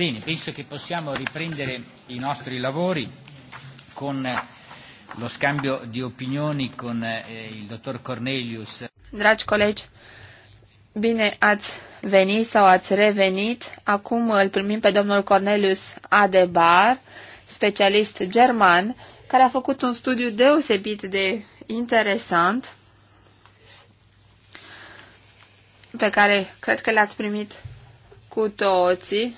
Bene, penso che possiamo riprendere i nostri lavori con eh, lo scambio di opinioni con eh, il dottor Cornelius. Dragi colegi, bine ați venit sau ați revenit. Acum îl primim pe domnul Cornelius Adebar, specialist german, care a făcut un studiu deosebit de interesant pe care cred că l-ați primit cu toții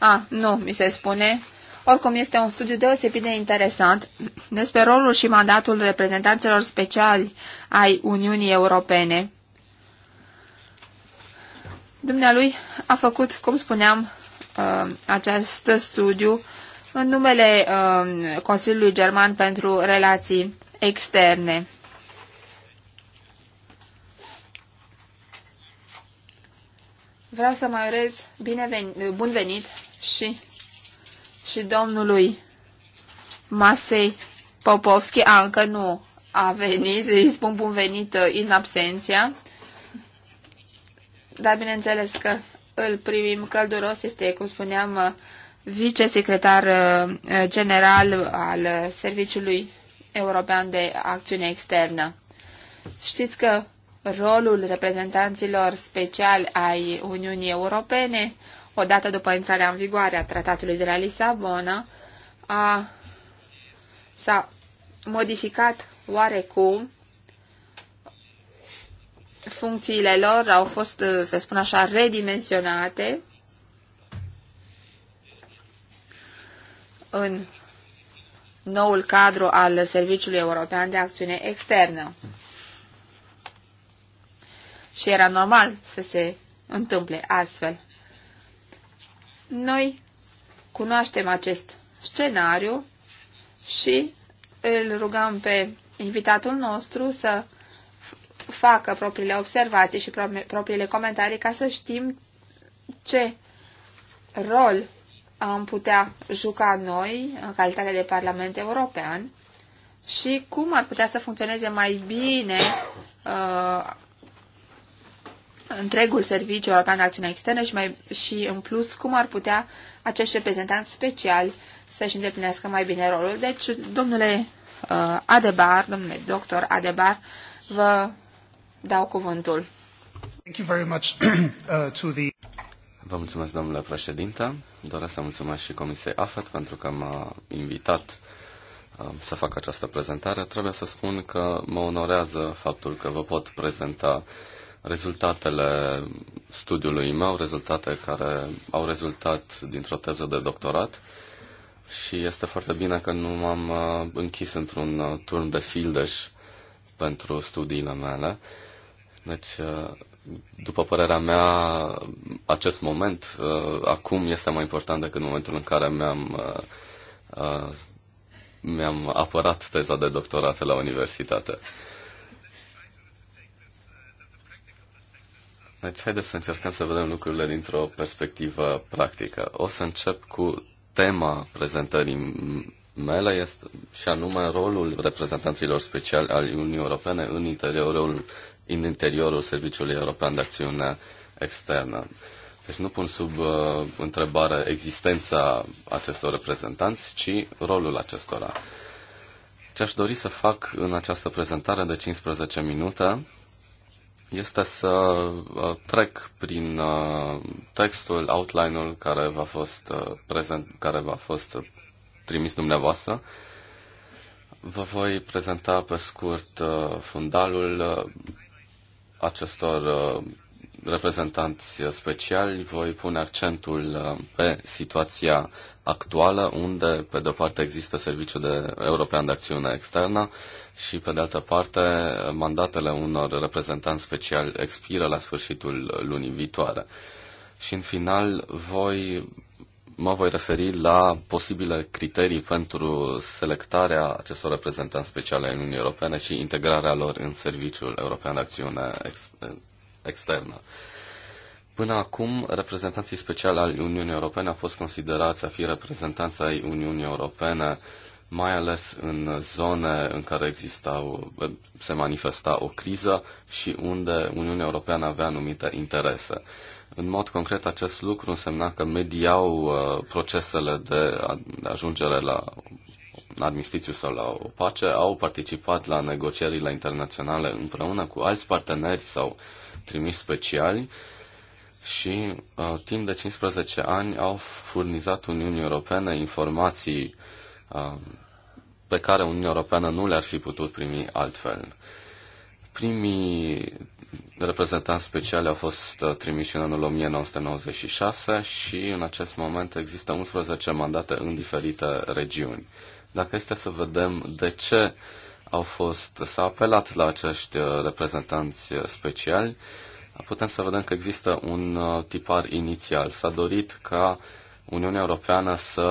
a, nu, mi se spune. Oricum, este un studiu deosebit de interesant despre rolul și mandatul reprezentanților speciali ai Uniunii Europene. Dumnealui a făcut, cum spuneam, uh, acest studiu în numele uh, Consiliului German pentru Relații Externe. Vreau să mai urez bun venit și, și domnului Masei Popovski, a, încă nu a venit, îi spun bun venit în uh, absenția, dar bineînțeles că îl primim călduros, este, cum spuneam, uh, vicesecretar uh, general al Serviciului European de Acțiune Externă. Știți că rolul reprezentanților speciali ai Uniunii Europene odată după intrarea în vigoare a tratatului de la Lisabona, a, s-a modificat oarecum funcțiile lor au fost, să spun așa, redimensionate în noul cadru al Serviciului European de Acțiune Externă. Și era normal să se întâmple astfel. Noi cunoaștem acest scenariu și îl rugăm pe invitatul nostru să facă propriile observații și propriile comentarii ca să știm ce rol am putea juca noi în calitate de Parlament European și cum ar putea să funcționeze mai bine uh, întregul serviciu european de acțiune externă și, mai, și în plus cum ar putea acești reprezentanți speciali să-și îndeplinească mai bine rolul. Deci, domnule uh, Adebar, domnule doctor Adebar, vă dau cuvântul. Thank you very much, uh, to the... Vă mulțumesc, domnule președinte. Doresc să mulțumesc și Comisiei AFET pentru că m-a invitat uh, să fac această prezentare. Trebuie să spun că mă onorează faptul că vă pot prezenta uh, rezultatele studiului meu, rezultate care au rezultat dintr-o teză de doctorat și este foarte bine că nu m-am uh, închis într-un uh, turn de fildeș pentru studiile mele. Deci, uh, după părerea mea, acest moment acum este mai important decât momentul în care mi-am mi-am apărat teza de doctorat la universitate. Deci, haideți să încercăm să vedem lucrurile dintr-o perspectivă practică. O să încep cu tema prezentării mele, este, și anume rolul reprezentanților speciali al Uniunii Europene în interiorul, în interiorul Serviciului European de Acțiune Externă. Deci nu pun sub uh, întrebare existența acestor reprezentanți, ci rolul acestora. Ce aș dori să fac în această prezentare de 15 minute este să uh, trec prin uh, textul, outline-ul care v-a fost uh, prezent, care v-a fost trimis dumneavoastră. Vă voi prezenta pe scurt fundalul acestor reprezentanți speciali, voi pune accentul uh, pe situația actuală, unde, pe de-o parte, există Serviciul de European de Acțiune Externă și, pe de altă parte, mandatele unor reprezentanți speciali expiră la sfârșitul lunii viitoare. Și, în final, voi mă voi referi la posibile criterii pentru selectarea acestor reprezentanți speciale ai Uniunii Europene și integrarea lor în Serviciul European de Acțiune externă. Până acum, reprezentanții speciali al Uniunii Europene au fost considerați a fi reprezentanți ai Uniunii Europene, mai ales în zone în care existau, se manifesta o criză și unde Uniunea Europeană avea anumite interese. În mod concret, acest lucru însemna că mediau uh, procesele de ajungere la un armistițiu sau la o pace, au participat la negocierile internaționale împreună cu alți parteneri sau uh, trimis speciali și uh, timp de 15 ani au furnizat Uniunii Europene informații uh, pe care Uniunea Europeană nu le-ar fi putut primi altfel. Primii reprezentanți speciali au fost uh, trimiși în anul 1996 și în acest moment există 11 mandate în diferite regiuni. Dacă este să vedem de ce uh, au fost, s-a apelat la acești uh, reprezentanți uh, speciali, putem să vedem că există un uh, tipar inițial. S-a dorit ca Uniunea Europeană să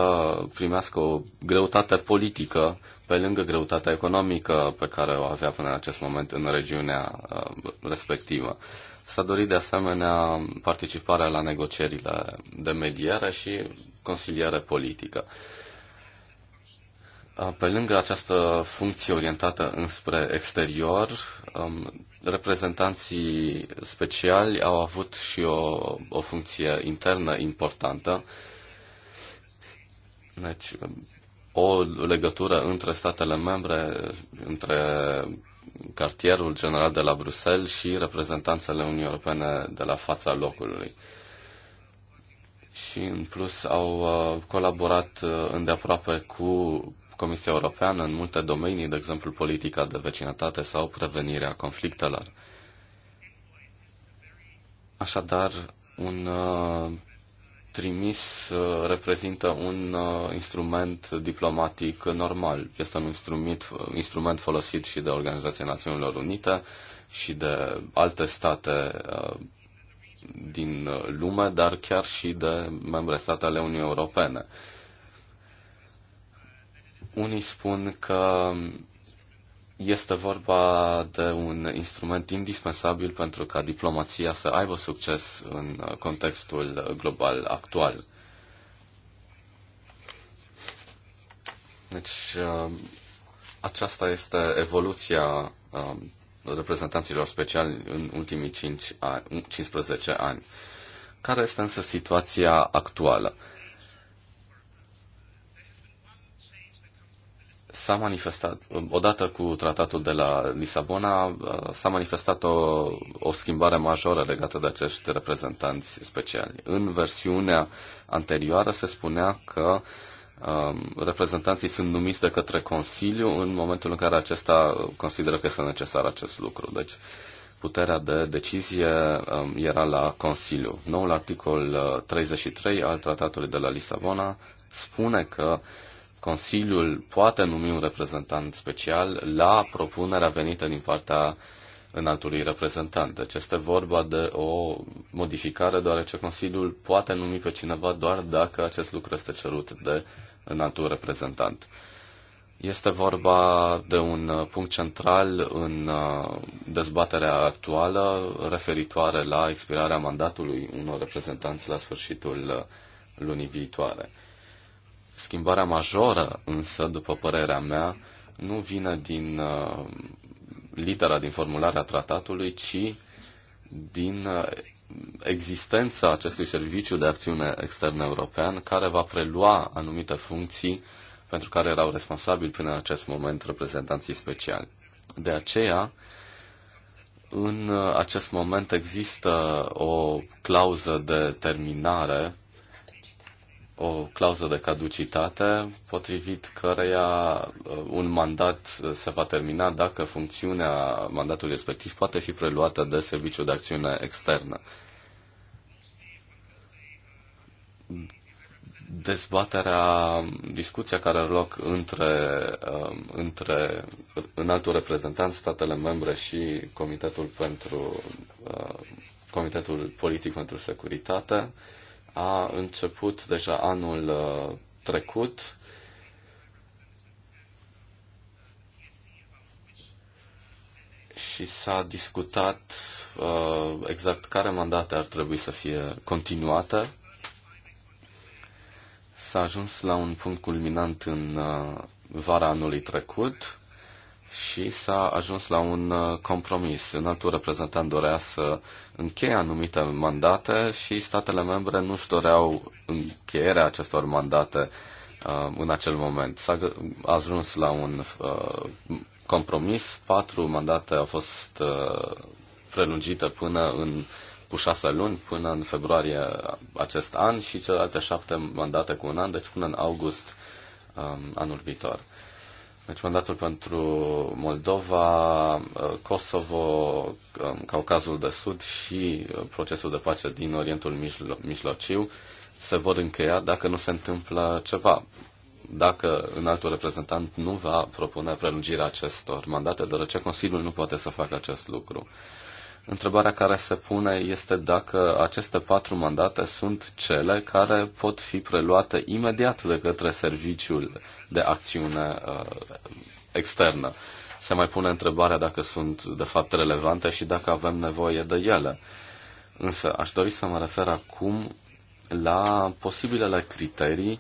primească o greutate politică pe lângă greutatea economică pe care o avea până în acest moment în regiunea respectivă. S-a dorit de asemenea participarea la negocierile de mediere și consiliere politică. Pe lângă această funcție orientată înspre exterior, reprezentanții speciali au avut și o, o funcție internă importantă. Deci, o legătură între statele membre, între cartierul general de la Bruxelles și reprezentanțele Uniunii Europene de la fața locului. Și, în plus, au uh, colaborat uh, îndeaproape cu Comisia Europeană în multe domenii, de exemplu politica de vecinătate sau prevenirea conflictelor. Așadar, un uh, trimis uh, reprezintă un uh, instrument diplomatic normal. Este un instrument, instrument folosit și de Organizația Națiunilor Unite și de alte state din lume, dar chiar și de membre state ale Uniunii Europene. Unii spun că este vorba de un instrument indispensabil pentru ca diplomația să aibă succes în contextul global actual. Deci, uh, aceasta este evoluția uh, reprezentanților speciali în ultimii 5 ani, 15 ani. Care este însă situația actuală? s-a manifestat, odată cu tratatul de la Lisabona, uh, s-a manifestat o, o schimbare majoră legată de acești reprezentanți speciali. În versiunea anterioară se spunea că um, reprezentanții sunt numiți de către Consiliu în momentul în care acesta consideră că este necesar acest lucru. Deci, puterea de decizie um, era la Consiliu. Noul articol 33 uh, al tratatului de la Lisabona spune că uh, Consiliul poate numi un reprezentant special la propunerea venită din partea înaltului reprezentant. Deci este vorba de o modificare, deoarece Consiliul poate numi pe cineva doar dacă acest lucru este cerut de înaltul reprezentant. Este vorba de un punct central în uh, dezbaterea actuală referitoare la expirarea mandatului unor reprezentanți la sfârșitul uh, lunii viitoare. Schimbarea majoră, însă, după părerea mea, nu vine din uh, litera, din formularea tratatului, ci din uh, existența acestui serviciu de acțiune externă european, care va prelua anumite funcții pentru care erau responsabili până în acest moment reprezentanții speciali. De aceea, în uh, acest moment există o clauză de terminare o clauză de caducitate potrivit căreia uh, un mandat uh, se va termina dacă funcțiunea mandatului respectiv poate fi preluată de Serviciul de Acțiune Externă. Dezbaterea, discuția care are loc între, um, între înaltul reprezentant, statele membre și Comitetul, pentru, uh, Comitetul Politic pentru Securitate, a început deja anul uh, trecut. Și s-a discutat uh, exact care mandate ar trebui să fie continuate. S-a ajuns la un punct culminant în uh, vara anului trecut și s-a ajuns la un uh, compromis. Înaltul reprezentant dorea să încheie anumite mandate și statele membre nu-și doreau încheierea acestor mandate uh, în acel moment. S-a ajuns la un uh, compromis, patru mandate au fost prelungite până în cu șase luni până în februarie acest an și celelalte șapte mandate cu un an, deci până în august um, anul viitor. Deci mandatul pentru Moldova, uh, Kosovo, um, Caucazul de Sud și uh, procesul de pace din Orientul Mijlo- Mijlociu se vor încheia dacă nu se întâmplă ceva. Dacă un altul reprezentant nu va propune prelungirea acestor mandate, deoarece Consiliul nu poate să facă acest lucru. Întrebarea care se pune este dacă aceste patru mandate sunt cele care pot fi preluate imediat de către serviciul de acțiune uh, externă. Se mai pune întrebarea dacă sunt de fapt relevante și dacă avem nevoie de ele. Însă aș dori să mă refer acum la posibilele criterii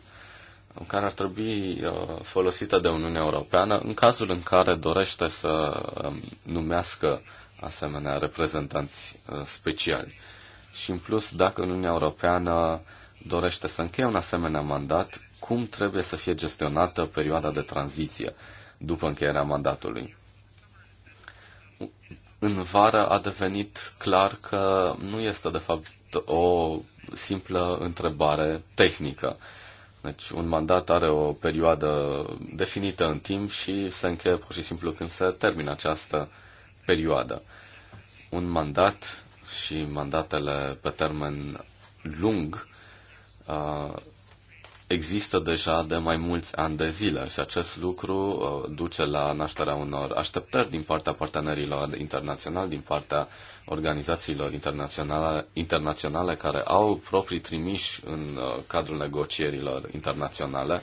care ar trebui uh, folosite de Uniunea Europeană în cazul în care dorește să um, numească asemenea reprezentanți uh, speciali. Și în plus, dacă Uniunea Europeană dorește să încheie un asemenea mandat, cum trebuie să fie gestionată perioada de tranziție după încheierea mandatului? În vară a devenit clar că nu este de fapt o simplă întrebare tehnică. Deci un mandat are o perioadă definită în timp și se încheie pur și simplu când se termină această uh, perioadă. Un mandat și mandatele pe termen lung uh, există deja de mai mulți ani de zile și acest lucru uh, duce la nașterea unor așteptări din partea partenerilor internaționali, din partea organizațiilor internaționale, internaționale care au proprii trimiși în uh, cadrul negocierilor internaționale.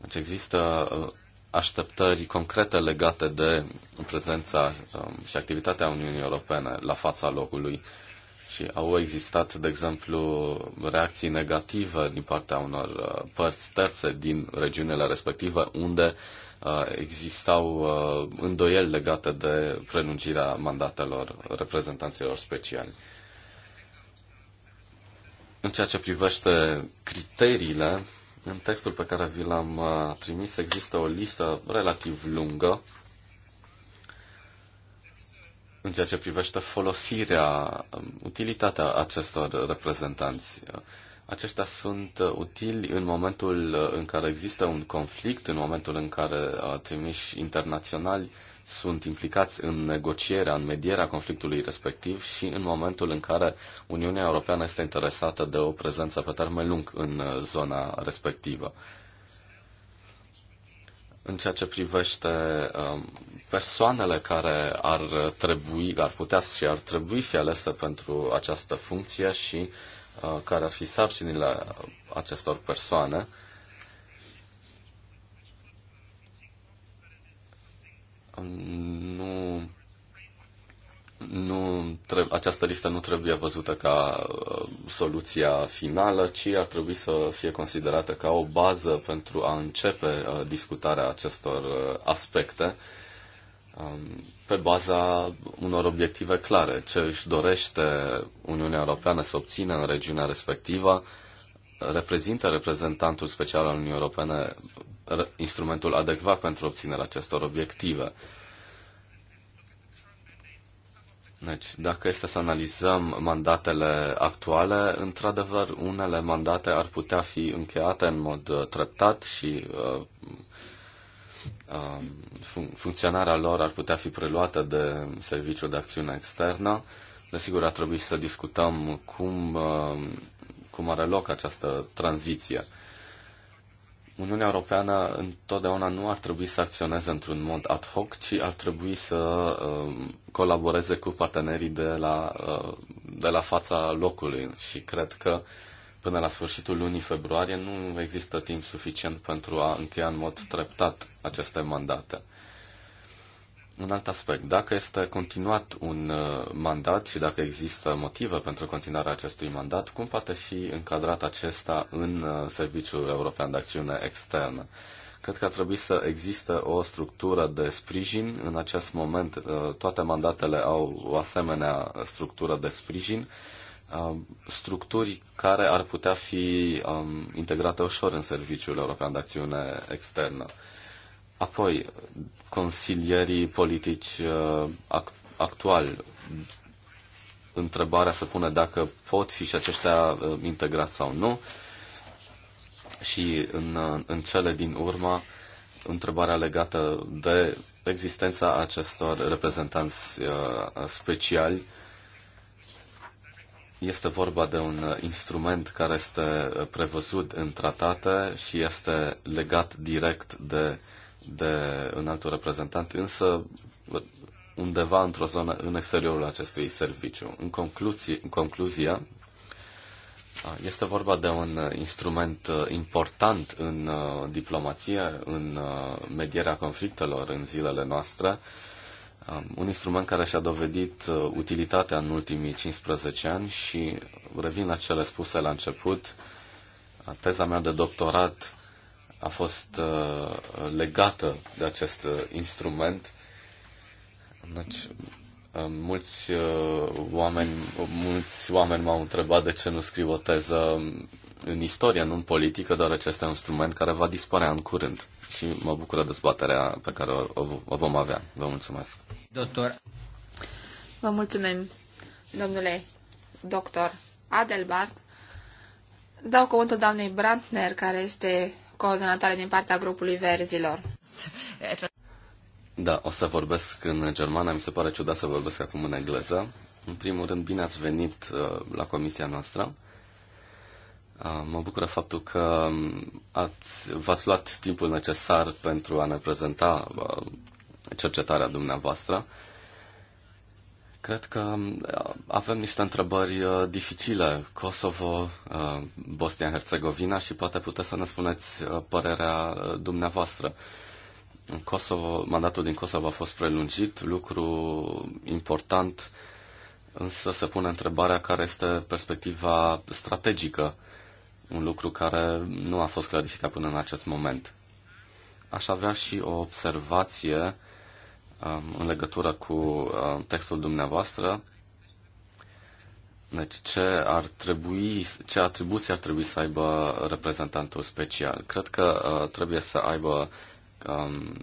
Deci există așteptări concrete legate de prezența um, și activitatea Uniunii Europene la fața locului și au existat, de exemplu, reacții negative din partea unor uh, părți terțe din regiunile respective unde uh, existau uh, îndoieli legate de prelungirea mandatelor reprezentanților speciali. În ceea ce privește criteriile în textul pe care vi l-am uh, trimis există o listă relativ lungă în ceea ce privește folosirea, um, utilitatea acestor reprezentanți. Aceștia sunt utili în momentul în care există un conflict, în momentul în care uh, trimiși internaționali sunt implicați în negocierea, în medierea conflictului respectiv și în momentul în care Uniunea Europeană este interesată de o prezență pe termen lung în uh, zona respectivă. În ceea ce privește um, persoanele care ar trebui, ar putea și ar trebui fi alese pentru această funcție și uh, care ar fi sarcinile acestor persoane, nu, nu această listă nu trebuie văzută ca uh, soluția finală, ci ar trebui să fie considerată ca o bază pentru a începe uh, discutarea acestor uh, aspecte um, pe baza unor obiective clare, ce își dorește Uniunea Europeană să obțină în regiunea respectivă, reprezintă reprezentantul special al Uniunii Europene instrumentul adecvat pentru obținerea acestor obiective. Deci, dacă este să analizăm mandatele actuale, într-adevăr, unele mandate ar putea fi încheiate în mod uh, treptat și uh, uh, funcționarea lor ar putea fi preluată de Serviciul de Acțiune Externă. Desigur, ar trebui să discutăm cum, uh, cum are loc această tranziție. Uh, Uniunea Europeană întotdeauna nu ar trebui să acționeze într-un mod ad hoc, ci ar trebui să um, colaboreze cu partenerii de la, uh, de la fața locului. Și cred că până la sfârșitul lunii februarie nu există timp suficient pentru a încheia în mod treptat aceste mandate un alt aspect. Dacă este continuat un uh, mandat și dacă există motive pentru continuarea acestui mandat, cum poate fi încadrat acesta în uh, Serviciul European de Acțiune Externă? Cred că ar trebui să există o structură de sprijin. În acest moment, uh, toate mandatele au o asemenea structură de sprijin, structuri care ar putea fi um, integrate ușor în Serviciul European de Acțiune Externă. Apoi, consilierii politici uh, actuali, întrebarea se pune dacă pot fi și aceștia uh, integrați sau nu. Și în, uh, în cele din urmă, întrebarea legată de existența acestor reprezentanți speciali. Este vorba de un instrument care este prevăzut în tratate și este legat direct de uh, de înaltul reprezentant, însă undeva într-o zonă în exteriorul acestui serviciu. În concluzie, în concluzia, este vorba de un instrument uh, important în uh, diplomație, în uh, medierea conflictelor în zilele noastre, um, un instrument care și-a dovedit utilitatea în ultimii 15 ani și revin la cele spuse la început. Teza mea de doctorat a fost uh, legată de acest uh, instrument. Deci, uh, mulți oameni, mulți oameni m-au întrebat de ce nu scriu o teză în istorie, nu în politică, dar acesta un instrument care va dispărea în curând. Și mă bucură dezbaterea pe care o, o vom avea. Vă mulțumesc. Doctor. Vă mulțumim, domnule doctor Adelbart. Dau cuvântul doamnei Brandner, care este coordonatoare din partea grupului verzilor. Da, o să vorbesc în germană, mi se pare ciudat să vorbesc acum în engleză. În primul rând, bine ați venit uh, la comisia noastră. Uh, mă bucură faptul că um, ați, v-ați luat timpul necesar pentru a ne prezenta uh, cercetarea dumneavoastră. Cred că uh, avem niște întrebări uh, dificile. Kosovo, uh, Bosnia-Herzegovina și poate puteți să ne spuneți părerea dumneavoastră. Kosovo, mandatul din Kosovo a fost prelungit, lucru important, însă se pune întrebarea care este perspectiva strategică, un lucru care nu a fost clarificat până în acest moment. Aș avea și o observație Um, în legătură cu um, textul dumneavoastră. Deci ce ar trebui, ce atribuții ar trebui să aibă reprezentantul special? Cred că uh, trebuie să aibă um,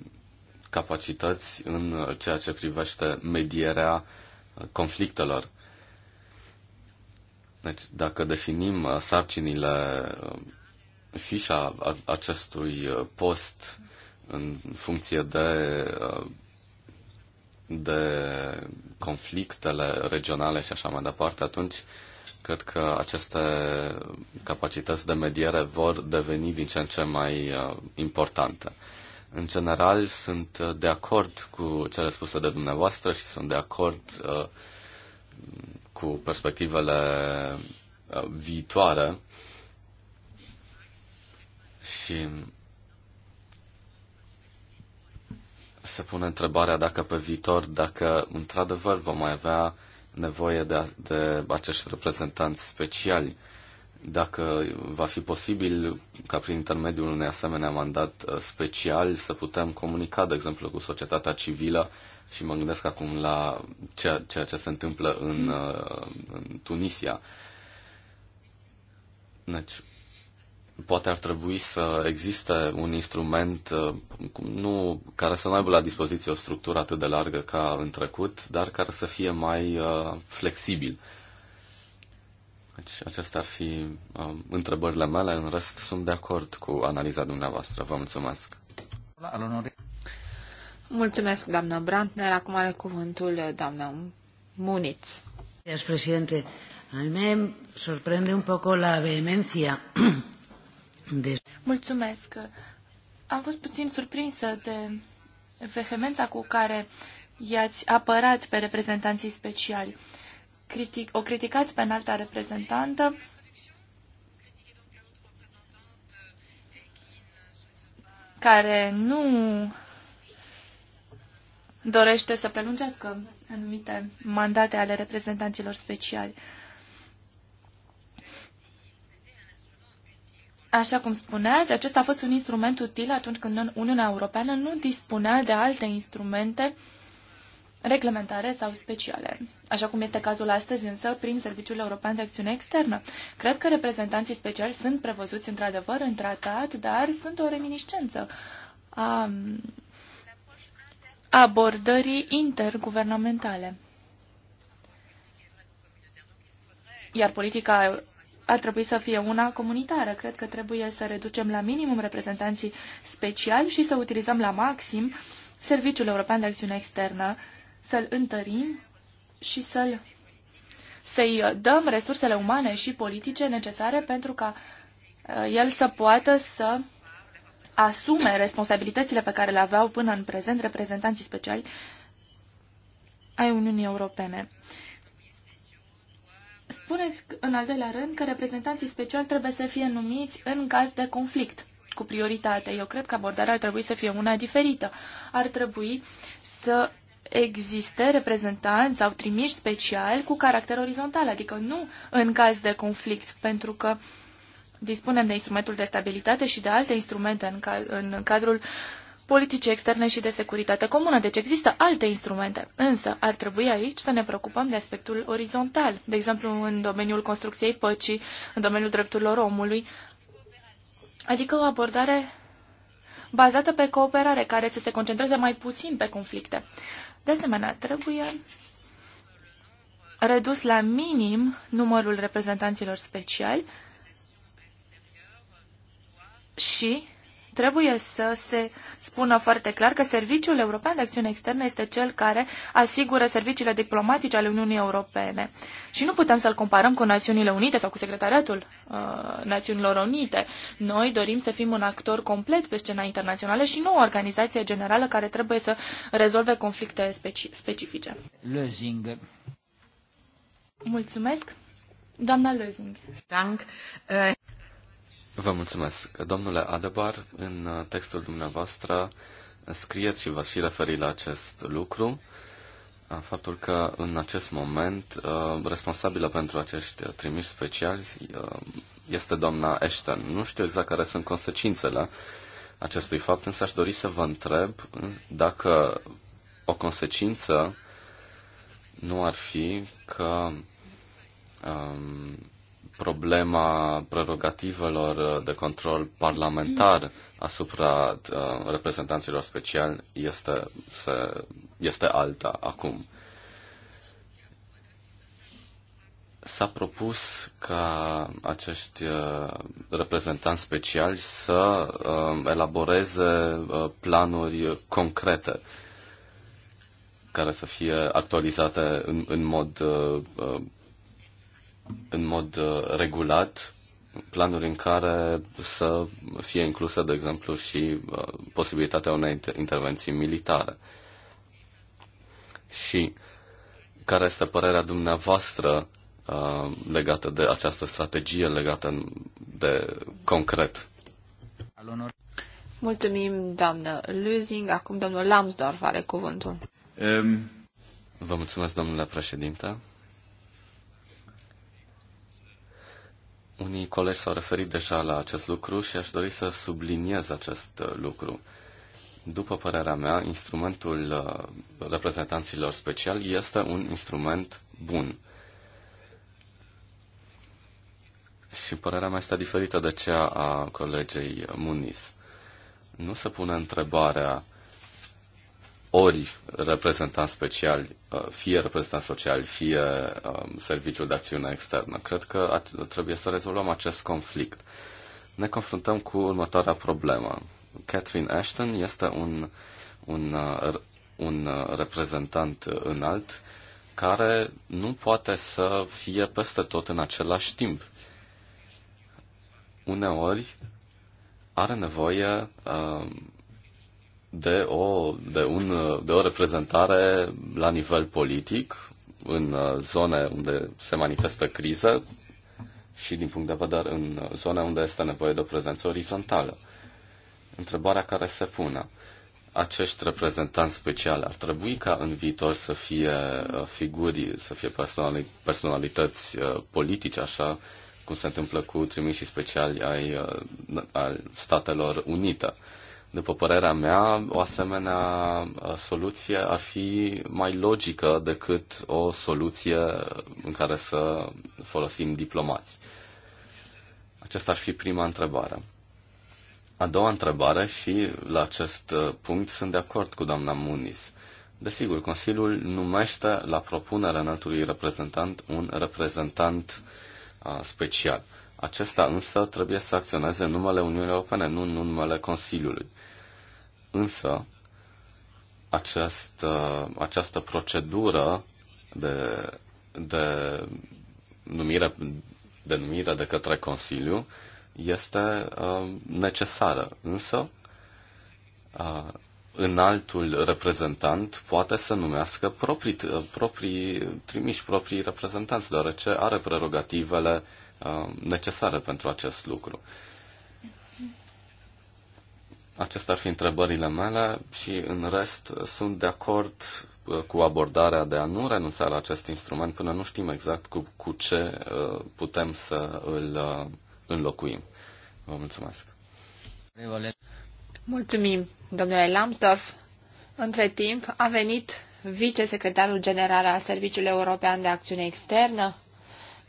capacități în ceea ce privește medierea uh, conflictelor. Deci dacă definim uh, sarcinile, fișa acestui post în funcție de de conflictele regionale și așa mai departe, atunci cred că aceste capacități de mediere vor deveni din ce în ce mai uh, importante. În general, sunt uh, de acord cu cele spuse de dumneavoastră și sunt de acord uh, cu perspectivele uh, viitoare și se pune întrebarea dacă pe viitor, dacă într-adevăr vom mai avea nevoie de, de acești reprezentanți speciali, dacă va fi posibil ca prin intermediul unui asemenea mandat uh, special să putem comunica, de exemplu, cu societatea civilă și mă gândesc acum la ceea, ceea ce se întâmplă în, uh, în Tunisia. Deci, Poate ar trebui să existe un instrument uh, nu, care să nu aibă la dispoziție o structură atât de largă ca în trecut, dar care să fie mai uh, flexibil. Deci, acestea ar fi uh, întrebările mele. În rest, sunt de acord cu analiza dumneavoastră. Vă mulțumesc. Mulțumesc, doamna Brantner. Acum are cuvântul uh, doamna Muniț. Domnule Președinte, A mí me sorprende un poco la vehemencia de... Mulțumesc. Am fost puțin surprinsă de vehemența cu care i-ați apărat pe reprezentanții speciali. Critic, o criticați pe înalta reprezentantă care nu dorește să prelungească anumite mandate ale reprezentanților speciali. Așa cum spuneați, acesta a fost un instrument util atunci când Uniunea Europeană nu dispunea de alte instrumente reglementare sau speciale, așa cum este cazul astăzi însă prin Serviciul European de Acțiune Externă. Cred că reprezentanții speciali sunt prevăzuți într-adevăr în tratat, dar sunt o reminiscență a mm, abordării interguvernamentale. Iar politica ar trebui să fie una comunitară. Cred că trebuie să reducem la minimum reprezentanții speciali și să utilizăm la maxim Serviciul European de Acțiune Externă, să-l întărim și să-l să-i dăm resursele umane și politice necesare pentru ca uh, el să poată să asume responsabilitățile pe care le aveau până în prezent reprezentanții speciali ai Uniunii Europene. Spuneți, în al doilea rând, că reprezentanții speciali trebuie să fie numiți în caz de conflict cu prioritate. Eu cred că abordarea ar trebui să fie una diferită. Ar trebui să existe reprezentanți sau trimiși speciali cu caracter orizontal, adică nu în caz de conflict, pentru că dispunem de instrumentul de stabilitate și de alte instrumente în, ca- în cadrul uh, politicii externe și de securitate comună, deci există alte instrumente. Însă ar trebui aici să ne preocupăm de aspectul orizontal, de exemplu în domeniul construcției păcii, în domeniul drepturilor omului, adică o abordare bazată pe cooperare, care să se concentreze mai puțin pe conflicte. De asemenea, trebuie redus la minim numărul reprezentanților speciali și trebuie să se spună foarte clar că Serviciul European de Acțiune Externă este cel care asigură serviciile diplomatice ale Uniunii Europene. Și nu putem să-l comparăm cu Națiunile Unite sau cu Secretariatul uh, Națiunilor Unite. Noi dorim să fim un actor complet pe scena internațională și nu o organizație generală care trebuie să rezolve conflicte speci specifice. Lezing. Mulțumesc. Doamna Lezing. Dank. Uh... Vă mulțumesc. Domnule Adebar, în uh, textul dumneavoastră uh, scrieți și v-ați și referi la acest lucru, uh, faptul că în acest moment responsabilă pentru acești trimiși speciali este doamna Ashton. Nu știu exact care sunt consecințele acestui fapt, însă aș dori să vă întreb dacă o consecință nu ar fi că um, problema prerogativelor de control parlamentar asupra uh, reprezentanților speciali este, se, este alta acum. S-a propus ca acești uh, reprezentanți speciali să uh, elaboreze uh, planuri concrete care să fie actualizate în, în mod uh, uh în mod uh, regulat planuri în care să fie inclusă, de exemplu, și uh, posibilitatea unei intervenții militare. Și care este părerea dumneavoastră uh, legată de această strategie, legată de concret? Mulțumim, doamnă Lusing. Acum domnul Lambsdorff are cuvântul. Um. Vă mulțumesc, domnule președinte. Unii colegi s-au referit deja la acest lucru și aș dori să subliniez acest uh, lucru. După părerea mea, instrumentul uh, reprezentanților speciali este un instrument bun. Și părerea mea este diferită de cea a colegei Muniz. Nu se pune întrebarea ori reprezentant special, uh, fie reprezentant social, fie um, serviciul de acțiune externă. Cred că trebuie să rezolvăm acest conflict. Ne confruntăm cu următoarea problemă. Catherine Ashton este un, un, uh, un uh, reprezentant înalt care nu poate să fie peste tot în același timp. Uneori are nevoie um, de o, de, un, de o reprezentare la nivel politic în uh, zone unde se manifestă criză și din punct de vedere în zone unde este nevoie de o prezență orizontală. Întrebarea care se pune acești reprezentanți speciali ar trebui ca în viitor să fie uh, figuri, să fie personalități uh, politice, așa cum se întâmplă cu trimișii speciali ai, al Statelor Unite. După părerea mea, o asemenea ă, soluție ar fi mai logică decât o soluție în care să folosim diplomați. Aceasta ar fi prima întrebare. A doua întrebare și la acest ă, punct sunt de acord cu doamna Muniz. Desigur, Consiliul numește la propunerea înaltului reprezentant un reprezentant ă, special. Acesta însă trebuie să acționeze în numele Uniunii Europene, nu în numele Consiliului. Însă, această această procedură de, de, numire, de numire de către Consiliu este uh, necesară. Însă, uh, înaltul reprezentant poate să numească proprii, uh, proprii trimiși, proprii reprezentanți, deoarece are prerogativele uh, Uh, necesară pentru acest lucru. Acestea ar fi întrebările mele și în rest sunt de acord uh, cu abordarea de a nu renunța la acest instrument până nu știm exact cu, cu ce uh, putem să îl înlocuim. Vă mulțumesc. Mulțumim, domnule Lambsdorff. Între timp a venit vicesecretarul general al Serviciului European de Acțiune Externă,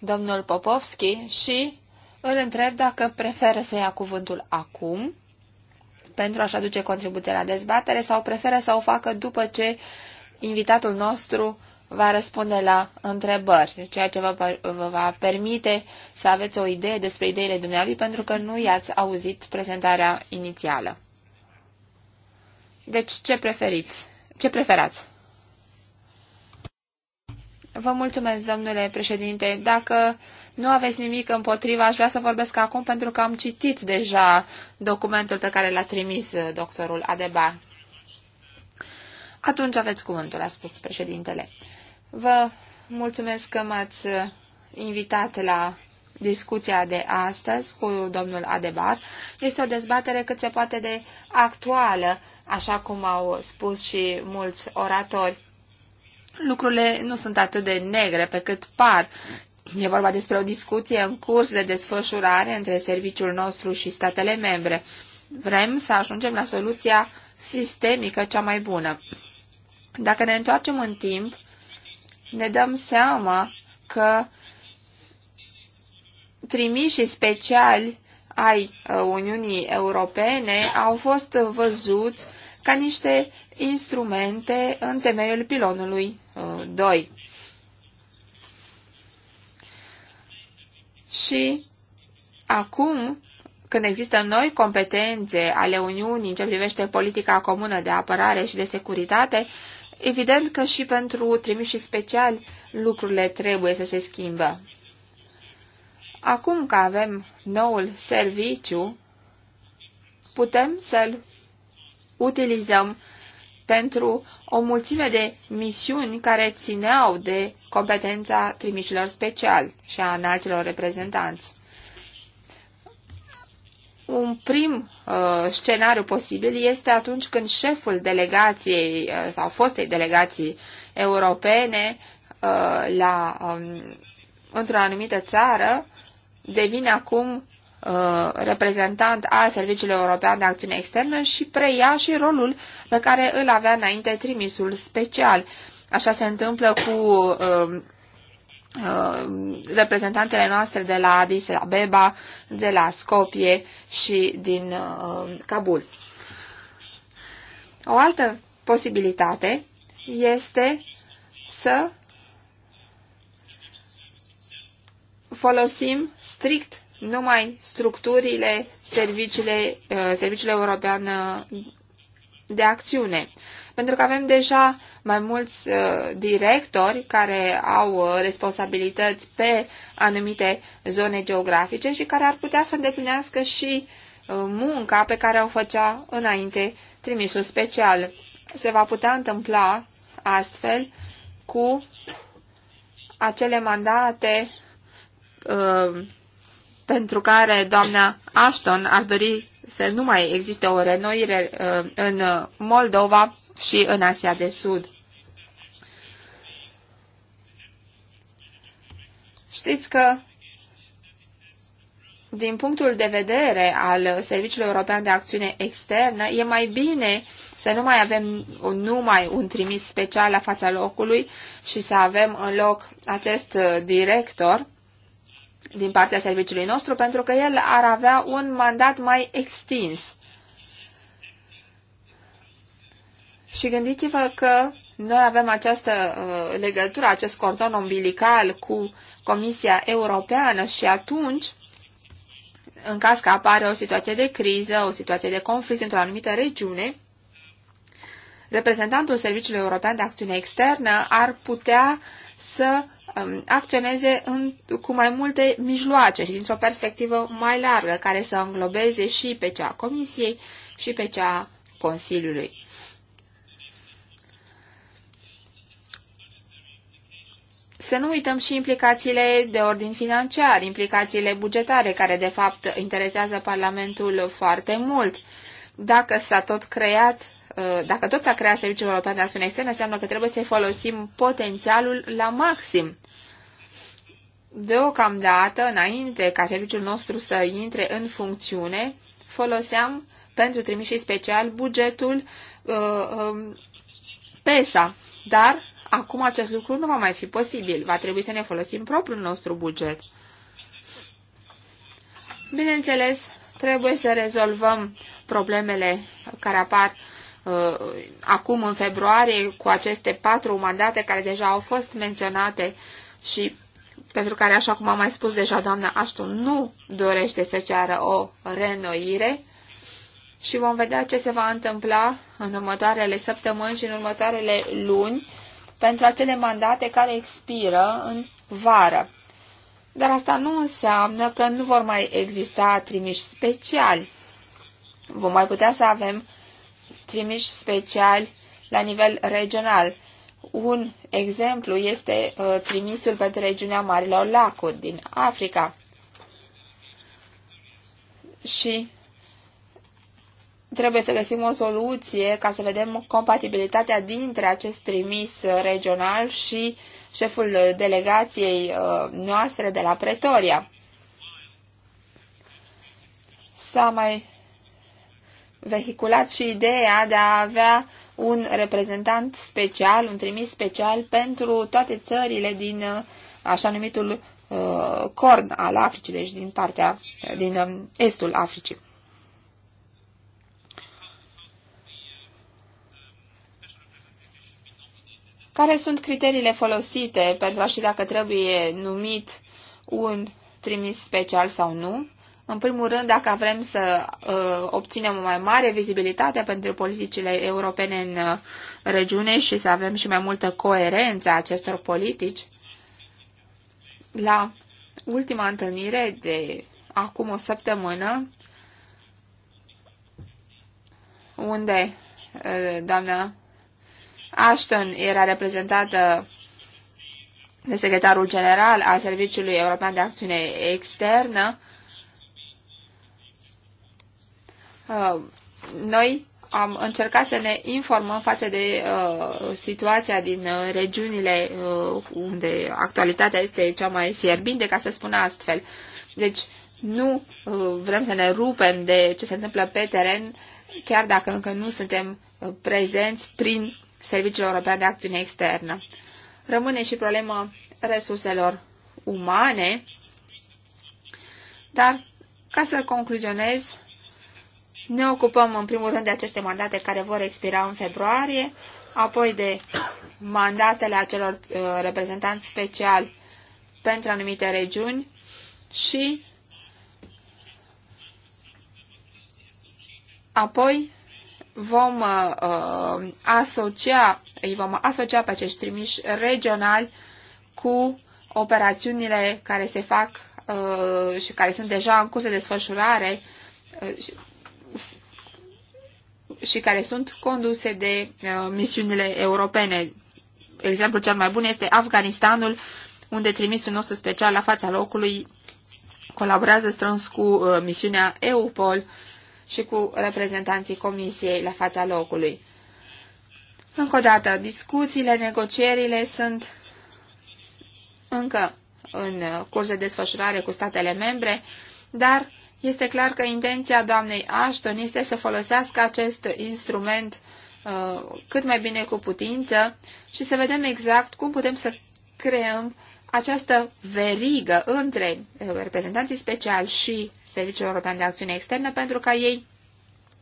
domnul Popovski și îl întreb dacă preferă să ia cuvântul acum pentru a-și aduce contribuția la dezbatere sau preferă să o facă după ce invitatul nostru va răspunde la întrebări, ceea ce vă, vă va permite să aveți o idee despre ideile dumnealui pentru că nu i-ați auzit prezentarea inițială. Deci, ce preferiți? Ce preferați? Vă mulțumesc, domnule președinte. Dacă nu aveți nimic împotriva, aș vrea să vorbesc acum pentru că am citit deja documentul pe care l-a trimis uh, doctorul Adebar. Atunci aveți cuvântul, a spus președintele. Vă mulțumesc că m-ați uh, invitat la discuția de astăzi cu domnul Adebar. Este o dezbatere cât se poate de actuală, așa cum au spus și mulți oratori lucrurile nu sunt atât de negre pe cât par. E vorba despre o discuție în curs de desfășurare între serviciul nostru și statele membre. Vrem să ajungem la soluția sistemică cea mai bună. Dacă ne întoarcem în timp, ne dăm seama că trimișii speciali ai uh, Uniunii Europene au fost văzuți ca niște instrumente în temeiul pilonului 2. Uh, și acum, când există noi competențe ale Uniunii în ce privește politica comună de apărare și de securitate, evident că și pentru trimișii speciali lucrurile trebuie să se schimbă. Acum că avem noul serviciu, putem să-l utilizăm pentru o mulțime de misiuni care țineau de competența trimișilor speciali și a înalților reprezentanți. Un prim uh, scenariu posibil este atunci când șeful delegației uh, sau fostei delegații europene uh, la, um, într-o anumită țară devine acum Uh, reprezentant al Serviciului European de Acțiune Externă și preia și rolul pe care îl avea înainte trimisul special. Așa se întâmplă cu uh, uh, reprezentantele noastre de la Addis Abeba, de la Skopje și din uh, Kabul. O altă posibilitate este să folosim strict numai structurile, serviciile, uh, serviciile european uh, de acțiune. Pentru că avem deja mai mulți uh, directori care au responsabilități pe anumite zone geografice și care ar putea să îndeplinească și munca pe care o făcea înainte trimisul special. Se va putea întâmpla astfel cu acele mandate pentru care doamna Ashton ar dori să nu mai existe o renoire uh, în Moldova și în Asia de Sud. Știți că din punctul de vedere al Serviciului European de Acțiune Externă, e mai bine să nu mai avem numai un trimis special la fața locului și să avem în loc acest uh, director din partea serviciului nostru, pentru că el ar avea un mandat mai extins. Și gândiți-vă că noi avem această uh, legătură, acest cordon umbilical cu Comisia Europeană și atunci, în caz că apare o situație de criză, o situație de conflict într-o anumită regiune, reprezentantul Serviciului European de Acțiune Externă ar putea să Um, acționeze în, cu mai multe mijloace și dintr-o perspectivă mai largă, care să înglobeze și pe cea a Comisiei și pe cea a Consiliului. Să nu uităm și implicațiile de ordin financiar, implicațiile bugetare, care de fapt interesează Parlamentul foarte mult. Dacă s-a tot creat Uh, dacă tot s-a creat Serviciul European de Acțiune Externă, înseamnă că trebuie să folosim potențialul la maxim. Deocamdată, înainte ca serviciul nostru să intre în funcțiune, foloseam pentru trimisii special bugetul uh, um, PESA, dar acum acest lucru nu va mai fi posibil. Va trebui să ne folosim propriul nostru buget. Bineînțeles, trebuie să rezolvăm problemele care apar Uh, acum în februarie cu aceste patru mandate care deja au fost menționate și pentru care, așa cum am mai spus deja, doamna Ashton nu dorește să ceară o renoire și vom vedea ce se va întâmpla în următoarele săptămâni și în următoarele luni pentru acele mandate care expiră în vară. Dar asta nu înseamnă că nu vor mai exista trimiși speciali. Vom mai putea să avem trimiși speciali la nivel regional. Un exemplu este uh, trimisul pentru regiunea Marilor Lacuri din Africa. Și trebuie să găsim o soluție ca să vedem compatibilitatea dintre acest trimis regional și șeful delegației uh, noastre de la Pretoria. S-a mai vehiculat și ideea de a avea un reprezentant special, un trimis special pentru toate țările din uh, așa numitul uh, corn al Africii, deci din partea, uh, din um, estul Africii. Care sunt criteriile folosite pentru a ști dacă trebuie numit un trimis special sau nu? În primul rând, dacă vrem să uh, obținem o mai mare vizibilitate pentru politicile europene în uh, regiune și să avem și mai multă coerență a acestor politici, la ultima întâlnire de acum o săptămână, unde uh, doamna Ashton era reprezentată de secretarul general al Serviciului European de Acțiune Externă, Uh, noi am încercat să ne informăm față de uh, situația din uh, regiunile uh, unde actualitatea este cea mai fierbinte, ca să spun astfel. Deci nu uh, vrem să ne rupem de ce se întâmplă pe teren, chiar dacă încă nu suntem uh, prezenți prin Serviciul European de Acțiune Externă. Rămâne și problema resurselor umane, dar ca să concluzionez, ne ocupăm în primul rând de aceste mandate care vor expira în februarie, apoi de mandatele acelor uh, reprezentanți speciali pentru anumite regiuni și apoi vom uh, uh asocia, îi vom asocia pe acești trimiși regionali cu operațiunile care se fac uh, și care sunt deja în curs de desfășurare uh, și care sunt conduse de uh, misiunile europene. Exemplul cel mai bun este Afganistanul, unde trimisul nostru special la fața locului colaborează strâns cu uh, misiunea EUPOL și cu reprezentanții Comisiei la fața locului. Încă o dată, discuțiile, negocierile sunt încă în uh, curs de desfășurare cu statele membre, dar este clar că intenția doamnei Ashton este să folosească acest instrument uh, cât mai bine cu putință și să vedem exact cum putem să creăm această verigă între uh, reprezentanții speciali și Serviciul European de Acțiune Externă pentru ca ei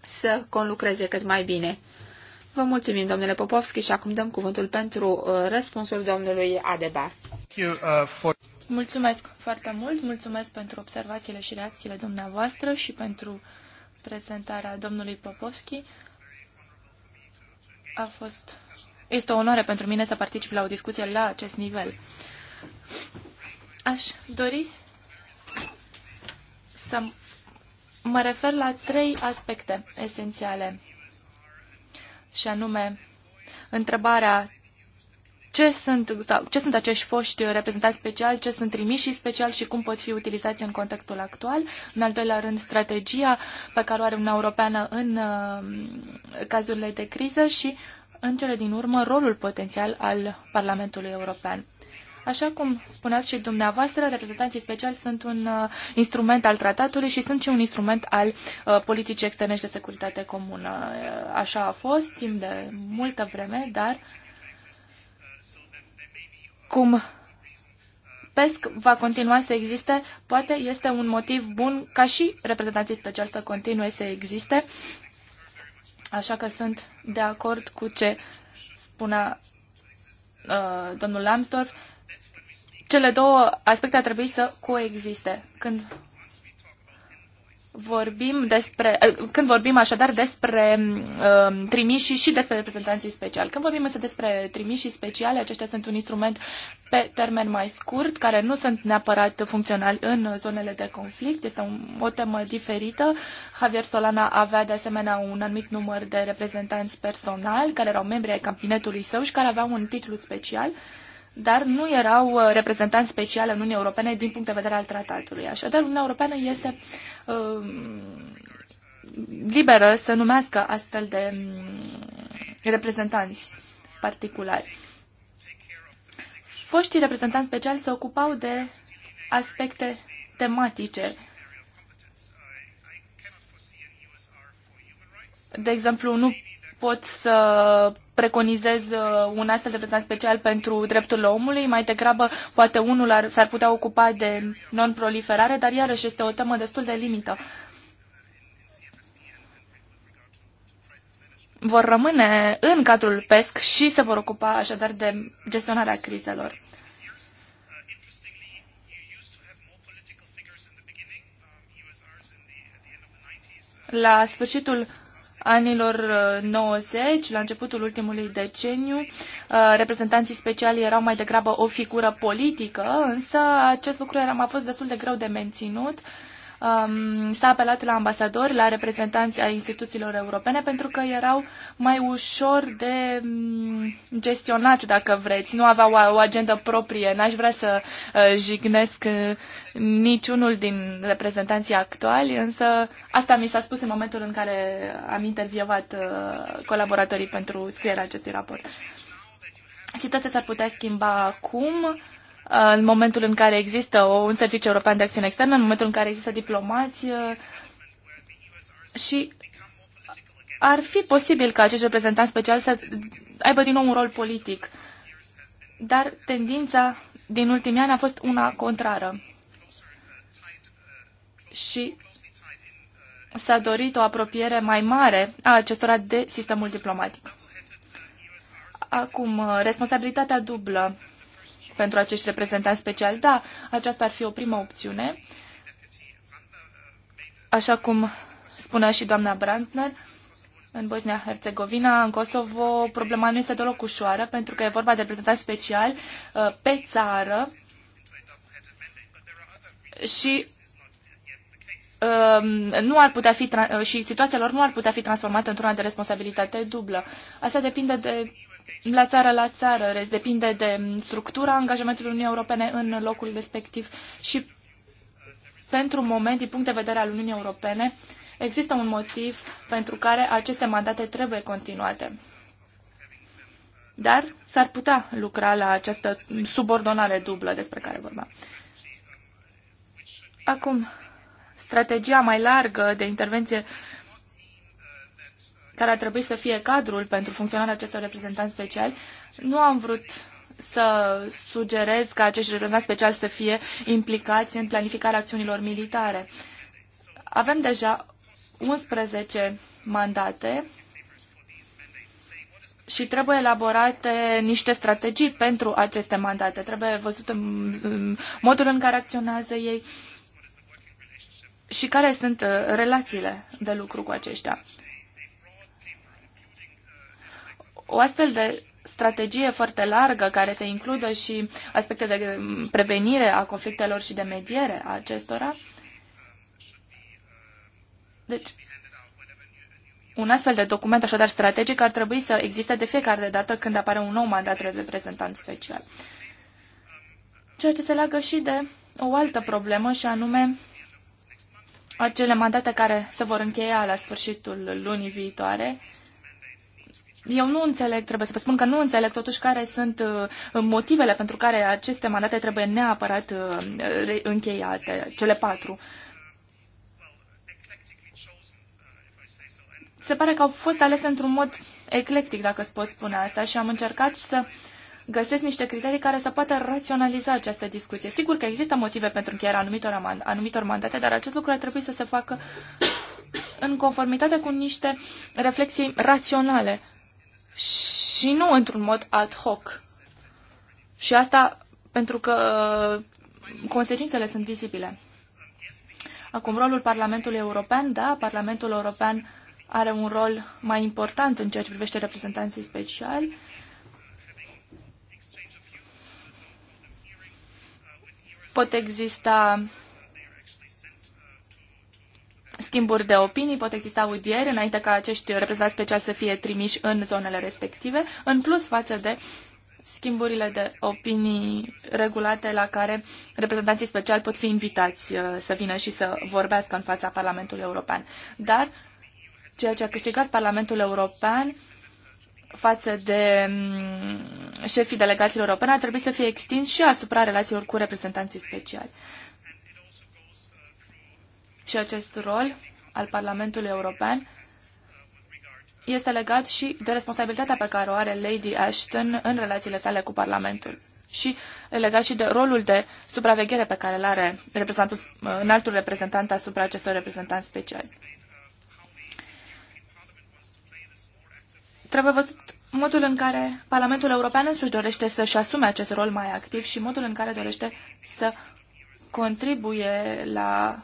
să conlucreze cât mai bine. Vă mulțumim, domnule Popovski, și acum dăm cuvântul pentru uh, răspunsul domnului Adebar. Uh, Mulțumesc foarte mult, mulțumesc pentru observațiile și reacțiile dumneavoastră și pentru prezentarea domnului Popovski. A fost... Este o onoare pentru mine să particip la o discuție la acest nivel. Aș dori să mă refer la trei aspecte esențiale, și anume întrebarea ce sunt, sau, ce sunt acești foști reprezentanți speciali, ce sunt trimiși special și cum pot fi utilizați în contextul actual. În al doilea rând, strategia pe care o are Uniunea Europeană în uh, cazurile de criză și, în cele din urmă, rolul potențial al Parlamentului European. Așa cum spuneați și dumneavoastră, reprezentanții speciali sunt un uh, instrument al tratatului și sunt și un instrument al uh, politicii externe și de securitate comună. Uh, așa a fost timp de multă vreme, dar uh, cum PESC va continua să existe, poate este un motiv bun ca și reprezentanții special să continue să existe. Așa că sunt de acord cu ce spunea uh, domnul Lambsdorff. Cele două aspecte ar trebui să coexiste. Când Vorbim despre, când vorbim așadar despre um, trimișii și despre reprezentanții speciali. Când vorbim însă despre trimișii speciale, aceștia sunt un instrument pe termen mai scurt, care nu sunt neapărat funcționali în zonele de conflict. Este un, o temă diferită. Javier Solana avea de asemenea un anumit număr de reprezentanți personali, care erau membri ai cabinetului său și care aveau un titlu special. Uh, dar nu erau uh, reprezentanți speciali în Uniunii Europene din punct de vedere al tratatului. Așadar, Uniunea Europeană este uh, liberă să numească astfel de um, reprezentanți particulari. Foștii reprezentanți speciali se ocupau de aspecte tematice. De exemplu, nu pot să preconizez uh, un astfel de reprezentant special pentru dreptul omului. Mai degrabă, poate unul s-ar putea ocupa de non-proliferare, dar iarăși este o temă destul de limită. Vor rămâne în cadrul PESC și se vor ocupa așadar de gestionarea crizelor. La sfârșitul anilor 90, uh, la începutul ultimului deceniu, uh, reprezentanții speciali erau mai degrabă o figură politică, însă acest lucru era, a fost destul de greu de menținut. Um, s-a apelat la ambasadori, la reprezentanți ai instituțiilor europene, pentru că erau mai ușor de mm, gestionat, dacă vreți. Nu aveau o agendă proprie. N-aș vrea să uh, jignesc niciunul din reprezentanții actuali, însă asta mi s-a spus în momentul în care am intervievat uh, colaboratorii pentru scrierea acestui raport. Situația s-ar putea schimba acum, uh, în momentul în care există un serviciu european de acțiune externă, în momentul în care există diplomați uh, și ar fi posibil ca acești reprezentanți speciali să aibă din nou un rol politic, dar tendința din ultimii ani a fost una contrară și s-a dorit o apropiere mai mare a acestora de sistemul diplomatic. Acum, responsabilitatea dublă pentru acești reprezentanți speciali, da, aceasta ar fi o primă opțiune. Așa cum spunea și doamna Brandner, în Bosnia-Herzegovina, în Kosovo, problema nu este deloc ușoară, pentru că e vorba de reprezentanți speciali uh, pe țară și Um, nu ar putea fi și situația lor nu ar putea fi transformată într-una de responsabilitate dublă. Asta depinde de la țară la țară, depinde de um, structura angajamentului Uniunii Europene în locul respectiv și pentru moment, din punct de vedere al Uniunii Europene, există un motiv pentru care aceste mandate trebuie continuate. Dar s-ar putea lucra la această subordonare dublă despre care vorbeam. Acum, strategia mai largă de intervenție care ar trebui să fie cadrul pentru funcționarea acestor reprezentanți speciali, nu am vrut să sugerez ca acești reprezentanți speciali să fie implicați în planificarea acțiunilor militare. Avem deja 11 mandate și trebuie elaborate niște strategii pentru aceste mandate. Trebuie văzut în modul în care acționează ei, și care sunt uh, relațiile de lucru cu aceștia. O astfel de strategie foarte largă care să includă și aspecte de um, prevenire a conflictelor și de mediere a acestora. Deci, un astfel de document, așadar strategic, ar trebui să existe de fiecare dată când apare un nou mandat de reprezentant special. Ceea ce se leagă și de o altă problemă și anume acele mandate care se vor încheia la sfârșitul lunii viitoare, eu nu înțeleg, trebuie să vă spun că nu înțeleg totuși care sunt uh, motivele pentru care aceste mandate trebuie neapărat uh, încheiate, cele patru. Se pare că au fost alese într-un mod eclectic, dacă îți pot spune asta, și am încercat să uh, găsesc niște criterii care să poată raționaliza această discuție. Sigur că există motive pentru încheierea anumitor, anumitor mandate, dar acest lucru ar trebui să se facă în conformitate cu niște reflexii raționale și nu într-un mod ad hoc. Și asta pentru că uh, consecințele sunt visibile. Acum, rolul Parlamentului European, da, Parlamentul European are un rol mai important în ceea ce privește reprezentanții speciali pot exista schimburi de opinii, pot exista audieri înainte ca acești reprezentanți speciali să fie trimiși în zonele respective, în plus față de schimburile de opinii regulate la care reprezentanții speciali pot fi invitați uh, să vină și să vorbească în fața Parlamentului European. Dar ceea ce a câștigat Parlamentul European față de mm, șefii delegațiilor europene ar trebui să fie extins și asupra relațiilor cu reprezentanții speciali. Și acest rol al Parlamentului European este legat și de responsabilitatea pe care o are Lady Ashton în relațiile sale cu Parlamentul și legat și de rolul de supraveghere pe care îl are reprezentantul, înaltul reprezentant asupra acestor reprezentanți speciali. Trebuie văzut modul în care Parlamentul European însuși dorește să-și asume acest rol mai activ și modul în care dorește să contribuie la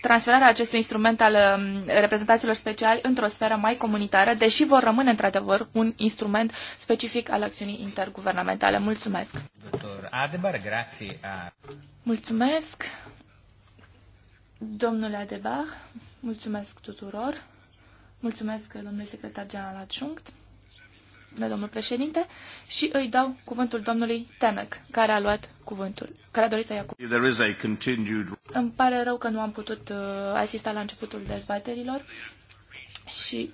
transferarea acestui instrument al um, reprezentanților speciali într-o sferă mai comunitară, deși vor rămâne într-adevăr un instrument specific al acțiunii interguvernamentale. Mulțumesc! Mulțumesc! Domnule Adebar, mulțumesc tuturor. Mulțumesc domnule secretar general adjunct, domnul președinte, și îi dau cuvântul domnului Tenec, care a luat cuvântul, care a dorit să ia cuvântul. Îmi pare rău că nu am putut uh, asista la începutul dezbaterilor și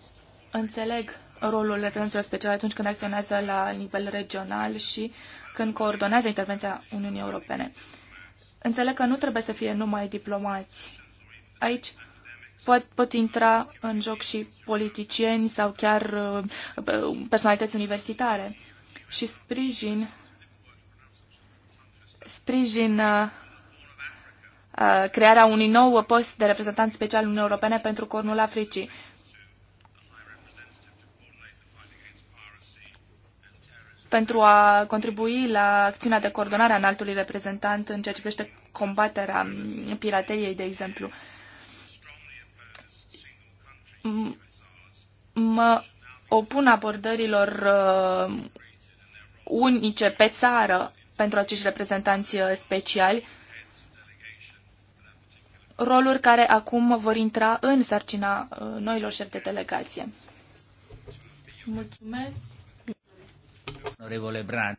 înțeleg rolul reprezentanților special atunci când acționează la nivel regional și când coordonează intervenția Uniunii Europene. Uh, Înțeleg că nu trebuie să fie numai diplomați. Aici pot, pot intra în joc și politicieni sau chiar uh, personalități universitare. Și sprijin, sprijin uh, uh, crearea unui nou post de reprezentant special Uniunii Europene pentru Cornul Africii. pentru a contribui la acțiunea de coordonare a înaltului reprezentant în ceea ce privește combaterea pirateriei, de exemplu. Mă opun abordărilor uh, unice pe țară pentru acești reprezentanți uh, speciali, roluri care acum vor intra în sarcina uh, noilor șefi de delegație. Mulțumesc! Onorevole Bran.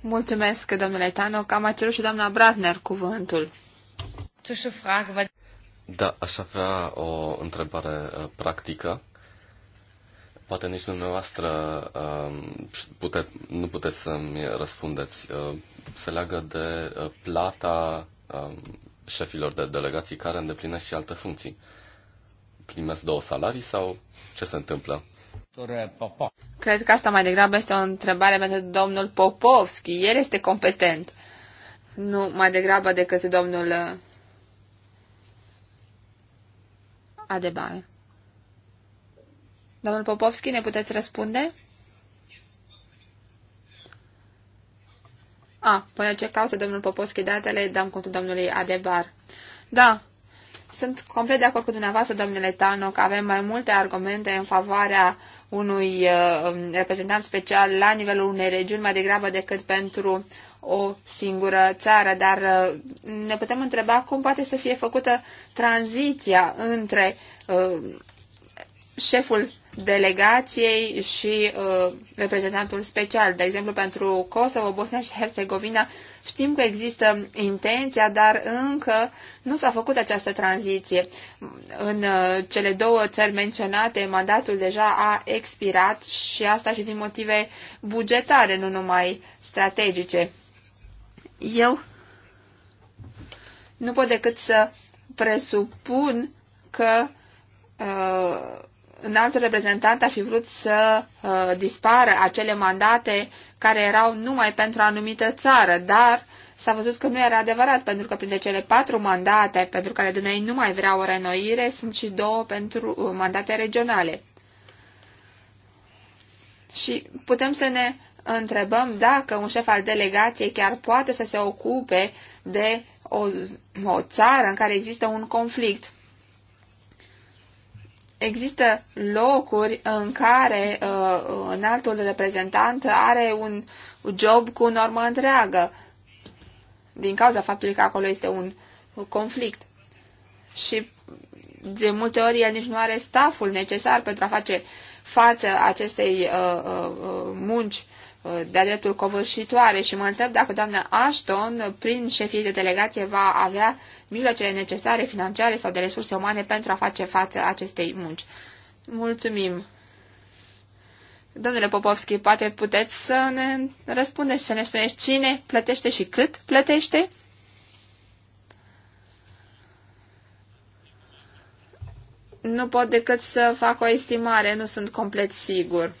Mulțumesc, domnule că Am cerut și doamna Bratner cuvântul. Da, aș avea o întrebare uh, practică. Poate nici dumneavoastră uh, pute, nu puteți să-mi răspundeți. Uh, se leagă de plata șefilor de delegații care îndeplinesc și alte funcții. Primesc două salarii sau ce se întâmplă? Cred că asta mai degrabă este o întrebare pentru domnul Popovski. El este competent. Nu mai degrabă decât domnul uh, Adebayor. Domnul Popovski, ne puteți răspunde? A, până ce caută domnul Popovski datele, dăm contul domnului Adebar. Da, sunt complet de acord cu dumneavoastră, domnule Tano, că avem mai multe argumente în favoarea uh, unui uh, um, reprezentant special la nivelul unei regiuni mai degrabă decât pentru o singură țară, dar uh, ne putem întreba cum poate să fie făcută tranziția între uh, șeful delegației și uh, reprezentantul special. De exemplu, pentru Kosovo, Bosnia și Herțegovina știm că există intenția, dar încă nu s-a făcut această tranziție. În uh, cele două țări menționate, mandatul deja a expirat și asta și din motive bugetare, nu numai strategice. Eu nu pot decât să presupun că uh, înaltul reprezentant a fi vrut să uh, dispară acele mandate care erau numai pentru o anumită țară, dar s-a văzut că nu era adevărat, pentru că printre cele patru mandate pentru care Dunăi nu mai vrea o renoire, sunt și două pentru uh, mandate regionale. Și putem să ne întrebăm dacă un șef al delegației chiar poate să se ocupe de o, o țară în care există un conflict există locuri în care uh, altul reprezentant are un job cu normă întreagă din cauza faptului că acolo este un conflict. Și de multe ori el nici nu are staful necesar pentru a face față acestei uh, uh, munci uh, de-a dreptul covârșitoare și mă întreb dacă doamna Ashton, prin șefii de delegație, va avea uh, mijloacele necesare, financiare sau de resurse umane pentru a face față acestei munci. Mulțumim! Domnule Popovski, poate puteți să ne răspundeți, să ne spuneți cine plătește și cât plătește? Nu pot decât să fac o estimare, nu sunt complet sigur.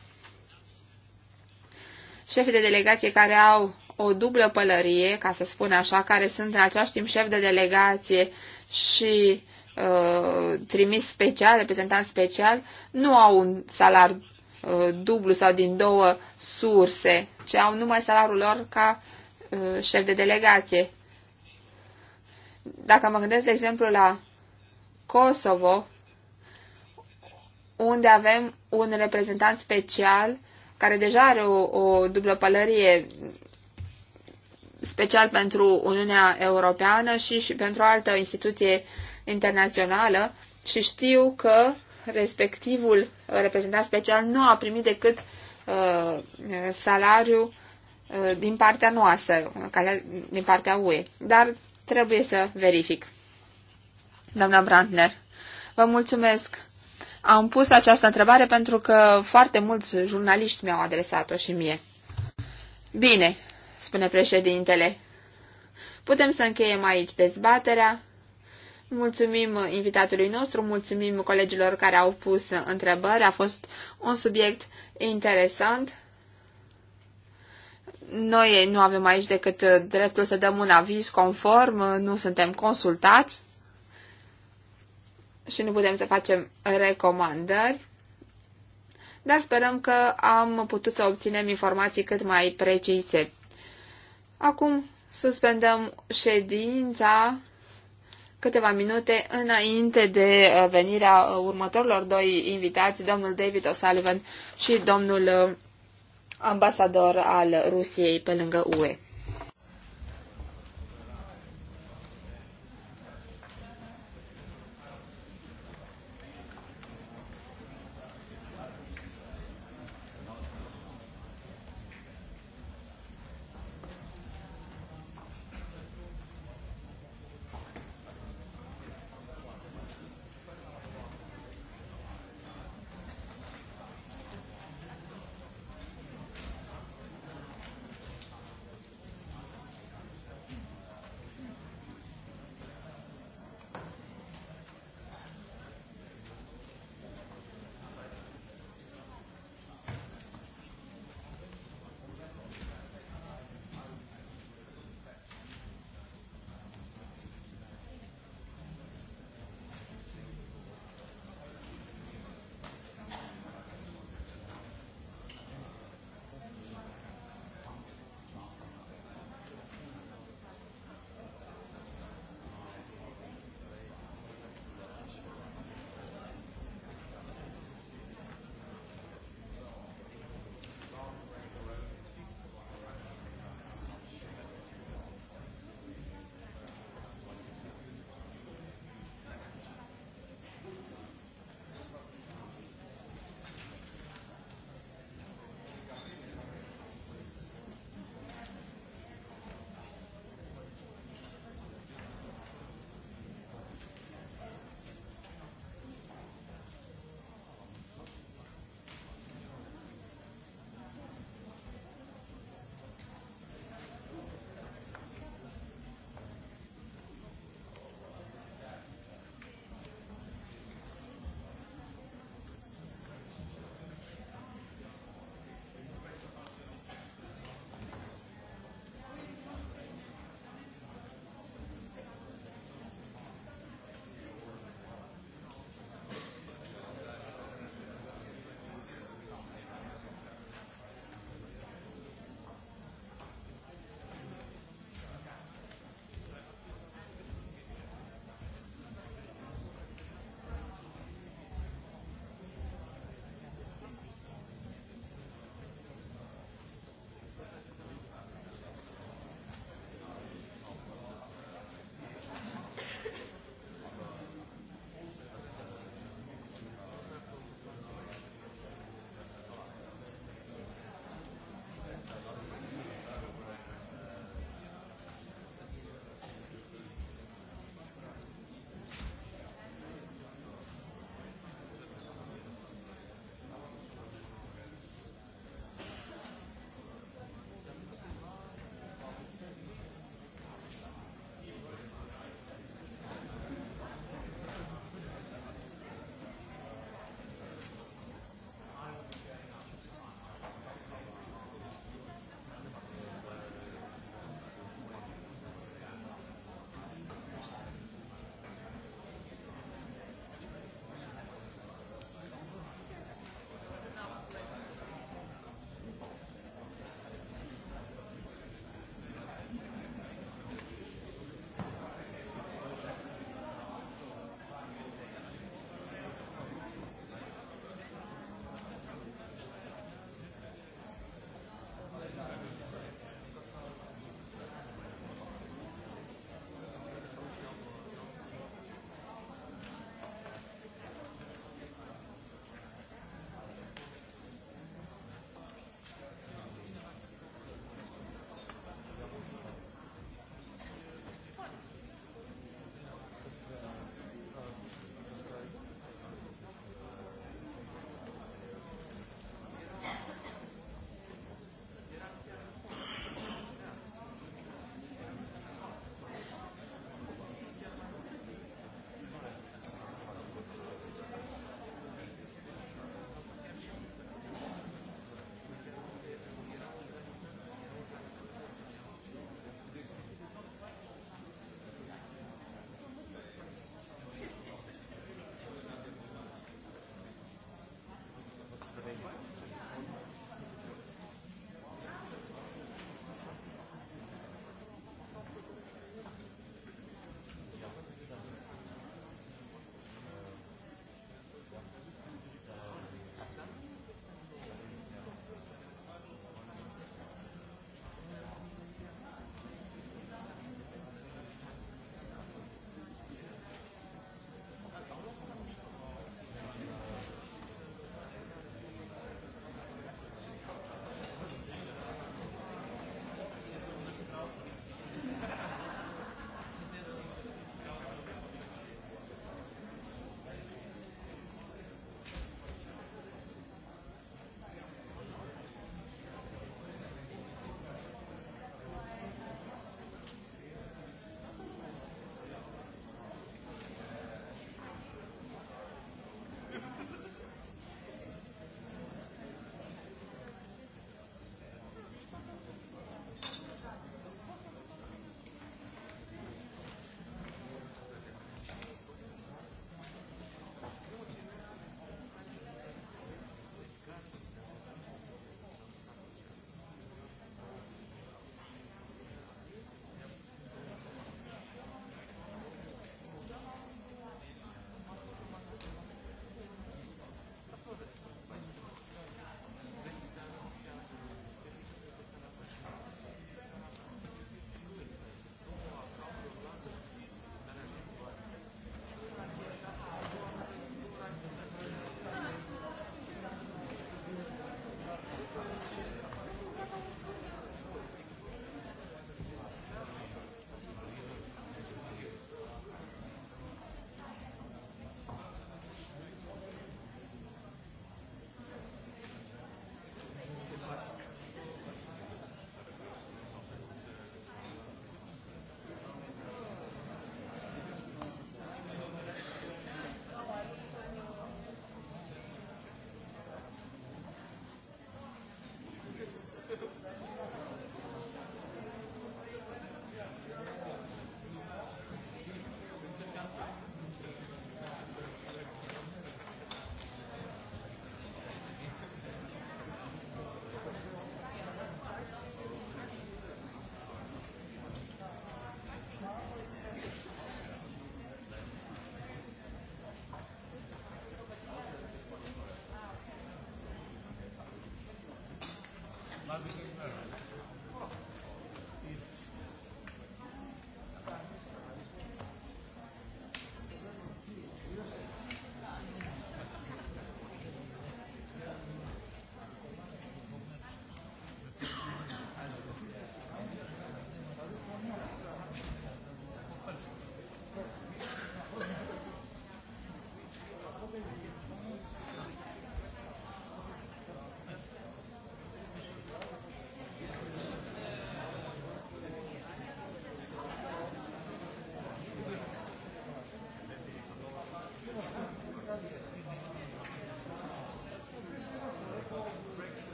Șefii de delegație care au o dublă pălărie, ca să spun așa, care sunt în același timp șef de delegație și uh, trimis special, reprezentant special, nu au un salar uh, dublu sau din două surse, ci au numai salarul lor ca uh, șef de delegație. Dacă mă gândesc, de exemplu, la Kosovo, unde avem un reprezentant special care deja are o, o dublă pălărie special pentru Uniunea Europeană și, și pentru o altă instituție internațională și știu că respectivul reprezentant special nu a primit decât uh, salariu uh, din partea noastră, din partea UE. Dar trebuie să verific. Doamna Brandner, vă mulțumesc. Am pus această întrebare pentru că foarte mulți jurnaliști mi-au adresat-o și mie. Bine, spune președintele. Putem să încheiem aici dezbaterea. Mulțumim invitatului nostru, mulțumim colegilor care au pus întrebări. A fost un subiect interesant. Noi nu avem aici decât dreptul să dăm un aviz conform, nu suntem consultați și nu putem să facem recomandări, dar sperăm că am putut să obținem informații cât mai precise Acum suspendăm ședința câteva minute înainte de uh, venirea uh, următorilor doi invitați, domnul David O'Sullivan și domnul uh, ambasador al Rusiei pe lângă UE. Adică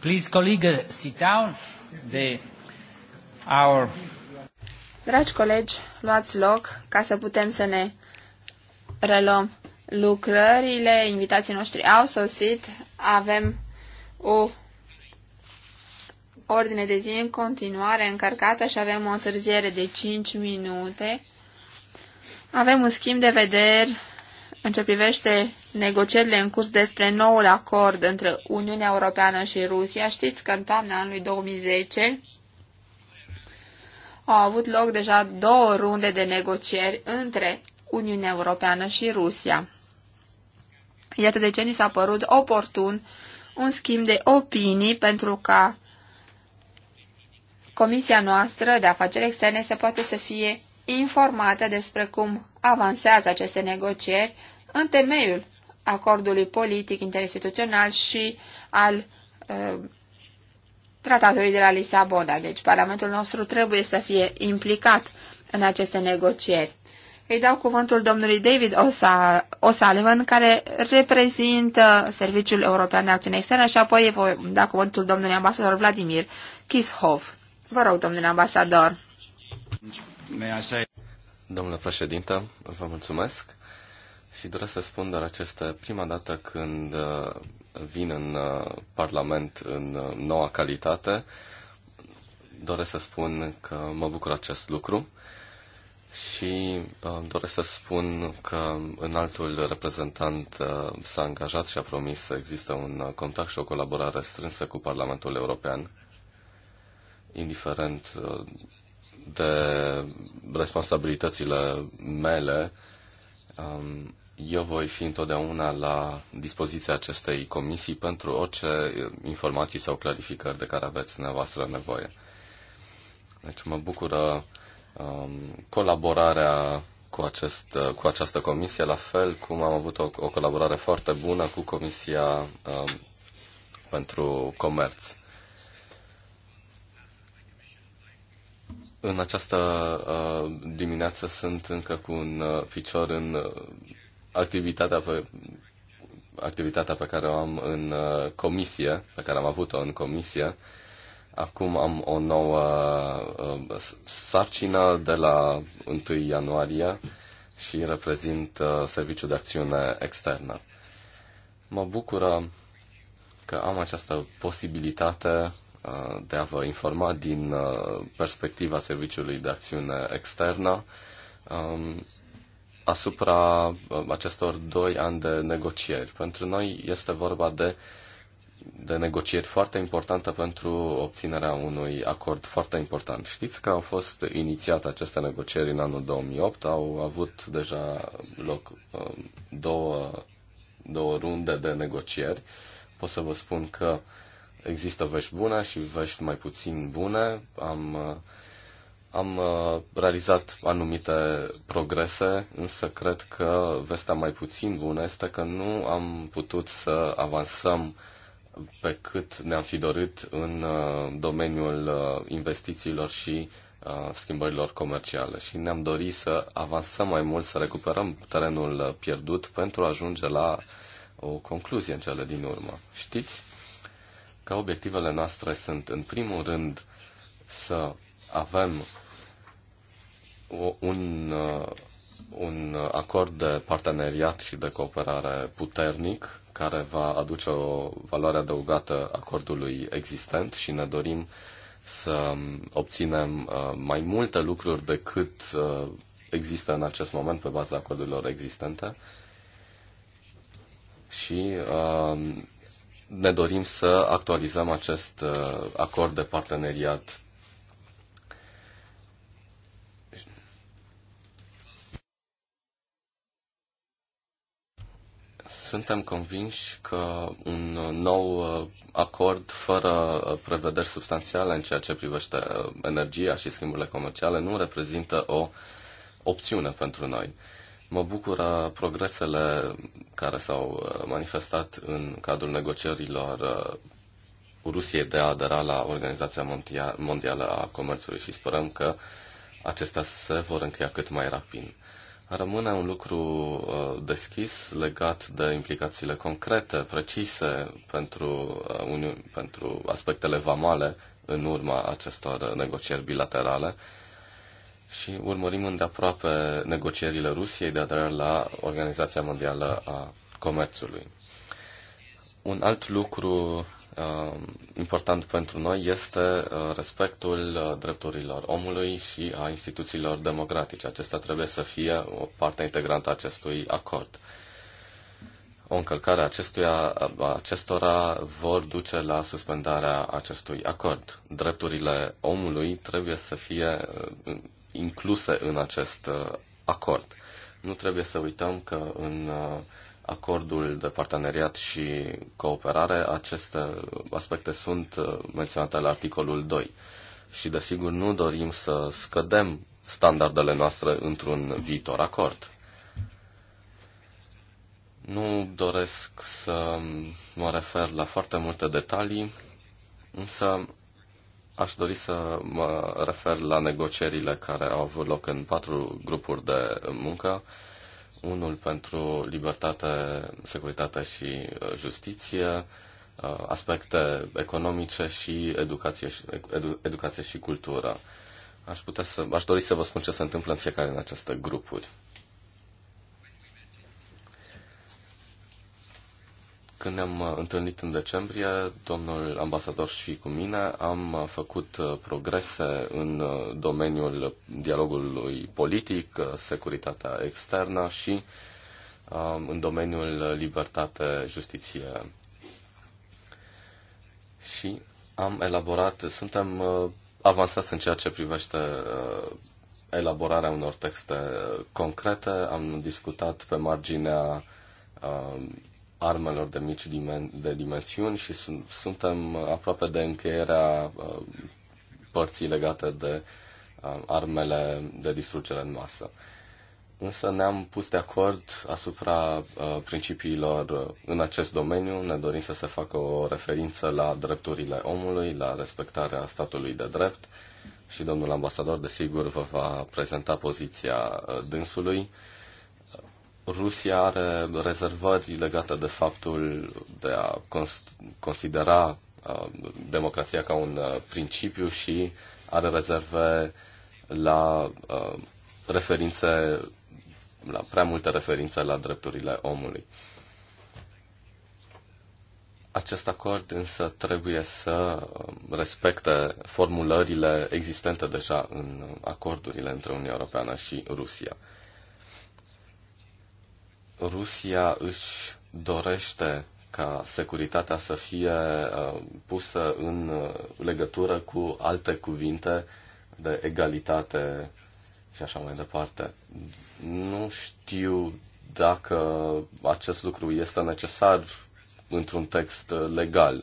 Please, colleague, sit down. The, our... Dragi colegi, luați loc ca să putem să ne reluăm lucrările. Invitații noștri au sosit. Avem o ordine de zi în continuare încărcată și avem o întârziere de 5 minute. Avem un schimb de vederi în ce privește negocierile în curs despre noul acord între Uniunea Europeană și Rusia, știți că în toamna anului 2010 au avut loc deja două runde de negocieri între Uniunea Europeană și Rusia. Iată de ce ni s-a părut oportun un schimb de opinii pentru ca Comisia noastră de afaceri externe se poate să fie informată despre cum avansează aceste negocieri în temeiul acordului politic interinstituțional și al uh, tratatului de la Lisabona. Deci Parlamentul nostru trebuie să fie implicat în aceste negocieri. Îi dau cuvântul domnului David O'Sullivan, care reprezintă Serviciul European de Acțiune Externă și apoi voi da cuvântul domnului ambasador Vladimir Kishov. Vă rog, domnule ambasador. Domnule președinte, vă mulțumesc. Și doresc să spun, dar acesta prima dată când uh, vin în uh, Parlament în uh, noua calitate, doresc să spun că mă bucur acest lucru și doresc să spun că în altul reprezentant s-a angajat și a promis să există un contact și o colaborare strânsă cu Parlamentul European, indiferent de responsabilitățile mele. Um, eu voi fi întotdeauna la dispoziția acestei comisii pentru orice informații sau clarificări de care aveți dumneavoastră nevoie. Deci mă bucură um, colaborarea cu, acest, cu această comisie, la fel cum am avut o, o colaborare foarte bună cu Comisia um, pentru Comerț. În această uh, dimineață sunt încă cu un uh, picior în uh, activitatea pe, activitatea pe care o am în uh, comisie, pe care am avut-o în comisie. Acum am o nouă uh, sarcină de la 1 ianuarie și reprezint uh, Serviciul de Acțiune Externă. Mă bucură că am această posibilitate de a vă informa din perspectiva Serviciului de Acțiune Externă um, asupra uh, acestor doi ani de negocieri. Pentru noi este vorba de, de negocieri foarte importante pentru obținerea unui acord foarte important. Știți că au fost inițiate aceste negocieri în anul 2008, au avut deja loc uh, două, două runde de negocieri. Pot să vă spun că există vești bune și vești mai puțin bune. Am uh, am uh, realizat anumite progrese, însă cred că vestea mai puțin bună este că nu am putut să avansăm pe cât ne-am fi dorit în uh, domeniul uh, investițiilor și schimbărilor comerciale și ne-am dorit să avansăm mai mult, să recuperăm terenul pierdut pentru a ajunge la o concluzie în cele din urmă. Știți că obiectivele noastre sunt, în primul rând, să avem un, uh, un acord de parteneriat și de cooperare puternic care va aduce o valoare adăugată acordului existent și ne dorim să um, obținem uh, mai multe lucruri decât uh, există în acest moment pe baza acordurilor existente și um, ne dorim să actualizăm acest acord de parteneriat Suntem convinși că un nou uh, acord fără uh, prevederi substanțiale în ceea ce privește uh, energia și schimburile comerciale nu reprezintă o opțiune pentru noi. Mă bucură progresele care s-au manifestat în cadrul negocierilor Rusiei de a adera la Organizația Mondială a Comerțului și sperăm că acestea se vor încheia cât mai rapid. Rămâne un lucru uh, deschis legat de implicațiile concrete, precise pentru, uh, uni- pentru aspectele vamale în urma acestor negocieri bilaterale și urmărim îndeaproape negocierile Rusiei de aderare la Organizația Mondială a Comerțului. Un alt lucru Uh, important pentru noi este uh, respectul uh, drepturilor omului și a instituțiilor democratice. Acesta trebuie să fie o parte integrantă a acestui acord. O încălcare acestuia, acestora vor duce la suspendarea acestui acord. Drepturile omului trebuie să fie incluse în acest acord. Nu trebuie să uităm că în uh, acordul de parteneriat și cooperare, aceste aspecte sunt uh, menționate la articolul 2. Și desigur nu dorim să scădem standardele noastre într-un viitor acord. Nu doresc să mă refer la foarte multe detalii, însă aș dori să mă refer la negocierile care au avut loc în patru grupuri de muncă unul pentru libertate, securitate și uh, justiție, uh, aspecte economice și educație, edu, educație și cultură. Aș, putea să, aș dori să vă spun ce se întâmplă în fiecare din aceste grupuri. Când ne-am uh, întâlnit în decembrie, domnul ambasador și cu mine am uh, făcut uh, progrese în domeniul dialogului politic, securitatea externă și um, în domeniul libertate, justiție. Și am elaborat, suntem avansați în ceea ce privește elaborarea unor texte concrete, am discutat pe marginea armelor de mici dimen- de dimensiuni și sunt, suntem aproape de încheierea uh, părții legate de uh, armele de distrugere în masă. Însă ne-am pus de acord asupra uh, principiilor în acest domeniu. Ne dorim să se facă o referință la drepturile omului, la respectarea statului de drept și domnul ambasador, desigur, vă va prezenta poziția dânsului. Rusia are rezervări legate de faptul de a considera uh, democrația ca un uh, principiu și are rezerve la uh, referințe, la prea multe referințe la drepturile omului. Acest acord însă trebuie să um, respecte formulările existente deja în acordurile între Uniunea Europeană și Rusia. Rusia își dorește ca securitatea să fie uh, pusă în uh, legătură cu alte cuvinte de egalitate și așa mai departe. Nu știu dacă acest lucru este necesar într-un text legal.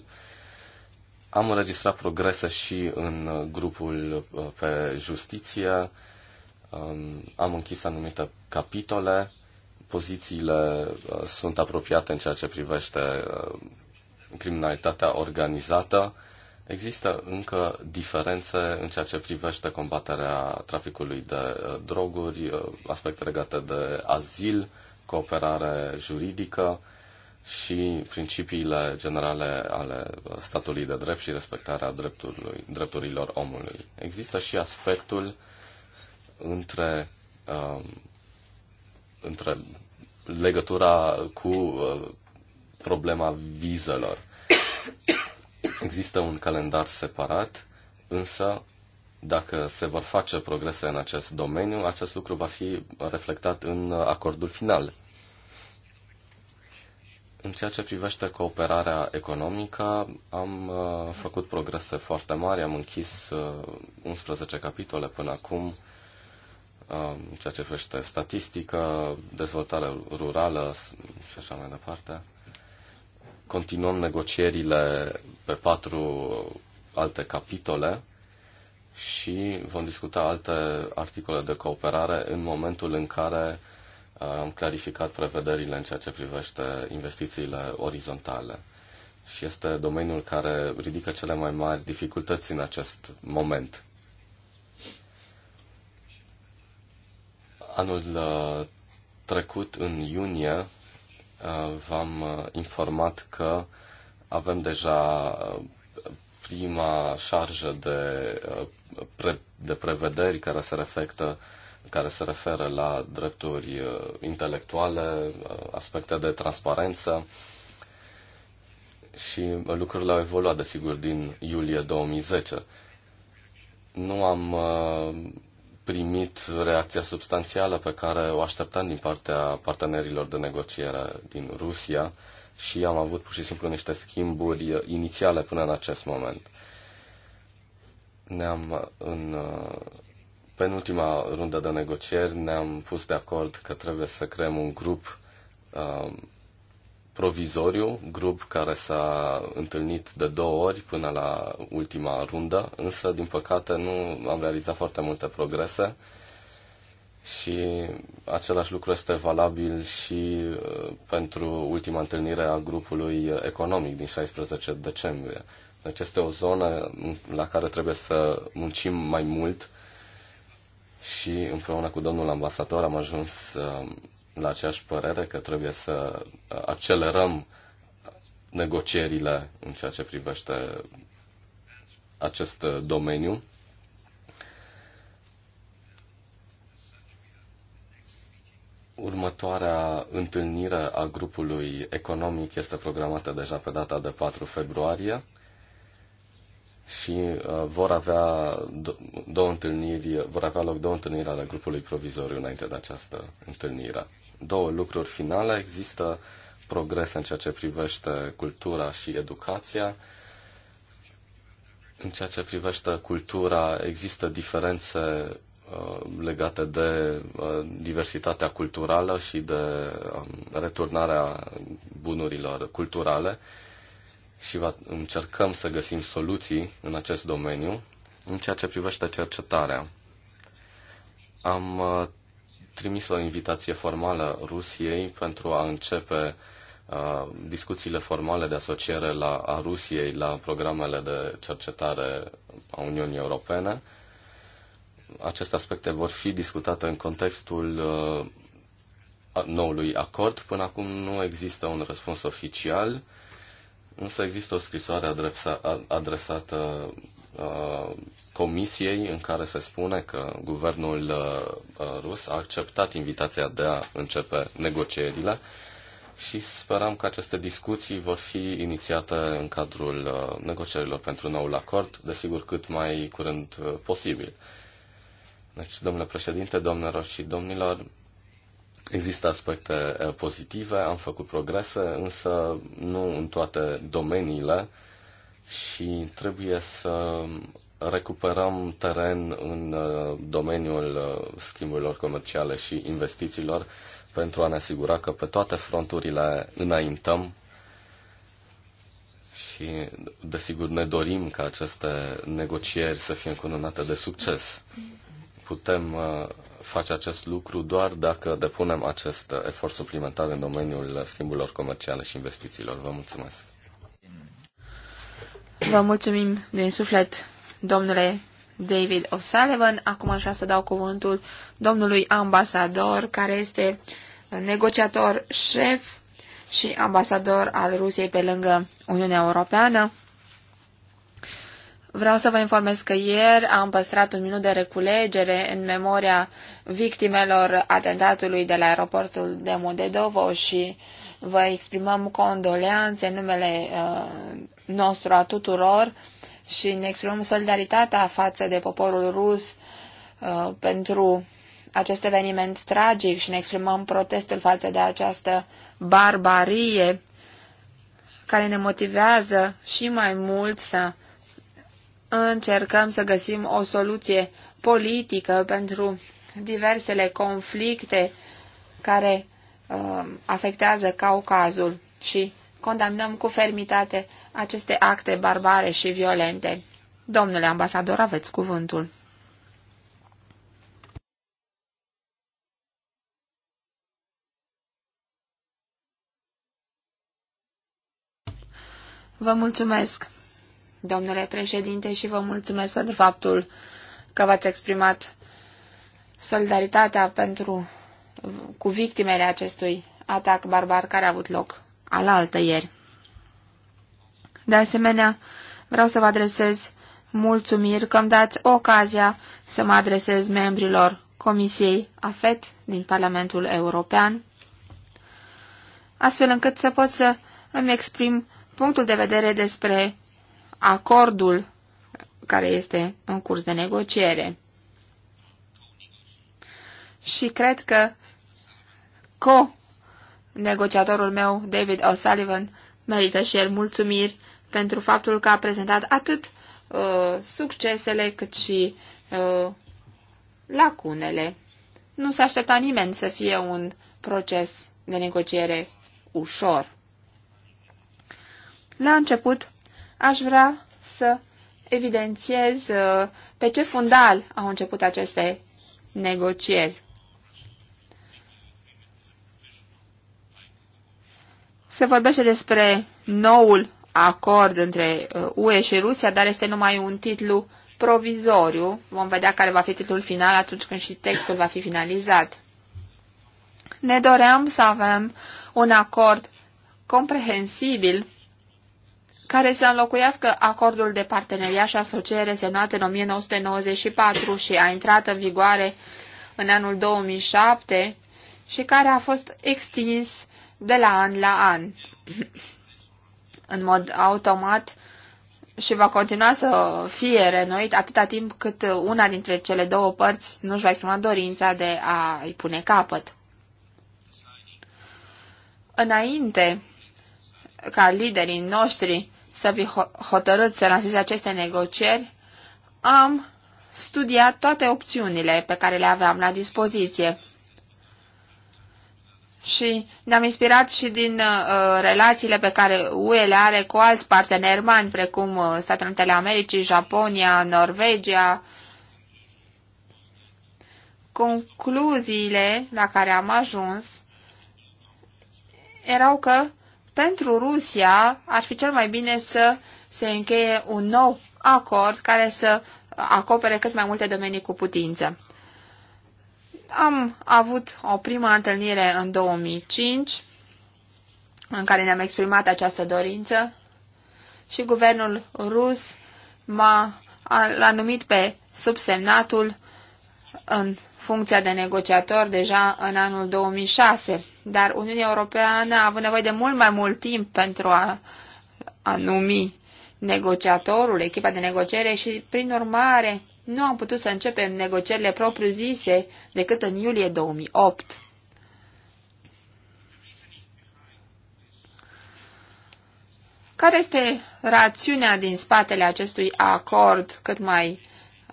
Am înregistrat progrese și în uh, grupul pe justiție, um, am închis anumite capitole pozițiile uh, sunt apropiate în ceea ce privește uh, criminalitatea organizată, există încă diferențe în ceea ce privește combaterea traficului de uh, droguri, aspecte legate de azil, cooperare juridică și principiile generale ale statului de drept și respectarea drepturilor, drepturilor omului. Există și aspectul între um, între legătura cu uh, problema vizelor. Există un calendar separat, însă dacă se vor face progrese în acest domeniu, acest lucru va fi reflectat în acordul final. În ceea ce privește cooperarea economică, am uh, făcut progrese foarte mari, am închis uh, 11 capitole până acum, Um, ceea ce privește statistică, dezvoltare rurală și așa mai departe. Continuăm negocierile pe patru alte capitole și vom discuta alte articole de cooperare în momentul în care uh, am clarificat prevederile în ceea ce privește investițiile orizontale. Și este domeniul care ridică cele mai mari dificultăți în acest moment. Anul uh, trecut, în iunie, uh, v-am uh, informat că avem deja prima șarjă de, pre, de prevederi care se reflectă care se referă la drepturi intelectuale, aspecte de transparență și lucrurile au evoluat, desigur, din iulie 2010. Nu am primit reacția substanțială pe care o așteptam din partea partenerilor de negociere din Rusia și am avut pur și simplu niște schimburi inițiale până în acest moment. Ne-am în penultima rundă de negocieri ne-am pus de acord că trebuie să creăm un grup uh, provizoriu, grup care s-a întâlnit de două ori până la ultima rundă, însă, din păcate, nu am realizat foarte multe progrese și același lucru este valabil și uh, pentru ultima întâlnire a grupului economic din 16 decembrie. Deci este o zonă la care trebuie să muncim mai mult și împreună cu domnul ambasador am ajuns uh, la aceeași părere că trebuie să uh, accelerăm negocierile în ceea ce privește acest uh, domeniu. Următoarea întâlnire a grupului economic este programată deja pe data de 4 februarie și uh, vor avea două întâlniri, vor avea loc două întâlniri ale grupului provizoriu înainte de această întâlnire două lucruri finale. Există progres în ceea ce privește cultura și educația. În ceea ce privește cultura, există diferențe uh, legate de uh, diversitatea culturală și de um, returnarea bunurilor culturale și va, încercăm să găsim soluții în acest domeniu. În ceea ce privește cercetarea, am uh, trimis o invitație formală Rusiei pentru a începe uh, discuțiile formale de asociere la, a Rusiei la programele de cercetare a Uniunii Europene. Aceste aspecte vor fi discutate în contextul uh, noului acord. Până acum nu există un răspuns oficial, însă există o scrisoare adresa, adresată uh, Comisiei în care se spune că guvernul uh, uh, rus a acceptat invitația de a începe negocierile și sperăm că aceste discuții vor fi inițiate în cadrul uh, negocierilor pentru noul acord, desigur cât mai curând posibil. Deci, domnule președinte, domnilor și domnilor, există aspecte pozitive, am făcut progrese, însă nu în toate domeniile și trebuie să recuperăm teren în uh, domeniul uh, schimburilor comerciale și investițiilor pentru a ne asigura că pe toate fronturile înaintăm și, desigur, ne dorim ca aceste negocieri să fie încununate de succes. Putem uh, face acest lucru doar dacă depunem acest efort suplimentar în domeniul schimburilor comerciale și investițiilor. Vă mulțumesc! Vă mulțumim din suflet domnule David O'Sullivan. Acum așa să dau cuvântul domnului ambasador, care este negociator șef și ambasador al Rusiei pe lângă Uniunea Europeană. Vreau să vă informez că ieri am păstrat un minut de reculegere în memoria victimelor atentatului de la aeroportul de Modedovo și vă exprimăm condoleanțe în numele uh, nostru a tuturor și ne exprimăm solidaritatea față de poporul rus uh, pentru acest eveniment tragic și ne exprimăm protestul față de această barbarie care ne motivează și mai mult să încercăm să găsim o soluție politică pentru diversele conflicte care uh, afectează Caucazul și condamnăm cu fermitate aceste acte barbare și violente. Domnule ambasador, aveți cuvântul. Vă mulțumesc, domnule președinte, și vă mulțumesc pentru faptul că v-ați exprimat solidaritatea pentru, cu victimele acestui atac barbar care a avut loc alaltă ieri. De asemenea, vreau să vă adresez mulțumiri că îmi dați ocazia să mă adresez membrilor Comisiei AFET din Parlamentul European, astfel încât să pot să îmi exprim punctul de vedere despre acordul care este în curs de negociere. Și cred că co negociatorul meu, David O'Sullivan, merită și el mulțumiri pentru faptul că a prezentat atât uh, succesele cât și uh, lacunele. Nu s-a aștepta nimeni să fie un proces de negociere ușor. La început, aș vrea să evidențiez uh, pe ce fundal au început aceste negocieri. Se vorbește despre noul acord între UE uh, și Rusia, dar este numai un titlu provizoriu. Vom vedea care va fi titlul final atunci când și textul va fi finalizat. Ne doream să avem un acord comprehensibil care să înlocuiască acordul de parteneriat și asociere semnat în 1994 și a intrat în vigoare în anul 2007 și care a fost extins de la an la an în mod automat și va continua să fie renoit atâta timp cât una dintre cele două părți nu își va exprima dorința de a-i pune capăt. Înainte ca liderii noștri să fi hotărât să lanseze aceste negocieri, am studiat toate opțiunile pe care le aveam la dispoziție și ne-am inspirat și din uh, relațiile pe care UE le are cu alți parteneri mari, precum uh, Statele Unite ale Americii, Japonia, Norvegia. Concluziile la care am ajuns erau că pentru Rusia ar fi cel mai bine să se încheie un nou acord care să acopere cât mai multe domenii cu putință. Am avut o primă întâlnire în 2005 în care ne-am exprimat această dorință și guvernul rus m-a l-a numit pe subsemnatul în funcția de negociator deja în anul 2006, dar Uniunea Europeană a avut nevoie de mult mai mult timp pentru a, a numi negociatorul, echipa de negociere și, prin urmare, nu am putut să începem negocierile propriu-zise decât în iulie 2008. Care este rațiunea din spatele acestui acord cât mai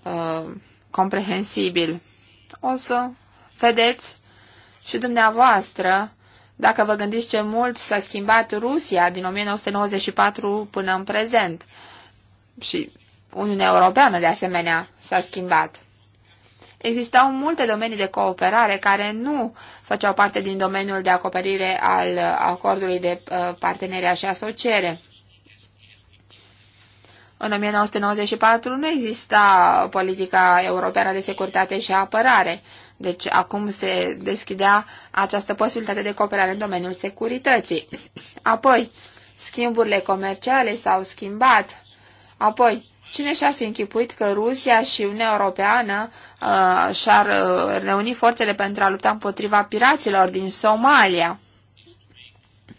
uh, comprehensibil? O să vedeți și dumneavoastră dacă vă gândiți ce mult s-a schimbat Rusia din 1994 până în prezent și Uniunea Europeană, de asemenea, s-a schimbat. Existau multe domenii de cooperare care nu făceau parte din domeniul de acoperire al acordului de uh, parteneria și asociere. În 1994 nu exista politica europeană de securitate și apărare, deci acum se deschidea această posibilitate de cooperare în domeniul securității. Apoi, schimburile comerciale s-au schimbat. Apoi, Cine și-ar fi închipuit că Rusia și Uniunea Europeană uh, și-ar uh, reuni forțele pentru a lupta împotriva piraților din Somalia?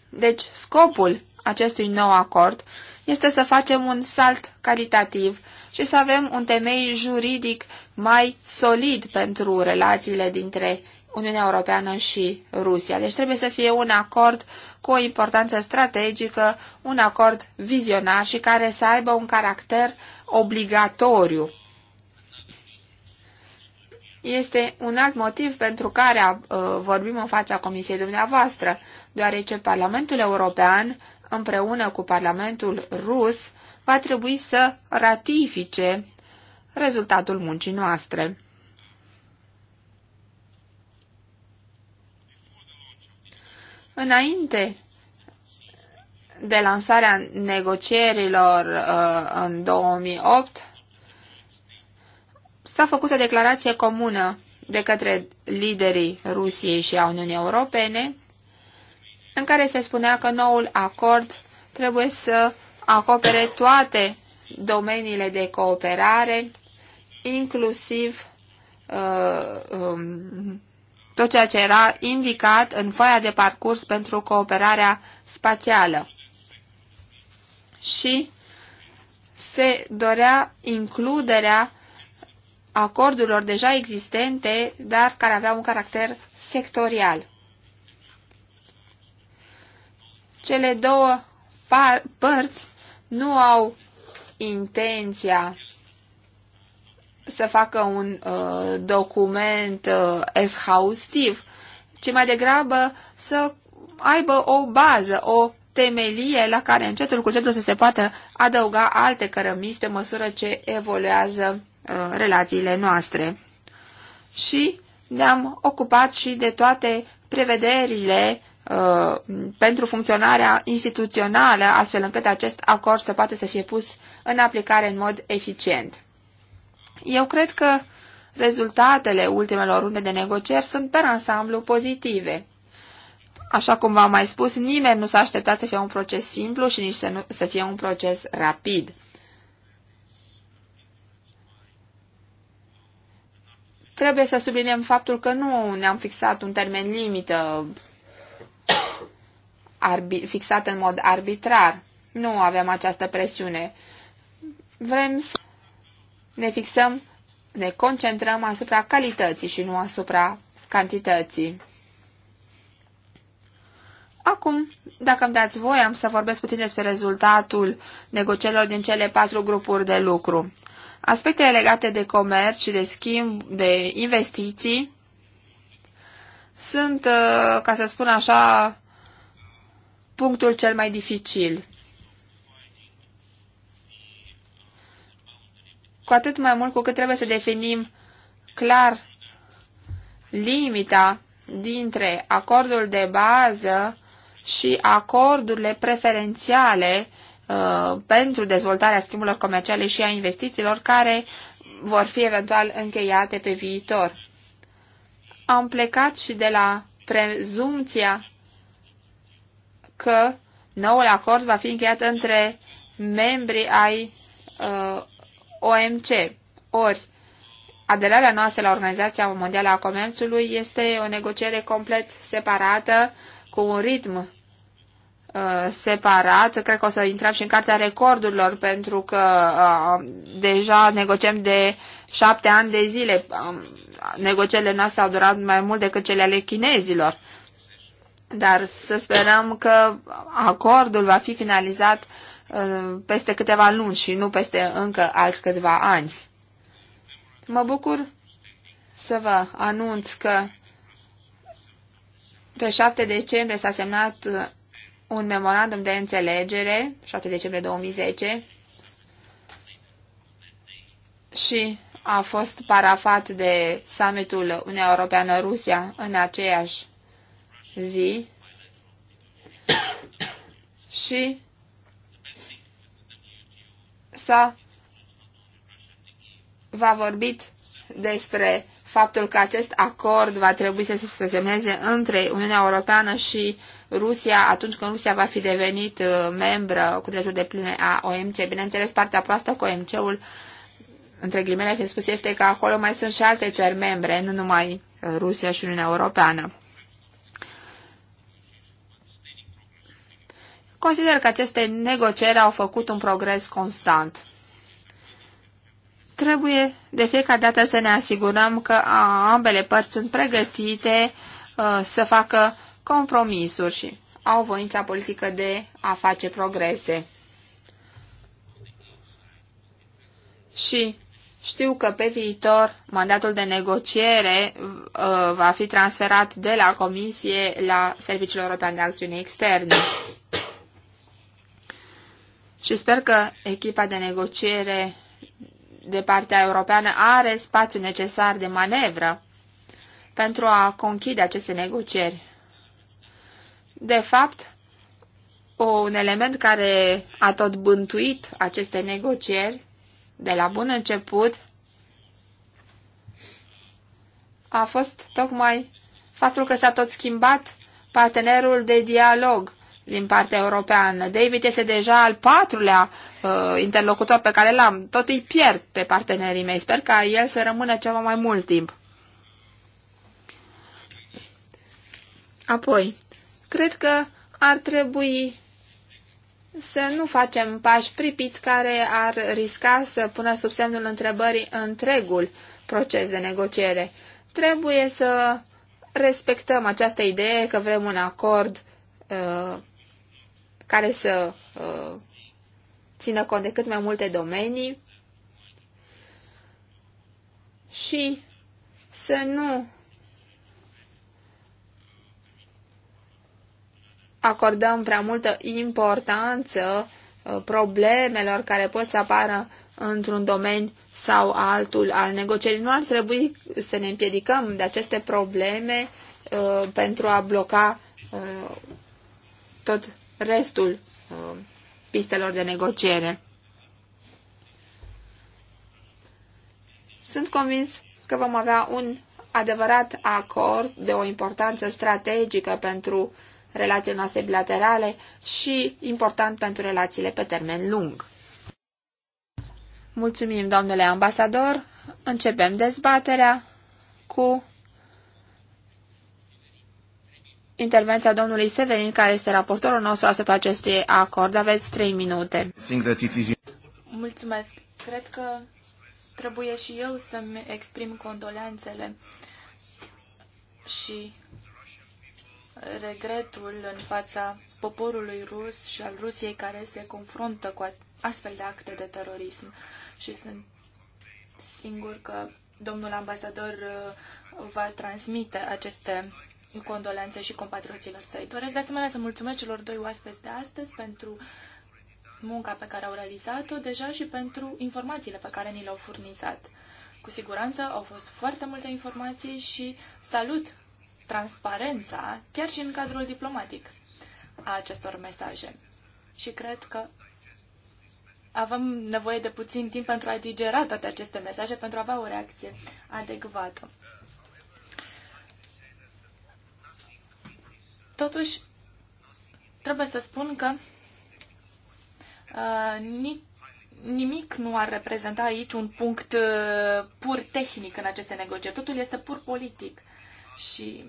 Deci, scopul acestui nou acord este să facem un salt calitativ și să avem un temei juridic mai solid pentru relațiile dintre Uniunea Europeană și Rusia. Deci trebuie să fie un acord cu o importanță strategică, un acord vizionar și care să aibă un caracter obligatoriu. Este un alt motiv pentru care uh, vorbim în fața Comisiei dumneavoastră, deoarece Parlamentul European, împreună cu Parlamentul Rus, va trebui să ratifice rezultatul muncii noastre. Înainte de lansarea negocierilor uh, în 2008, s-a făcut o declarație comună de către liderii Rusiei și a Uniunii Europene, în care se spunea că noul acord trebuie să acopere toate domeniile de cooperare, inclusiv uh, um, tot ceea ce era indicat în foaia de parcurs pentru cooperarea spațială și se dorea includerea acordurilor deja existente, dar care aveau un caracter sectorial. Cele două părți nu au intenția să facă un uh, document uh, exhaustiv, ci mai degrabă să aibă o bază, o temelie la care încetul cu încetul să se poată adăuga alte cărămizi pe măsură ce evoluează uh, relațiile noastre. Și ne-am ocupat și de toate prevederile uh, pentru funcționarea instituțională, astfel încât acest acord să poată să fie pus în aplicare în mod eficient. Eu cred că rezultatele ultimelor runde de negocieri sunt pe ansamblu pozitive. Așa cum v-am mai spus, nimeni nu s-a așteptat să fie un proces simplu și nici să, nu, să fie un proces rapid. Trebuie să subliniem faptul că nu ne-am fixat un termen limită arbi, fixat în mod arbitrar. Nu avem această presiune. Vrem să ne fixăm, ne concentrăm asupra calității și nu asupra cantității. Acum, dacă îmi dați voi, am să vorbesc puțin despre rezultatul negocierilor din cele patru grupuri de lucru. Aspectele legate de comerț și de schimb, de investiții, sunt, uh, ca să spun așa, punctul cel mai dificil. Cu atât mai mult cu cât trebuie să definim clar limita dintre acordul de bază și acordurile preferențiale uh, pentru dezvoltarea schimburilor comerciale și a investițiilor care vor fi eventual încheiate pe viitor. Am plecat și de la prezumția că noul acord va fi încheiat între membrii ai uh, OMC. Ori, aderarea noastră la Organizația Mondială a Comerțului este o negociere complet separată, cu un ritm Uh, separat. Cred că o să intrăm și în cartea recordurilor pentru că uh, deja negociem de șapte ani de zile. Uh, negocierile noastre au durat mai mult decât cele ale chinezilor. Dar să sperăm că acordul va fi finalizat uh, peste câteva luni și nu peste încă alți câțiva ani. Mă bucur să vă anunț că pe 7 decembrie s-a semnat uh, un memorandum de înțelegere, 7 decembrie 2010, și a fost parafat de summitul Uniunea Europeană-Rusia în aceeași zi și s-a va vorbit despre faptul că acest acord va trebui să se semneze între Uniunea Europeană și uh, Rusia atunci când Rusia va fi devenit uh, membră cu dreptul de pline a OMC. Bineînțeles, partea proastă cu OMC-ul, între ghilimele fiind spus, este că acolo mai sunt și alte țări membre, nu numai uh, Rusia și Uniunea Europeană. Consider că aceste negocieri au făcut un progres constant. Trebuie de fiecare dată să ne asigurăm că ambele părți sunt pregătite uh, să facă compromisuri și au voința politică de a face progrese. Și știu că pe viitor mandatul de negociere uh, va fi transferat de la Comisie la Serviciul European de Acțiune externe. Și sper că echipa de negociere de partea europeană are spațiu necesar de manevră pentru a conchide aceste negocieri de fapt, un element care a tot bântuit aceste negocieri de la bun început a fost tocmai faptul că s-a tot schimbat partenerul de dialog din partea europeană. David este deja al patrulea uh, interlocutor pe care l-am. Tot îi pierd pe partenerii mei. Sper ca el să rămână ceva mai mult timp. Apoi, Cred că ar trebui să nu facem pași pripiți care ar risca să pună sub semnul întrebării întregul proces de negociere. Trebuie să respectăm această idee că vrem un acord uh, care să uh, țină cont de cât mai multe domenii și să nu acordăm prea multă importanță uh, problemelor care pot să apară într-un domeniu sau altul al negocierii. Nu ar trebui să ne împiedicăm de aceste probleme uh, pentru a bloca uh, tot restul uh, pistelor de negociere. Sunt convins că vom avea un adevărat acord de o importanță strategică pentru uh, relațiile noastre bilaterale și important pentru relațiile pe termen lung. Mulțumim, domnule ambasador. Începem dezbaterea cu intervenția domnului Severin, care este raportorul nostru asupra acestui acord. Aveți trei minute. Mulțumesc. Cred că trebuie și eu să-mi exprim condolențele și regretul în fața poporului rus și al Rusiei care se confruntă cu astfel de acte de terorism. Și sunt singur că domnul ambasador uh, va transmite aceste condolențe și compatrioților săi. Doresc de asemenea să mulțumesc celor doi oaspeți de astăzi pentru munca pe care au realizat-o deja și pentru informațiile pe care ni le-au furnizat. Cu siguranță au fost foarte multe informații și salut transparența, chiar și în cadrul diplomatic, a acestor mesaje. Și cred că avem nevoie de puțin timp pentru a digera toate aceste mesaje, pentru a avea o reacție adecvată. Totuși, trebuie să spun că uh, nimic nu ar reprezenta aici un punct uh, pur tehnic în aceste negocieri. Totul este pur politic și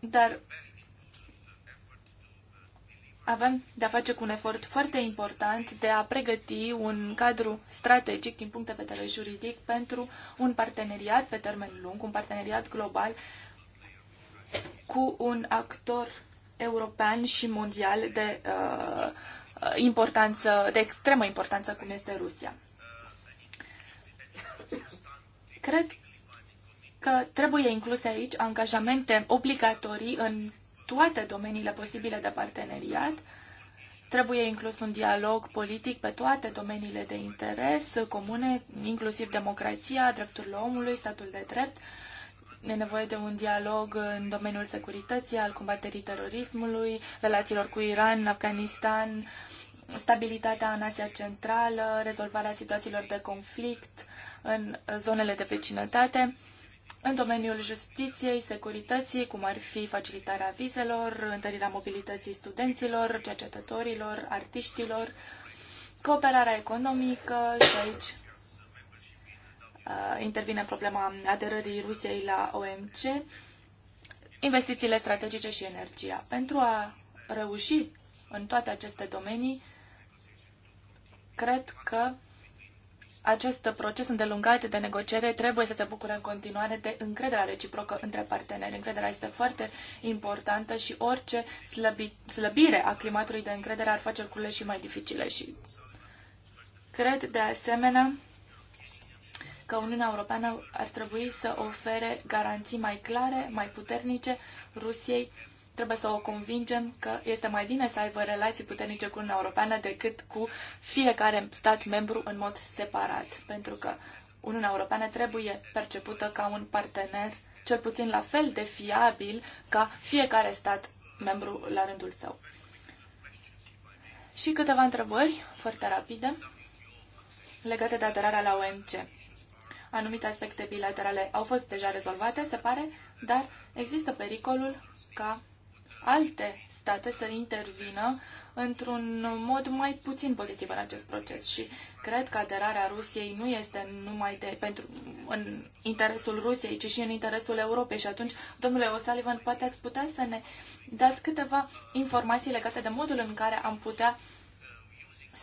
dar avem de-a face cu un efort foarte important de a pregăti un cadru strategic din punct de vedere juridic pentru un parteneriat pe termen lung, un parteneriat global cu un actor european și mondial de uh, importanță, de extremă importanță cum este Rusia. Cred că trebuie incluse aici angajamente obligatorii în toate domeniile posibile de parteneriat. Trebuie inclus un dialog politic pe toate domeniile de interes comune, inclusiv democrația, drepturile omului, statul de drept, uh, E nevoie de un dialog în domeniul securității, al combaterii terorismului, relațiilor cu Iran, Afganistan, stabilitatea în Asia Centrală, rezolvarea situațiilor de conflict în zonele de vecinătate, în domeniul justiției, securității, cum ar fi facilitarea vizelor, întărirea mobilității studenților, cercetătorilor, artiștilor, cooperarea economică și aici Uh, intervine problema aderării Rusiei la OMC, investițiile strategice și energia. Pentru a reuși în toate aceste domenii, cred că acest proces îndelungat de negociere trebuie să se bucure în continuare de încrederea reciprocă între parteneri. Încrederea este foarte importantă și orice slăbi, slăbire a climatului de încredere ar face lucrurile și mai dificile. Și cred de asemenea că Uniunea Europeană ar trebui să ofere garanții mai clare, mai puternice Rusiei. Trebuie să o convingem că este mai bine să aibă relații puternice cu Uniunea Europeană decât cu fiecare stat membru în mod separat, pentru că Uniunea Europeană trebuie percepută ca un partener cel puțin la fel de fiabil ca fiecare stat membru la rândul său. Și câteva întrebări foarte rapide legate de aderarea la OMC. Anumite aspecte bilaterale au fost deja rezolvate, se pare, dar există pericolul ca alte state să intervină într-un mod mai puțin pozitiv în acest proces și cred că aderarea Rusiei nu este numai de, pentru, în interesul Rusiei, ci și în interesul Europei și atunci, domnule O'Sullivan, poate ați putea să ne dați câteva informații legate de modul în care am putea uh,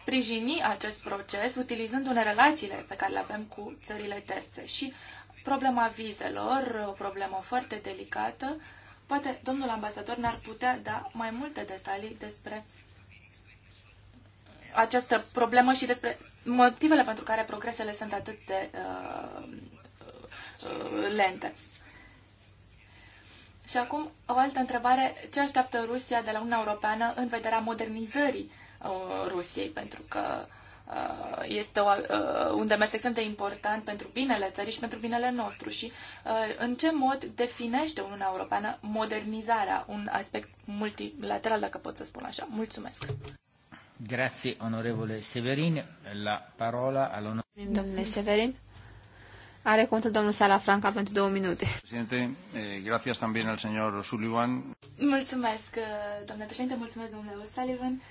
sprijini acest proces utilizându-ne relațiile pe care le avem cu țările terțe. Și problema vizelor, o problemă foarte delicată, poate domnul ambasador ne-ar putea da mai multe detalii despre această problemă și despre motivele pentru care progresele sunt atât de uh, uh, lente. Și acum o altă întrebare. Ce așteaptă Rusia de la Uniunea Europeană în vederea modernizării Uh, Rusiei, pentru că uh, este o, uh, un demers extrem de important pentru binele țării și pentru binele nostru și în ce mod definește Uniunea Europeană modernizarea, un aspect multilateral, dacă pot să spun așa. Mulțumesc! Grazie, onorevole Severin. La parola al Domnule Severin, are contul domnul Sala Franca pentru două minute. Președinte, grazie también al señor Sullivan. Mulțumesc, domnule președinte, mulțumesc, domnule Sullivan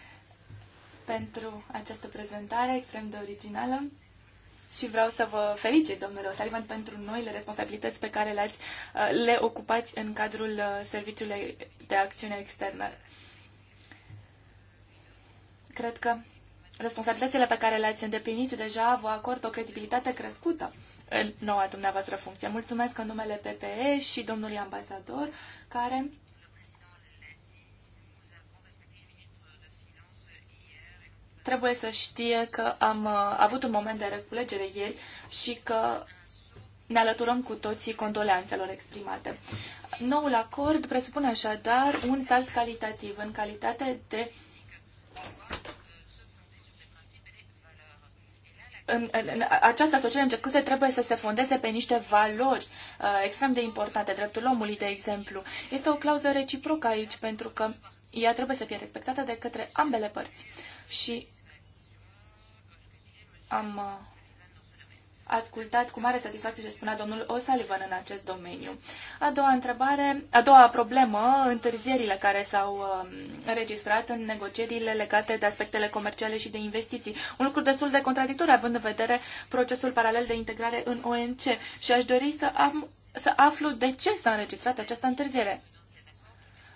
pentru această prezentare extrem de originală și vreau să vă felicit, domnule O'Sullivan, pentru noile responsabilități pe care le-ați, uh, le ocupați în cadrul uh, Serviciului de Acțiune Externă. Cred că responsabilitățile pe care le-ați îndeplinit deja vă acordă o credibilitate crescută în noua dumneavoastră funcție. Mulțumesc în numele PPE și domnului ambasador care trebuie să știe că am uh, avut un moment de reculegere ieri și că ne alăturăm cu toții condoleanțelor exprimate. Noul acord presupune așadar un salt calitativ în calitate de în, în, în această asociere, îmi scuze, trebuie să se fondeze pe niște valori uh, extrem de importante, dreptul omului, de exemplu. Este o clauză reciprocă aici, pentru că ea trebuie să fie respectată de către ambele părți. Și am uh, ascultat cu mare satisfacție ce spunea domnul O'Sullivan în acest domeniu. A doua întrebare, a doua problemă, întârzierile care s-au um, înregistrat în negocierile legate de aspectele comerciale și de investiții. Un lucru destul de contradictor având în vedere procesul paralel de integrare în OMC și aș dori să, am, să aflu de ce s-a înregistrat această întârziere.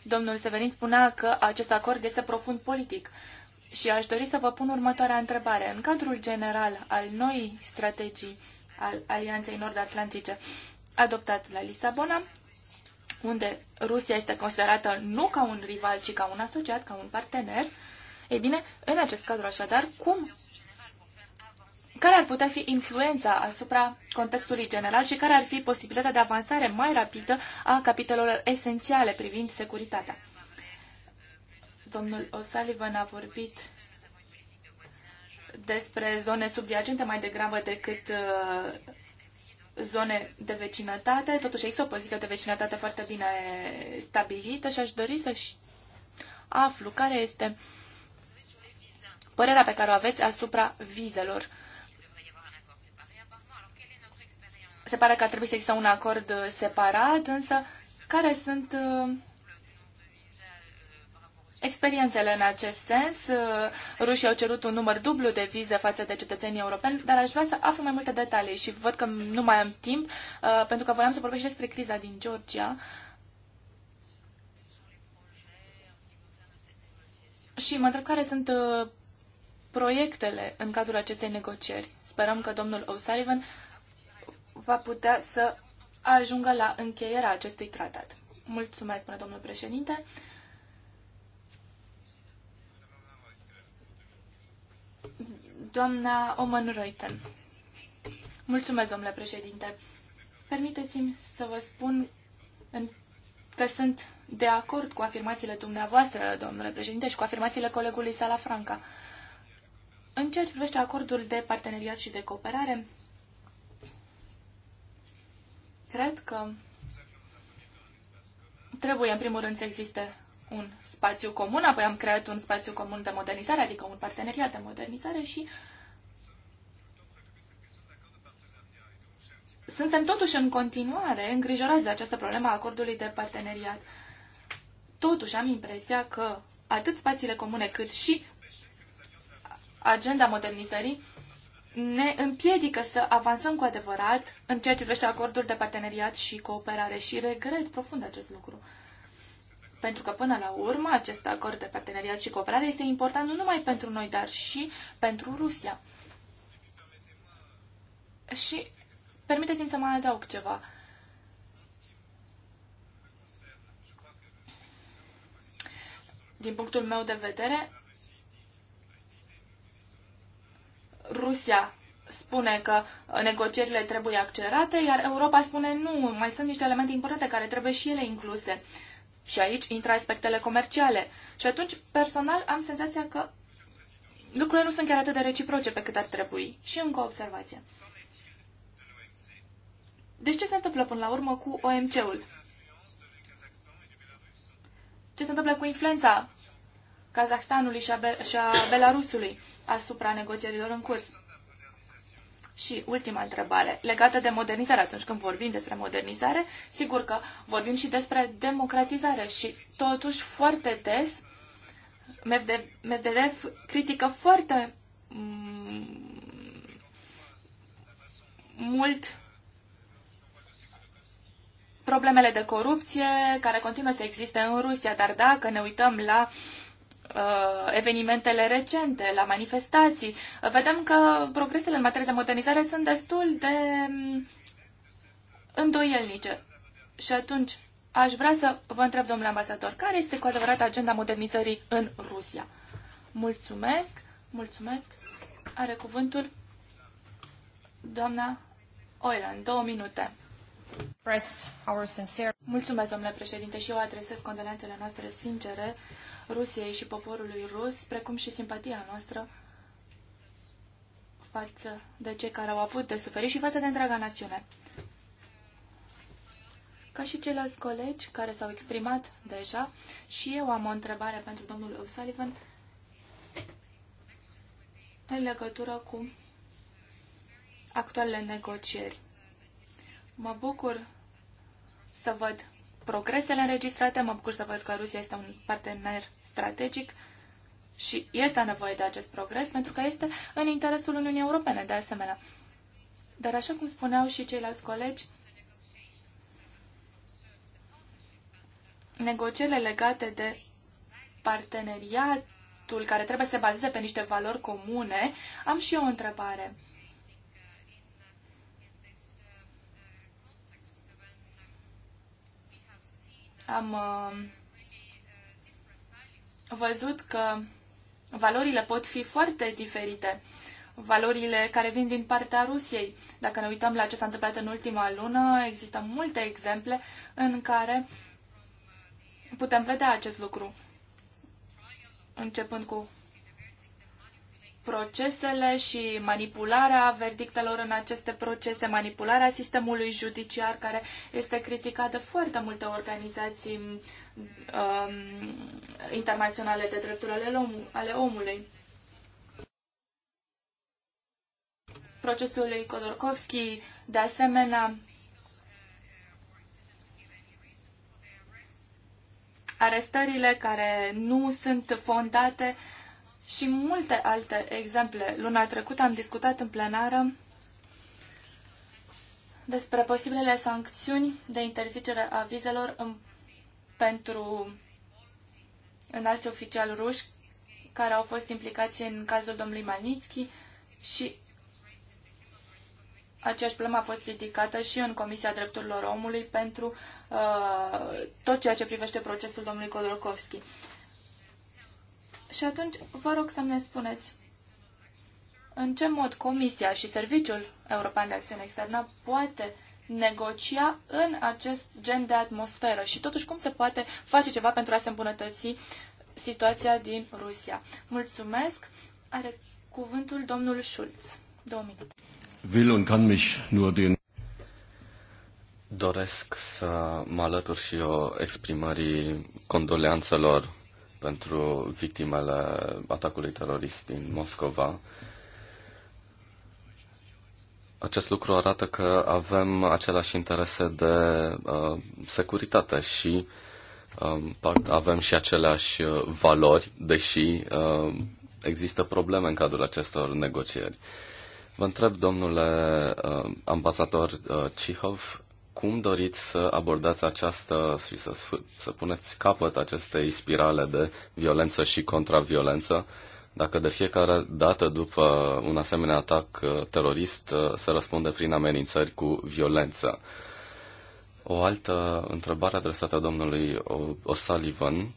Domnul Severin spunea că acest acord este profund politic. Și aș dori să vă pun următoarea întrebare. În cadrul general al noii strategii al Alianței Nord-Atlantice adoptat la Lisabona, unde Rusia este considerată nu ca un rival, ci ca un asociat, ca un partener, ei bine, în acest cadru așadar, cum care ar putea fi influența asupra contextului general și care ar fi posibilitatea de avansare mai rapidă a capitolelor esențiale privind securitatea. Domnul O'Sullivan a vorbit despre zone subiacente mai degrabă decât uh, zone de vecinătate. Totuși există o politică de vecinătate foarte bine stabilită și aș dori să aflu care este părerea pe care o aveți asupra vizelor. Se pare că ar trebui să existe un acord separat, însă care sunt uh, experiențele în acest sens. Uh, rușii au cerut un număr dublu de vize față de cetățenii europeni, dar aș vrea să aflu mai multe detalii și văd că nu mai am timp, uh, pentru că voiam să vorbesc și despre criza din Georgia. Și mă întreb care sunt uh, proiectele în cadrul acestei negocieri. Sperăm că domnul O'Sullivan va putea să ajungă la încheierea acestui tratat. Mulțumesc, până domnul președinte. Doamna Oman Reuten. Mulțumesc, domnule președinte. Permiteți-mi să vă spun în că sunt de acord cu afirmațiile dumneavoastră, domnule președinte, și cu afirmațiile colegului Salafranca. În ceea ce privește acordul de parteneriat și de cooperare, cred că trebuie, în primul rând, să existe un spațiu comun, apoi am creat un spațiu comun de modernizare, adică un parteneriat de modernizare și suntem totuși în continuare îngrijorați de această problemă a acordului de parteneriat. Totuși am impresia că atât spațiile comune cât și agenda modernizării ne împiedică să avansăm cu adevărat în ceea ce privește acordul de parteneriat și cooperare și regret profund acest lucru. Pentru că, până la urmă, acest acord de parteneriat și cooperare este important nu numai pentru noi, dar și pentru Rusia. Și permiteți-mi să mai adaug ceva. Din punctul meu de vedere, Rusia spune că negocierile trebuie accelerate, iar Europa spune nu, mai sunt niște elemente importante care trebuie și ele incluse. Uh, și aici intră aspectele comerciale. Și atunci, personal, am senzația că lucrurile nu sunt chiar atât de reciproce pe cât ar trebui. Și încă o observație. Deci ce se întâmplă până la urmă cu OMC-ul? Ce se întâmplă cu influența Kazahstanului și a, Be- și a Belarusului asupra negocierilor în curs? Și ultima întrebare, legată de modernizare. Atunci când vorbim despre modernizare, sigur că vorbim și despre democratizare și totuși foarte des Medvedev critică foarte mm, mult problemele de corupție care continuă să existe în Rusia, dar dacă ne uităm la uh, Uh, evenimentele recente, la manifestații, vedem că progresele în materie de modernizare sunt destul de mm, îndoielnice. Și atunci aș vrea să vă întreb, domnule ambasador, care este cu adevărat agenda modernizării în Rusia? Mulțumesc, mulțumesc. Are cuvântul doamna Oilan, două minute. Press our sincere... Mulțumesc, domnule președinte, și eu adresez condolențele noastre sincere Rusiei și poporului rus, precum și simpatia noastră față de cei care au avut de suferit și față de întreaga națiune. Ca și ceilalți colegi care s-au exprimat deja, și eu am o întrebare pentru domnul O'Sullivan în legătură cu actualele negocieri. Mă bucur să văd progresele înregistrate, mă bucur să văd că Rusia este un partener strategic și este nevoie de acest progres pentru că este în interesul Uniunii Europene, de asemenea. Dar așa cum spuneau și ceilalți colegi, negocierile legate de parteneriatul care trebuie să se bazeze pe niște valori comune, am și eu o întrebare. am uh, văzut că valorile pot fi foarte diferite. Valorile care vin din partea Rusiei. Dacă ne uităm la ce s-a întâmplat în ultima lună, există multe exemple în care putem vedea acest lucru. Începând cu procesele și manipularea verdictelor în aceste procese, manipularea sistemului judiciar care este criticat de foarte multe organizații um, internaționale de drepturi ale, om, ale omului. Procesul lui Khodorkovsky, de asemenea, arestările care nu sunt fondate uh, și multe alte exemple. Luna trecută am discutat în plenară despre posibilele sancțiuni de interzicere a vizelor în, pentru înalți oficiali ruși care au fost implicați în cazul domnului Malnitski și aceeași problemă a fost ridicată și în Comisia Drepturilor Omului pentru uh, tot ceea ce privește procesul domnului Kodorkovski. Și atunci vă rog să ne spuneți în ce mod Comisia și Serviciul European de Acțiune Externă poate negocia în acest gen de atmosferă și totuși cum se poate face ceva pentru a se îmbunătăți situația din Rusia. Mulțumesc. Are cuvântul domnul Schulz. Două minute. Will und kann mich nur den Doresc să mă alătur și eu exprimării condoleanțelor pentru victimele atacului terorist din Moscova. Acest lucru arată că avem aceleași interese de uh, securitate și uh, avem și aceleași uh, valori, deși uh, există probleme în cadrul acestor negocieri. Vă întreb, domnule uh, ambasador uh, Cihov, cum doriți să abordați această și să, să puneți capăt acestei spirale de violență și contraviolență, dacă de fiecare dată după un asemenea atac uh, terorist uh, se răspunde prin amenințări cu violență. O altă întrebare adresată domnului O'Sullivan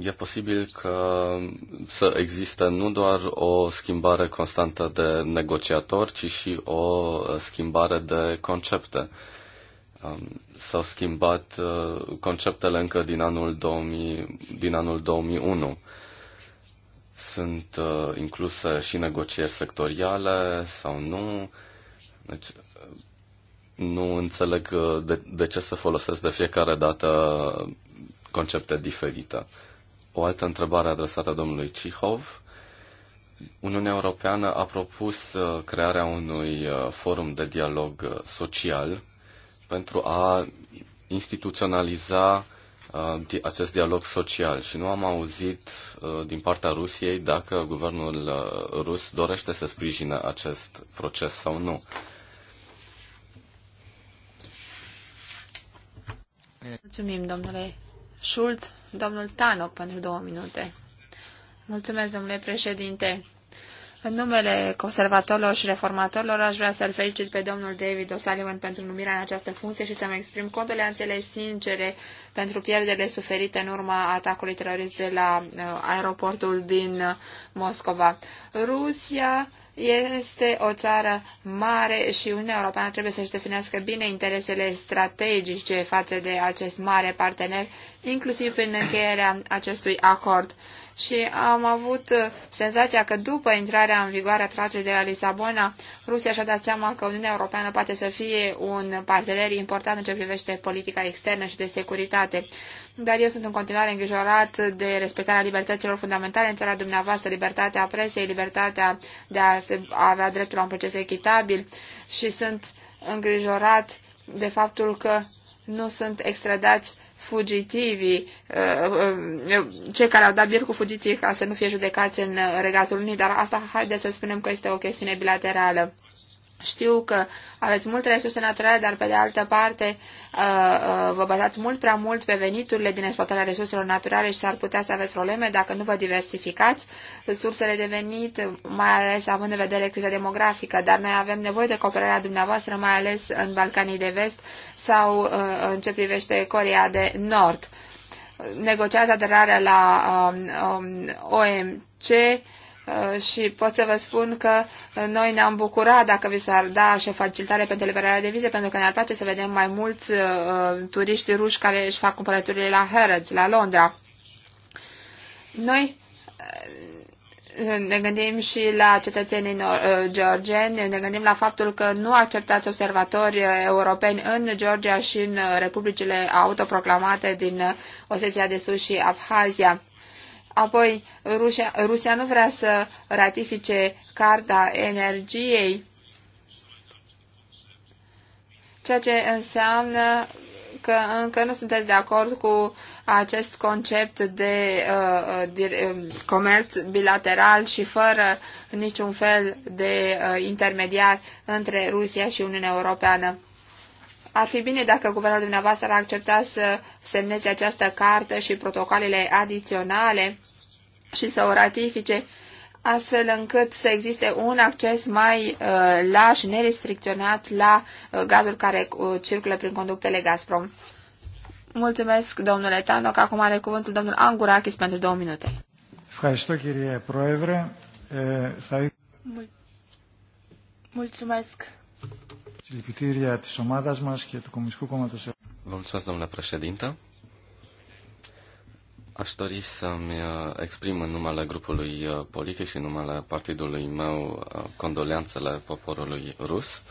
E posibil că să existe nu doar o schimbare constantă de negociator, ci și o uh, schimbare de concepte. Um, s-au schimbat uh, conceptele încă din anul, 2000, din anul 2001. Sunt uh, incluse și negocieri sectoriale sau nu. Deci, nu înțeleg de, de ce să folosesc de fiecare dată concepte diferite. O altă întrebare adresată domnului Cihov. Uniunea Europeană a propus uh, crearea unui uh, forum de dialog uh, social pentru a instituționaliza acest dialog social și nu am auzit din partea Rusiei dacă guvernul rus dorește să sprijine acest proces sau nu. Mulțumim, domnule Schulz domnul Tanoc pentru două minute. Mulțumesc, domnule președinte. În numele conservatorilor și reformatorilor aș vrea să-l felicit pe domnul David O'Sullivan pentru numirea în această funcție și să-mi exprim condoleanțele sincere pentru pierderile suferite în urma atacului terorist de la uh, aeroportul din uh, Moscova. Rusia este o țară mare și Uniunea Europeană trebuie să-și definească bine interesele strategice față de acest mare partener, inclusiv în încheierea acestui acord și am avut uh, senzația că după intrarea în vigoare a tratului de la Lisabona, Rusia și-a dat seama că Uniunea Europeană poate să fie un partener important în ce privește politica externă și de securitate. Dar eu sunt în continuare îngrijorat de respectarea libertăților fundamentale în țara dumneavoastră, libertatea presei, libertatea de a avea dreptul la un proces echitabil și sunt îngrijorat de faptul că nu sunt extradați fugitivii, uh, uh, cei care au dat bir cu fugitivii ca să nu fie judecați în Regatul Unit, dar asta haideți să spunem că este o chestiune bilaterală. Știu că aveți multe resurse naturale, dar pe de altă parte uh, uh, vă bazați mult prea mult pe veniturile din exploatarea resurselor naturale și s-ar putea să aveți probleme dacă nu vă diversificați sursele de venit, mai ales având în vedere criza demografică. Dar noi avem nevoie de cooperarea dumneavoastră, mai ales în Balcanii de Vest sau uh, în ce privește Corea de Nord. Negociați aderarea la um, um, OMC Uh, și pot să vă spun că uh, noi ne-am bucurat dacă vi s-ar da și o facilitare pentru eliberarea de vize, pentru că ne-ar place să vedem mai mulți uh, turiști ruși care își fac cumpărăturile la Harrods, la Londra. Noi ne gândim și la cetățenii georgeni, ne gândim la faptul că nu acceptați observatori europeni în Georgia și în republicile autoproclamate din Osetia de Sud și Abhazia. Apoi, Rusia, Rusia nu vrea să ratifice Carta Energiei, ceea ce înseamnă că încă nu sunteți de acord cu acest concept de, uh, uh, de um, comerț bilateral și fără niciun fel de uh, intermediar între Rusia și Uniunea Europeană. Ar fi bine dacă guvernul dumneavoastră ar accepta să semneze această carte și protocolele adiționale și să o ratifice astfel încât să existe un acces mai uh, larg și nerestricționat la uh, gazul care uh, circulă prin conductele Gazprom. Mulțumesc, domnule Tanoc. Acum are cuvântul domnul Angurakis pentru două minute. Mulțumesc. mulțumesc, domnule președinte. Aș dori să-mi uh, exprim în numele grupului uh, politic și în numele partidului meu uh, condoleanțele poporului rus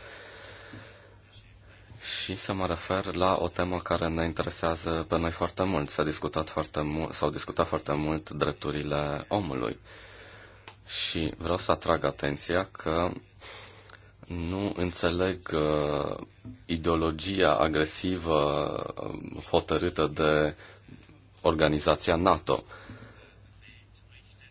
și să mă refer la o temă care ne interesează pe noi foarte mult. S-a discutat foarte mult, s-au discutat foarte mult drepturile omului. Și vreau să atrag atenția că nu înțeleg ideologia agresivă hotărâtă de organizația NATO.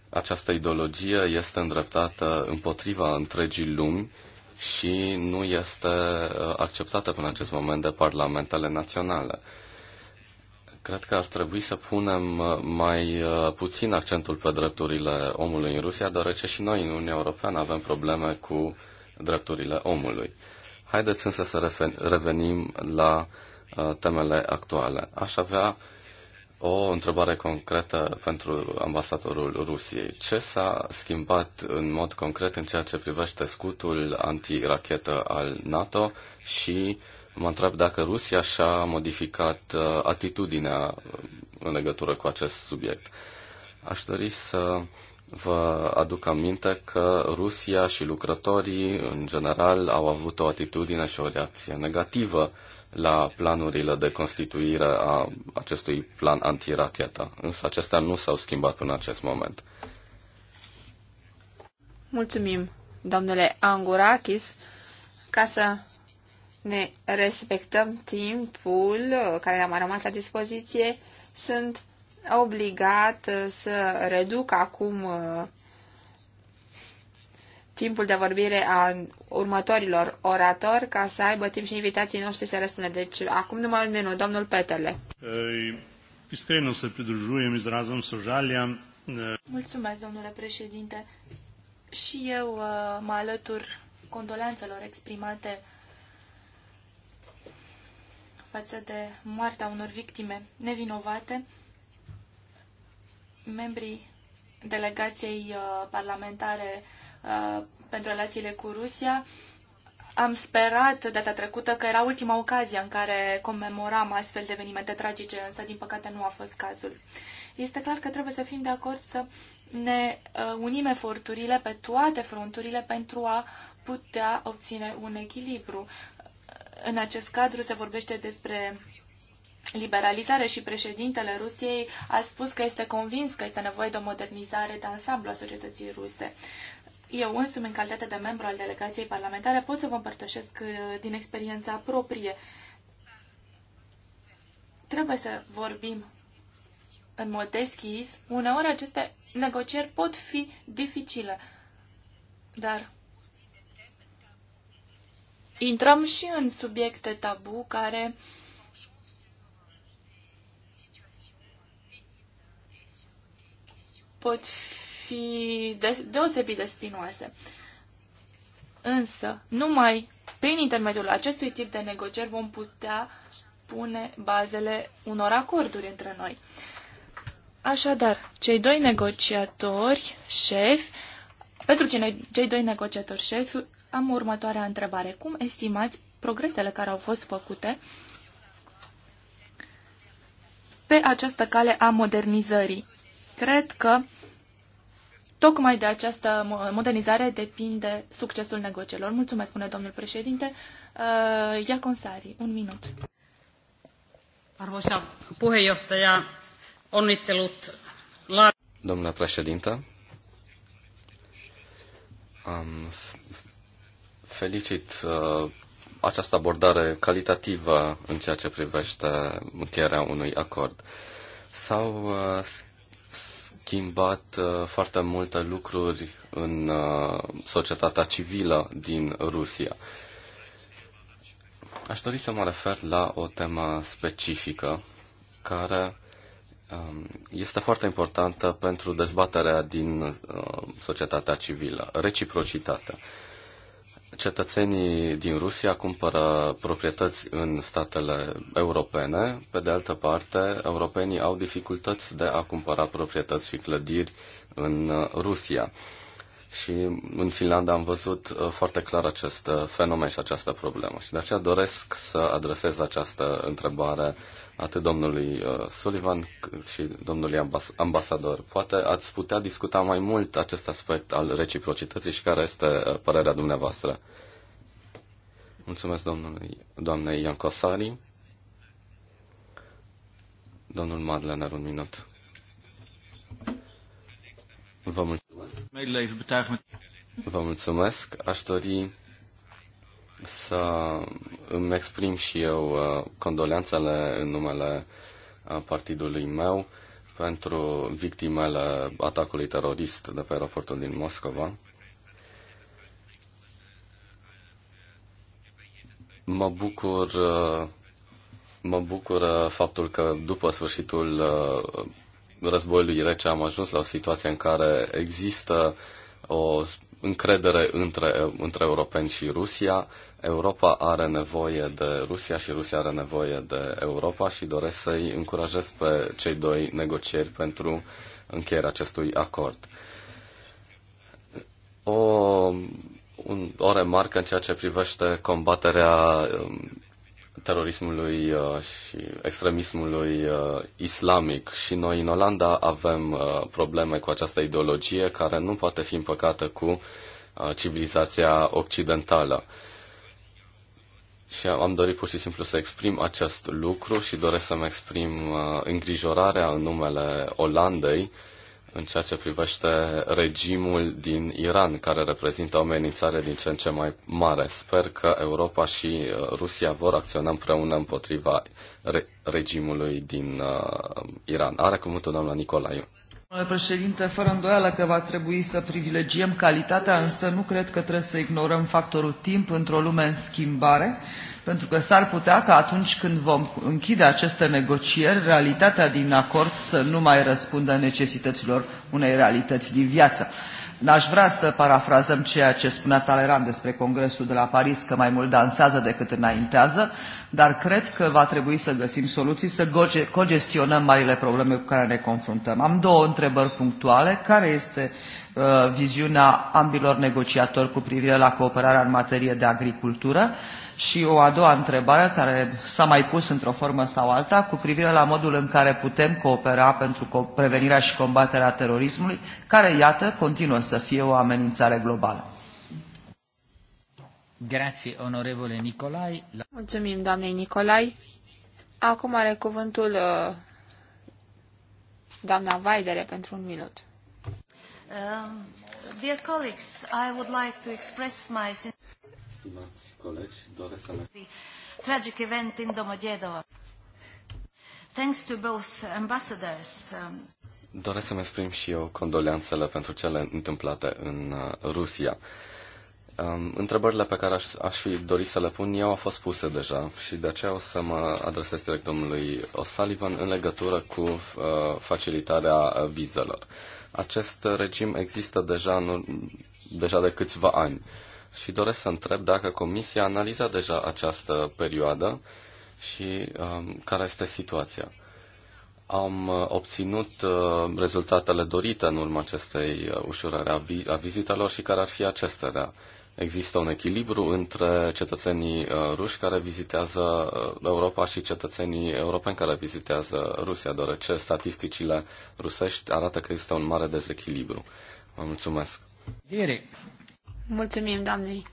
Această ideologie este îndreptată împotriva întregii lumi și nu este uh, acceptată până acest moment de parlamentele naționale. Cred că ar trebui să punem uh, mai uh, puțin accentul pe drepturile omului în Rusia, deoarece și noi în Uniunea Europeană avem probleme cu drepturile omului. Haideți însă să revenim la temele actuale. Aș avea o întrebare concretă pentru ambasadorul Rusiei. Ce s-a schimbat în mod concret în ceea ce privește scutul antirachetă al NATO și mă întreb dacă Rusia și-a modificat uh, atitudinea uh, în legătură cu acest subiect. Aș dori să vă aduc aminte că Rusia și lucrătorii, în general, au avut o atitudine și o reacție negativă la planurile de constituire a acestui plan antirachetă, însă acestea nu s-au schimbat până în acest moment. Mulțumim, domnule Angurakis, ca să ne respectăm timpul care ne-a rămas la dispoziție, sunt obligat să reduc acum timpul de vorbire a următorilor oratori ca să aibă timp și invitații noștri să răspundă. Deci, acum numai un minut, domnul Petele. Iskreno se pridružujem izrazom sožalja. Mulțumesc, domnule președinte. Și eu uh, mă alătur condolențelor exprimate față de moartea unor victime nevinovate. Membrii delegației uh, parlamentare Uh, pentru relațiile cu Rusia. Am sperat data trecută că era ultima ocazie în care comemoram astfel de evenimente tragice, însă din păcate nu a fost cazul. Este clar că trebuie să fim de acord să ne uh, unim eforturile pe toate fronturile pentru a putea obține un echilibru. În acest cadru se vorbește despre liberalizare și președintele Rusiei a spus că este convins că este nevoie de o modernizare de ansamblu a societății ruse eu însumi, în calitate de membru al delegației parlamentare, pot să vă împărtășesc uh, din experiența proprie. Trebuie să vorbim în mod deschis. Uneori aceste negocieri pot fi dificile, dar intrăm și în subiecte tabu care pot și de, deosebit de spinoase. Însă, numai prin intermediul acestui tip de negocieri vom putea pune bazele unor acorduri între noi. Așadar, cei doi negociatori șefi, pentru cei doi negociatori șefi, am următoarea întrebare. Cum estimați progresele care au fost făcute pe această cale a modernizării? Cred că Tocmai de această modernizare depinde succesul negocierilor. Mulțumesc, spune domnul președinte. Uh, Iaconsari, un minut. Arvoisa puheenjohtaja, onnittelut. Domnule președinte, am felicit uh, această abordare calitativă în ceea ce privește încheierea unui acord. S-au uh, schimbat uh, foarte multe lucruri în uh, societatea civilă din Rusia. Aș dori să mă refer la o temă specifică care um, este foarte importantă pentru dezbaterea din uh, societatea civilă, reciprocitatea cetățenii din Rusia cumpără proprietăți în statele europene, pe de altă parte, europenii au dificultăți de a cumpăra proprietăți și clădiri în Rusia. Și în Finlanda am văzut uh, foarte clar acest uh, fenomen și această problemă. Și de aceea doresc să adresez această întrebare atât domnului uh, Sullivan cât și domnului ambas- ambasador. Poate ați putea discuta mai mult acest aspect al reciprocității și care este uh, părerea dumneavoastră. Mulțumesc domnului, doamnei Cosari. Domnul Madlener, un minut. Vă mulțumesc. Vă mulțumesc. Aș dori să îmi exprim și eu uh, condolențele în numele uh, partidului meu pentru victimele atacului terorist de pe aeroportul din Moscova. Mă bucur, uh, mă bucur faptul că după sfârșitul războiului rece am ajuns la o situație în care există o încredere între, între europeni și Rusia. Europa are nevoie de Rusia și Rusia are nevoie de Europa și doresc să-i încurajez pe cei doi negocieri pentru încheierea acestui acord. O, un, o remarcă în ceea ce privește combaterea um, terorismului uh, și extremismului uh, islamic și noi în Olanda avem uh, probleme cu această ideologie care nu poate fi împăcată cu civilizația occidentală. Și am dorit pur și simplu să exprim acest lucru și doresc să-mi exprim îngrijorarea în numele Olandei în ceea ce privește regimul din Iran, care reprezintă o amenințare din ce în ce mai mare. Sper că Europa și uh, Rusia vor acționa împreună împotriva re- regimului din uh, Iran. Are cuvântul doamna Nicolaiu. Domnule președinte, fără îndoială că va trebui să privilegiem calitatea, însă nu cred că trebuie să ignorăm factorul timp într-o lume în schimbare, pentru că s-ar putea ca atunci când vom închide aceste negocieri, realitatea din acord să nu mai răspundă necesităților unei realități din viață. N-aș vrea să parafrazăm ceea ce spunea Talleyrand despre Congresul de la Paris, că mai mult dansează decât înaintează, dar cred că va trebui să găsim soluții, să cogestionăm marile probleme cu care ne confruntăm. Am două întrebări punctuale. Care este uh, viziunea ambilor negociatori cu privire la cooperarea în materie de agricultură? Uh, și o a doua întrebare care s-a mai pus într-o formă sau alta cu privire la modul în care putem coopera pentru prevenirea și combaterea terorismului, care, iată, continuă să fie o amenințare globală. Grazie, onorevole Nicolai. Mulțumim, doamnei Nicolai. Acum are cuvântul uh, doamna Vaidere pentru un minut. Uh, dear colleagues, I would like to express my stimați colegi, doresc să le... Tragic event in Domodedovo. Thanks to both ambassadors. Um, doresc să-mi exprim și eu condoleanțele pentru cele întâmplate în uh, Rusia. Um, întrebările pe care aș, aș fi dorit să le pun eu au fost puse deja și de aceea o să mă adresez direct domnului O'Sullivan în legătură cu uh, facilitarea uh, vizelor. Acest regim există deja, deja de câțiva ani. Uh, și doresc să întreb dacă Comisia a analizat deja această perioadă și um, care este situația. Am uh, obținut uh, rezultatele dorite în urma acestei uh, ușurări a, vi- a vizitelor și care ar fi acestea. Există un echilibru între cetățenii ruși care vizitează Europa și cetățenii europeni care vizitează Rusia, deoarece statisticile rusești arată că există un mare dezechilibru. Vă mulțumesc. Mulțumim, doamnei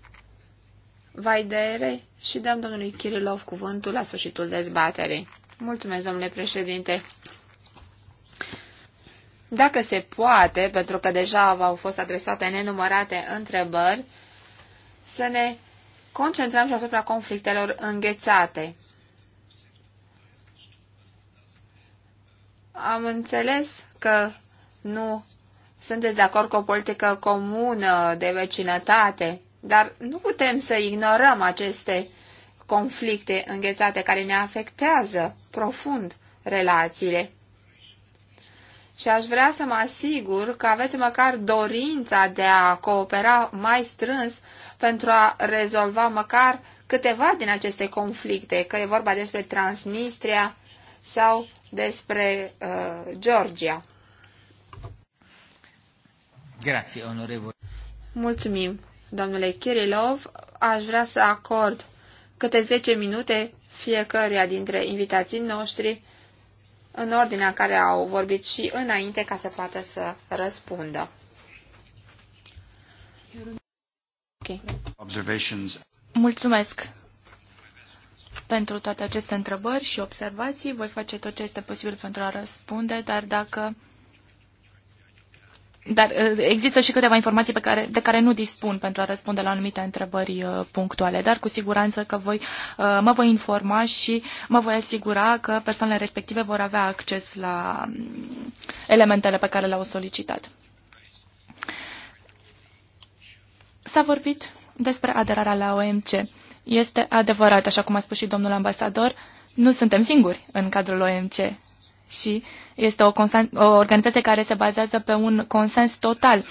Vaidere și dăm domnului Kirilov cuvântul la sfârșitul dezbaterii. Mulțumesc, domnule președinte. Dacă se poate, pentru că deja v-au fost adresate nenumărate întrebări, să ne concentrăm și asupra conflictelor înghețate. Am înțeles că nu sunteți de acord cu o politică comună de vecinătate, dar nu putem să ignorăm aceste conflicte înghețate care ne afectează profund relațiile. Și aș vrea să mă asigur că aveți măcar dorința de a coopera mai strâns pentru a rezolva măcar câteva din aceste conflicte, că e vorba despre Transnistria sau despre uh, Georgia. Grazie, onorevole. Mulțumim, domnule Kirilov. Aș vrea să acord câte 10 minute fiecăruia dintre invitații noștri în ordinea care au vorbit și înainte ca să poată să răspundă. Okay. Mulțumesc pentru toate aceste întrebări și observații. Voi face tot ce este posibil pentru a răspunde, dar dacă dar uh, există și câteva informații pe care, de care nu dispun pentru a răspunde la anumite întrebări uh, punctuale, dar cu siguranță că voi, uh, mă voi informa și mă voi asigura că persoanele respective vor avea acces la mm, elementele pe care le-au solicitat. S-a vorbit despre aderarea la OMC. Este adevărat, așa cum a spus și domnul ambasador, nu suntem singuri în cadrul OMC și este o, o organizație care se bazează pe un consens total.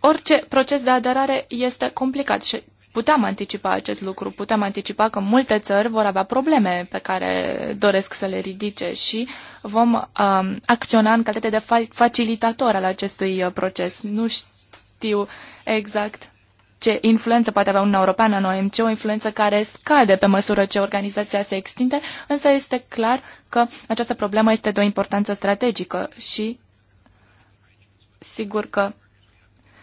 Orice proces de aderare este complicat și puteam anticipa acest lucru, puteam anticipa că multe țări vor avea probleme pe care doresc să le ridice și vom um, acționa în calitate de fa- facilitator al acestui uh, proces. Nu știu exact ce influență poate avea Uniunea Europeană în OMC, o influență care scade pe măsură ce organizația se extinde, însă este clar că această problemă este de o importanță strategică și sigur că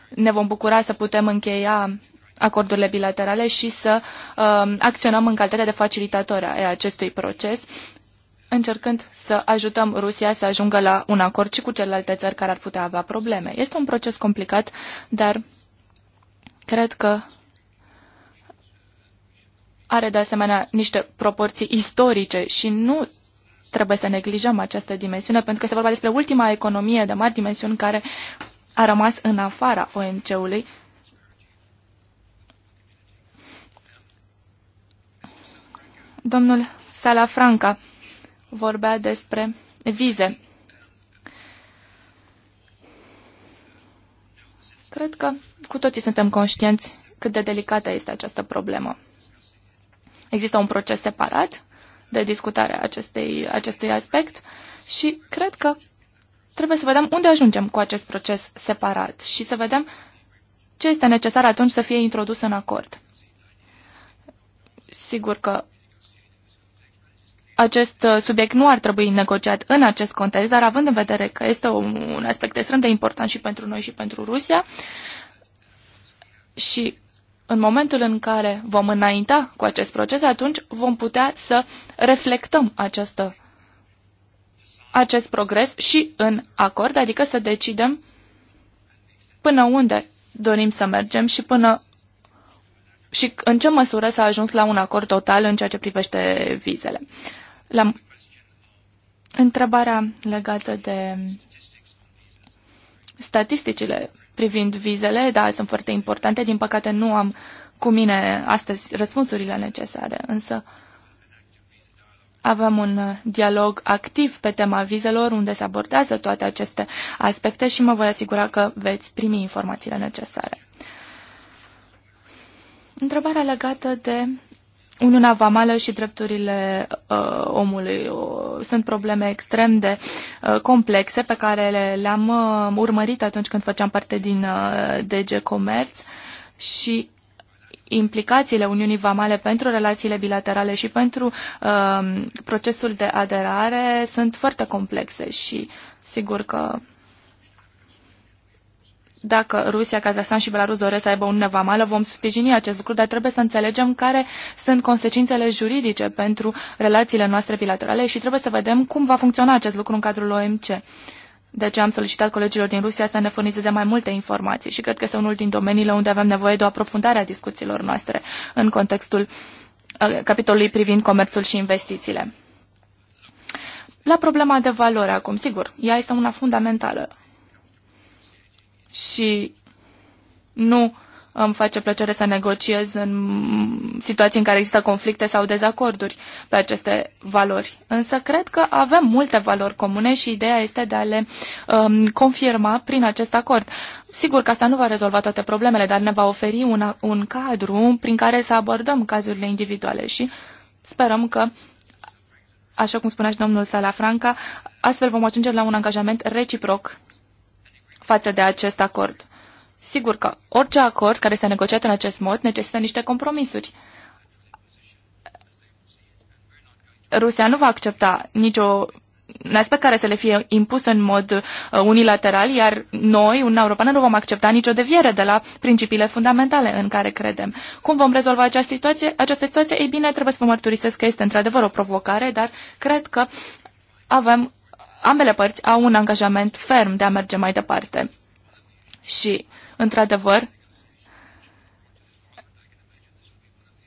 ne vom bucura să putem încheia acordurile bilaterale și să uh, acționăm în calitate de facilitatori a acestui proces, încercând să ajutăm Rusia să ajungă la un acord și cu celelalte țări care ar putea avea probleme. Este un proces complicat, dar Cred că are de asemenea niște proporții istorice și nu trebuie să neglijăm această dimensiune, pentru că este vorba despre ultima economie de mari dimensiuni care a rămas în afara OMC-ului. Domnul Salafranca vorbea despre vize. Cred că cu toții suntem conștienți cât de delicată este această problemă. Există un proces separat de discutare a acestei, acestui aspect și cred că trebuie să vedem unde ajungem cu acest proces separat și să vedem ce este necesar atunci să fie introdus în acord. Sigur că acest uh, subiect nu ar trebui negociat în acest context, dar având în vedere că este un aspect extrem de important și pentru noi și pentru Rusia și în momentul în care vom înainta cu acest proces, atunci vom putea să reflectăm această, acest progres și în acord, adică să decidem până unde dorim să mergem și până și în ce măsură s-a ajuns la un acord total în ceea ce privește vizele. La întrebarea legată de statisticile privind vizele, da, sunt foarte importante. Din păcate nu am cu mine astăzi răspunsurile necesare, însă avem un dialog activ pe tema vizelor, unde se abordează toate aceste aspecte și mă voi asigura că veți primi informațiile necesare. Întrebarea legată de Uniunea Vamală și drepturile uh, omului uh, sunt probleme extrem de uh, complexe pe care le, le-am uh, urmărit atunci când făceam parte din uh, DG Comerț și implicațiile Uniunii Vamale pentru relațiile bilaterale și pentru uh, procesul de aderare sunt foarte complexe și sigur că dacă Rusia, Kazahstan și Belarus doresc să aibă un nevamală, vom sprijini acest lucru, dar trebuie să înțelegem care sunt consecințele juridice pentru relațiile noastre bilaterale și trebuie să vedem cum va funcționa acest lucru în cadrul OMC. De aceea am solicitat colegilor din Rusia să ne furnizeze mai multe informații și cred că este unul din domeniile unde avem nevoie de o aprofundare a discuțiilor noastre în contextul uh, capitolului privind comerțul și investițiile. La problema de valoare acum, sigur, ea este una fundamentală și nu îmi face plăcere să negociez în situații în care există conflicte sau dezacorduri pe aceste valori. Însă cred că avem multe valori comune și ideea este de a le um, confirma prin acest acord. Sigur că asta nu va rezolva toate problemele, dar ne va oferi una, un cadru prin care să abordăm cazurile individuale și sperăm că, așa cum spunea și domnul Salafranca, astfel vom ajunge la un angajament reciproc față de acest acord. Sigur că orice acord care s-a negociat în acest mod necesită niște compromisuri. Rusia nu va accepta nicio un aspect care să le fie impus în mod uh, unilateral, iar noi, Uniunea Europeană, nu vom accepta nicio deviere de la principiile fundamentale în care credem. Cum vom rezolva această situație? Această situație, ei bine, trebuie să vă mărturisesc că este într-adevăr o provocare, dar cred că avem ambele părți au un angajament ferm de a merge mai departe. Și, într-adevăr,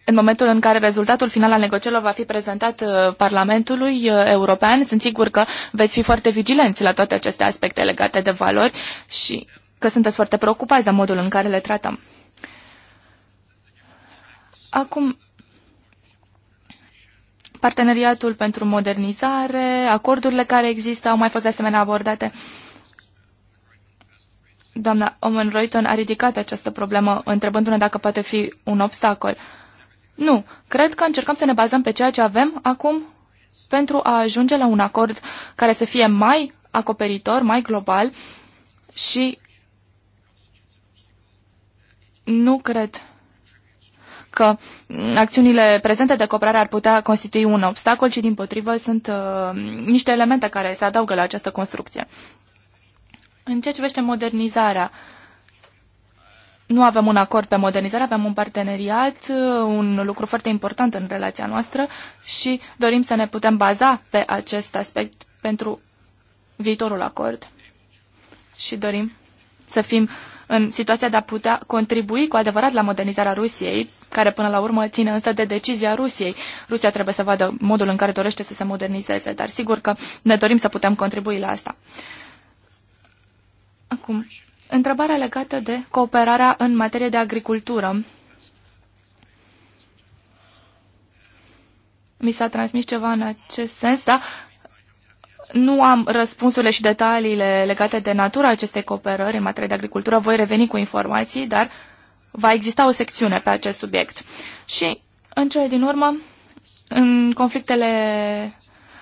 În momentul în care rezultatul final al negocierilor va fi prezentat uh, Parlamentului uh, European, sunt sigur că veți fi foarte vigilenți la toate aceste aspecte legate de valori și că sunteți foarte preocupați de modul în care le tratăm. Acum, parteneriatul pentru modernizare, acordurile care există au mai fost de asemenea abordate. Doamna Omen Royton a ridicat această problemă, întrebându-ne dacă poate fi un obstacol. Nu, cred că încercăm să ne bazăm pe ceea ce avem acum pentru a ajunge la un acord care să fie mai acoperitor, mai global și nu cred că acțiunile prezente de cooperare ar putea constitui un obstacol, ci din potrivă sunt uh, niște elemente care se adaugă la această construcție. În ceea ce privește modernizarea, nu avem un acord pe modernizare, avem un parteneriat, uh, un lucru foarte important în relația noastră și dorim să ne putem baza pe acest aspect pentru viitorul acord. Și dorim să fim uh, în situația de a putea contribui cu adevărat la modernizarea Rusiei, care până la urmă ține însă de decizia Rusiei. Rusia trebuie să vadă modul în care dorește să se modernizeze, dar sigur că ne dorim să putem contribui la asta. Acum, întrebarea legată de cooperarea în materie de agricultură. Mi s-a transmis ceva în acest sens, da? Nu am răspunsurile și detaliile legate de natura acestei cooperări în materie de agricultură. Voi reveni cu informații, dar va exista o secțiune pe acest subiect. Și, în cele din urmă, în conflictele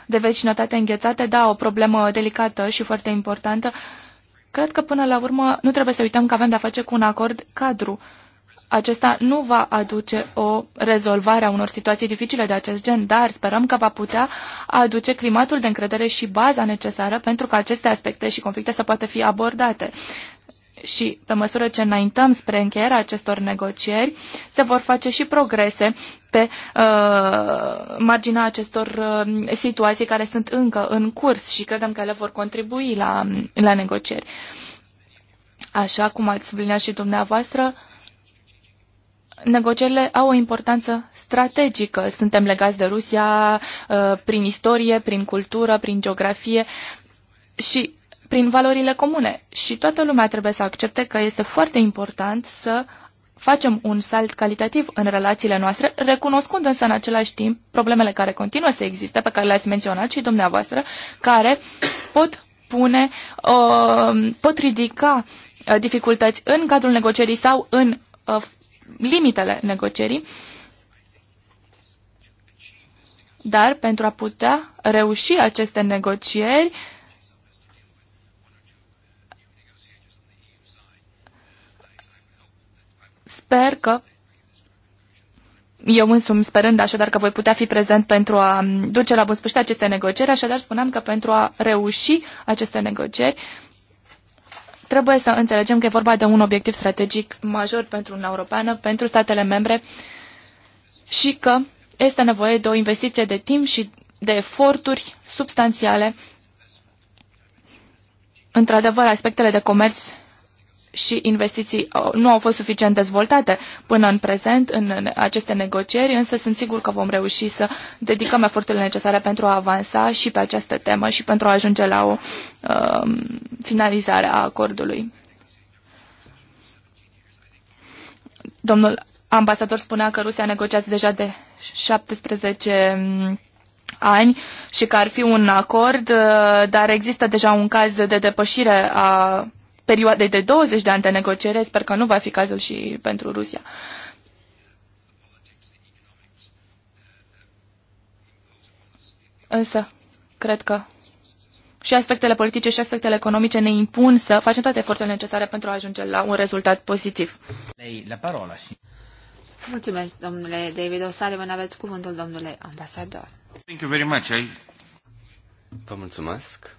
de vecinătate înghețate, da, o problemă delicată și foarte importantă. Cred că, până la urmă, nu trebuie să uităm că avem de-a face cu un acord cadru acesta nu va aduce o rezolvare a unor situații dificile de acest gen, dar sperăm că va putea aduce climatul de încredere și baza necesară pentru ca aceste aspecte și conflicte să poată fi abordate. Și pe măsură ce înaintăm spre încheierea acestor negocieri, se vor face și progrese pe uh, marginea acestor uh, situații care sunt încă în curs și credem că ele vor contribui la, la negocieri. Așa cum ați subliniat și dumneavoastră, uh, negocierile au o importanță strategică. Suntem legați de Rusia uh, prin istorie, prin cultură, prin geografie și prin valorile comune. Și toată lumea trebuie să accepte că este foarte important să facem un salt calitativ în relațiile noastre, recunoscând însă în același timp problemele care continuă să existe, pe care le-ați menționat și dumneavoastră, care pot pune, uh, pot ridica uh, dificultăți în cadrul negocierii sau în limitele negocierii, dar pentru a putea reuși aceste negocieri, sper că eu însumi sperând așadar că voi putea fi prezent pentru a duce la bun sfârșit aceste negocieri, așadar spuneam că pentru a reuși aceste negocieri trebuie să înțelegem că e vorba de un obiectiv strategic major pentru Uniunea Europeană, pentru statele membre și că este nevoie de o investiție de timp și de eforturi substanțiale. Într-adevăr, aspectele de comerț și investiții uh, nu au fost suficient dezvoltate până în prezent în aceste negocieri, însă sunt sigur că vom reuși să dedicăm eforturile necesare pentru a avansa și pe această temă și pentru a ajunge la o uh, finalizare a acordului. Domnul ambasador spunea că Rusia negociază deja de 17 mm, ani și că ar fi un acord, uh, dar există deja un caz de depășire a perioade de 20 de ani de negociere. Sper că nu va fi cazul și pentru Rusia. Însă, cred că și aspectele politice și aspectele economice ne impun să facem toate eforturile necesare pentru a ajunge la un rezultat pozitiv. La parola, si. Mulțumesc, domnule David O'Sullivan. Aveți cuvântul, domnule ambasador. Thank you very much. I... Vă mulțumesc.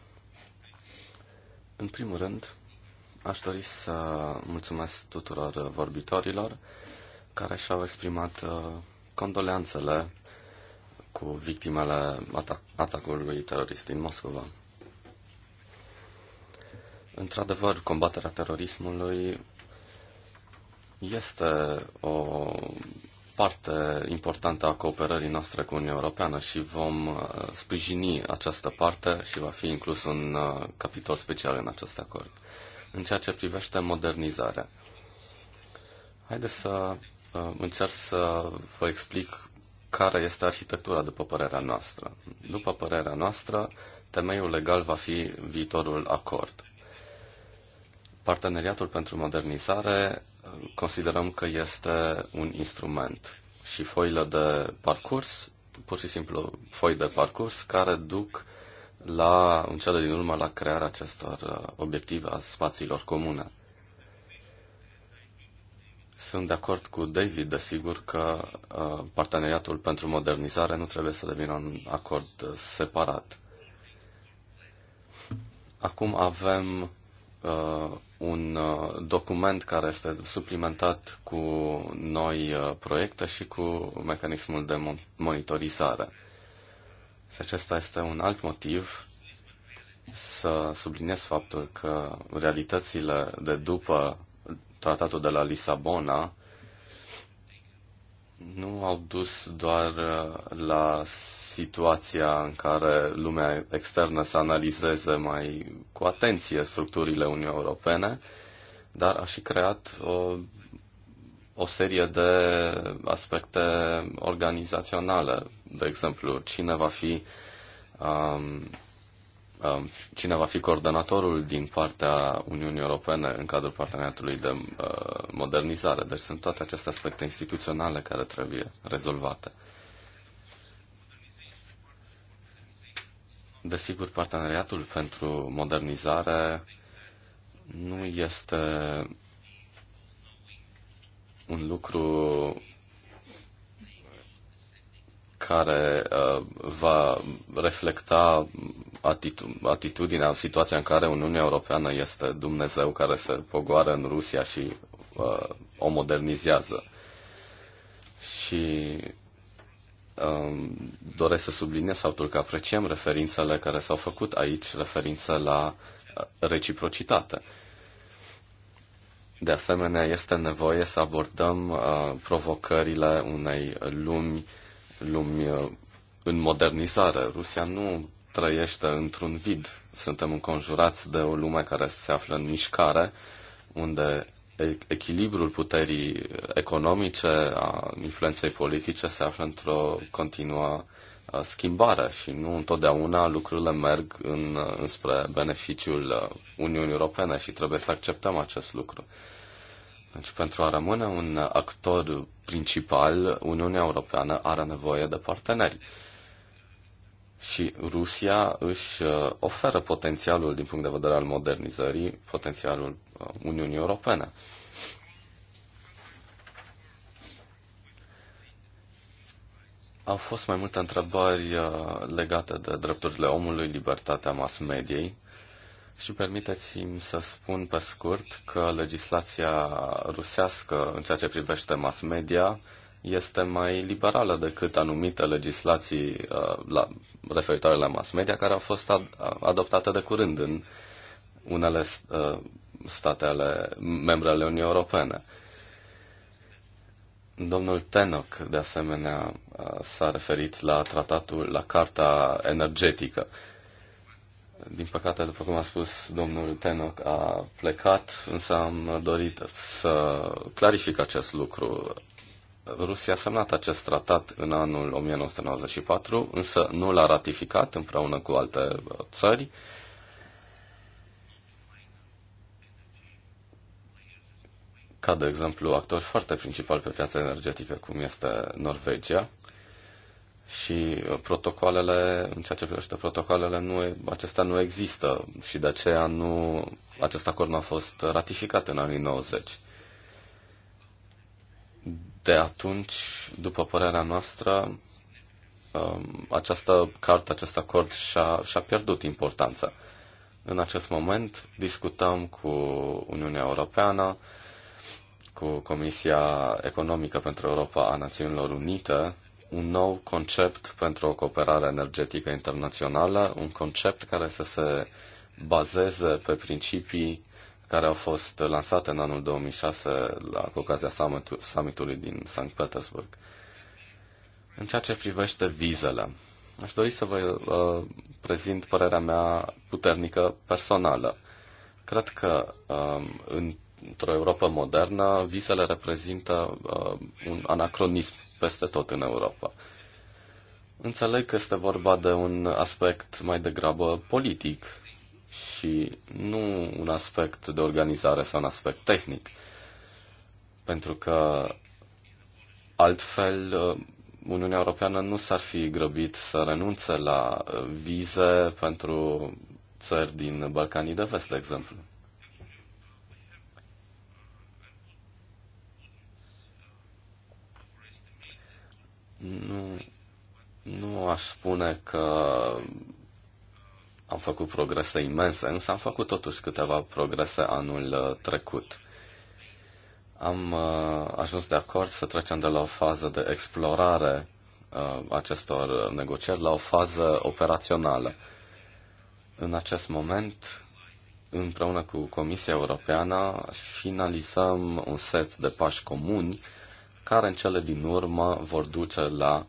În primul rând, Aș dori să mulțumesc tuturor vorbitorilor care și-au exprimat uh, condoleanțele cu victimele atac atacului terorist din Moscova. Într-adevăr, combaterea terorismului este o parte importantă a cooperării noastre cu Uniunea Europeană și vom uh, sprijini această parte și va fi inclus un uh, capitol special în acest acord în ceea ce privește modernizarea. Haideți să uh, încerc să vă explic care este arhitectura după părerea noastră. După părerea noastră, temeiul legal va fi viitorul acord. Parteneriatul pentru modernizare uh, considerăm că este un instrument și foile de parcurs, pur și simplu foi de parcurs, care duc la, în cele din urmă la crearea acestor uh, obiective a spațiilor comune. Sunt de acord cu David, desigur, că uh, parteneriatul pentru modernizare nu trebuie să devină un acord uh, separat. Acum avem uh, un document care este suplimentat cu noi proiecte și cu mecanismul de monitorizare. Și acesta este un alt motiv să subliniez faptul că realitățile de după tratatul de la Lisabona nu au dus doar uh, la situația în care lumea externă să analizeze mai cu atenție structurile Uniunii Europene, dar a și creat o o serie de aspecte organizaționale, de exemplu, cine va fi um, um, cine va fi coordonatorul din partea Uniunii Europene în cadrul parteneriatului de uh, modernizare. Deci sunt toate aceste aspecte instituționale care trebuie rezolvate. Desigur, parteneriatul pentru modernizare nu este un lucru care uh, va reflecta atitu- atitudinea, situația în care Uniunea Europeană este Dumnezeu care se pogoară în Rusia și uh, o modernizează. Și uh, doresc să subliniez faptul că apreciem referințele care s-au făcut aici, referință la uh, reciprocitate. Uh, de asemenea, este nevoie să abordăm uh, provocările unei lumi, lumi uh, în modernizare. Rusia nu trăiește într-un vid. Suntem înconjurați de o lume care se află în mișcare, unde echilibrul puterii economice, a influenței politice, se află într-o continuă schimbare și nu întotdeauna lucrurile merg în, înspre beneficiul uh, Uniunii Europene și trebuie să acceptăm acest lucru. Deci pentru a rămâne un actor principal, Uniunea Europeană are nevoie de parteneri. Și Rusia își uh, oferă potențialul din punct de vedere al modernizării, potențialul uh, Uniunii Europene. Au fost mai multe întrebări uh, legate de drepturile omului, libertatea mass mediei și permiteți-mi să spun pe scurt că legislația rusească în ceea ce privește mass media este mai liberală decât anumite legislații uh, la, referitoare la mass media care au fost ad- adoptate de curând în unele uh, state ale membre ale Uniunii Europene. Domnul Tenok de asemenea, s-a referit la tratatul, la carta energetică. Din păcate, după cum a spus domnul Tenok a plecat, însă am dorit să clarific acest lucru. Rusia a semnat acest tratat în anul 1994, însă nu l-a ratificat împreună cu alte uh, țări ca de exemplu actor foarte principal pe piața energetică, cum este Norvegia, și uh, protocoalele, în ceea ce privește protocoalele, nu, acestea nu există și de aceea nu, acest acord nu a fost ratificat în anii 90. De atunci, după părerea noastră, um, această carte, acest acord și-a, și-a pierdut importanța. În acest moment discutăm cu Uniunea Europeană, cu Comisia Economică pentru Europa a Națiunilor Unite un nou concept pentru o cooperare energetică internațională, un concept care să se bazeze pe principii care au fost lansate în anul 2006 la, cu ocazia summitului din Sankt Petersburg. În ceea ce privește vizele, aș dori să vă uh, prezint părerea mea puternică personală. Cred că uh, în într-o Europa modernă, visele reprezintă uh, un anacronism peste tot în Europa. Înțeleg că este vorba de un aspect mai degrabă politic și nu un aspect de organizare sau un aspect tehnic. Pentru că altfel uh, Uniunea Europeană nu s-ar fi grăbit să renunțe la uh, vize pentru țări din Balcanii de Vest, de exemplu. Nu, nu aș spune că am făcut progrese imense, însă am făcut totuși câteva progrese anul uh, trecut. Am uh, ajuns de acord să trecem de la o fază de explorare uh, acestor negocieri la o fază operațională. În acest moment, împreună cu Comisia Europeană, finalizăm un set de pași comuni care în cele din urmă vor duce la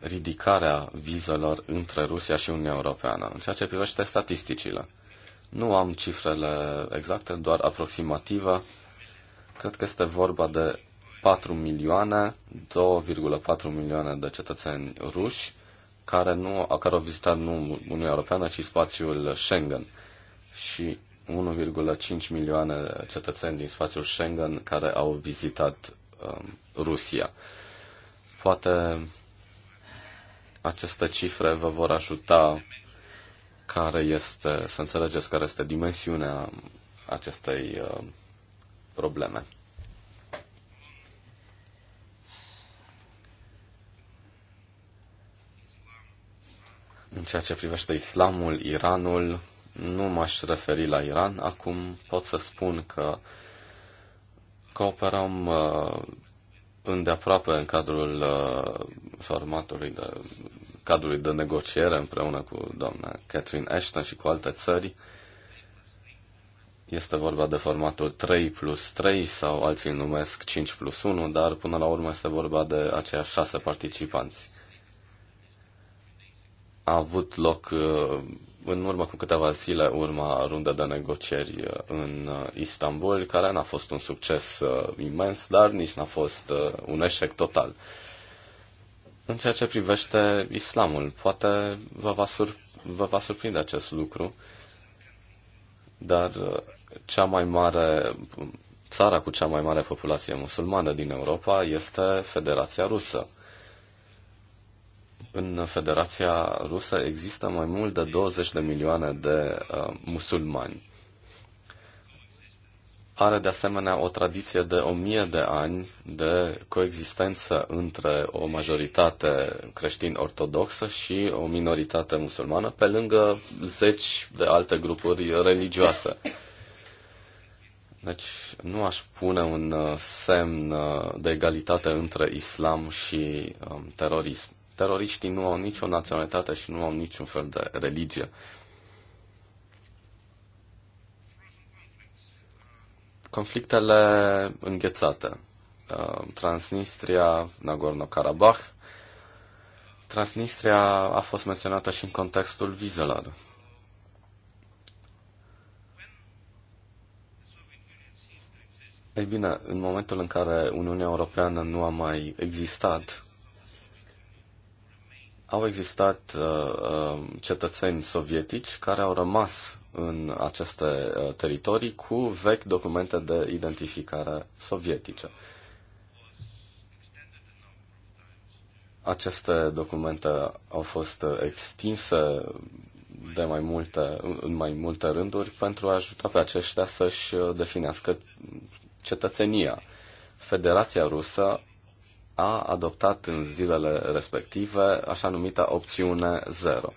ridicarea vizelor între Rusia și Uniunea Europeană. În ceea ce privește statisticile, nu am cifrele exacte, doar aproximativă. Cred că este vorba de 4 milioane, 2,4 milioane de cetățeni ruși care, nu, a care au vizitat nu Uniunea Europeană, ci spațiul Schengen. Și 1,5 milioane cetățeni din spațiul Schengen care au vizitat um, Rusia. Poate aceste cifre vă vor ajuta care este, să înțelegeți care este dimensiunea acestei uh, probleme. În ceea ce privește islamul, Iranul, nu m-aș referi la Iran. Acum pot să spun că cooperăm uh, îndeaproape în cadrul uh, formatului de cadrului de negociere împreună cu doamna Catherine Ashton și cu alte țări. Este vorba de formatul 3 plus 3 sau alții numesc 5 plus 1, dar până la urmă este vorba de aceiași șase participanți. A avut loc uh, în urmă cu câteva zile urma rundă de negocieri uh, în uh, Istanbul, care n-a fost un succes uh, imens, dar nici n-a fost un eșec total. În ceea ce privește islamul, poate vă va, sur- vă va surprinde acest lucru, dar cea mai mare, țara cu cea mai mare populație musulmană din Europa este Federația Rusă în Federația Rusă există mai mult de 20 de milioane de uh, musulmani. Are de asemenea o tradiție de o mie de ani de coexistență între o majoritate creștin-ortodoxă și o minoritate musulmană, pe lângă zeci de alte grupuri religioase. Deci nu aș pune un uh, semn uh, de egalitate între islam și um, terorism teroriștii nu au nicio naționalitate și nu au niciun fel de religie. Conflictele înghețate. Uh, Transnistria, Nagorno-Karabakh. Transnistria a fost menționată și în contextul vizelor. Ei bine, în momentul în care Uniunea Europeană nu a mai existat, au existat uh, uh, cetățeni sovietici care au rămas în aceste uh, teritorii cu vechi documente de identificare sovietice. Aceste documente au fost extinse de mai multe, în mai multe rânduri pentru a ajuta pe aceștia să-și definească cetățenia. Federația Rusă a adoptat în zilele respective așa numita opțiune zero.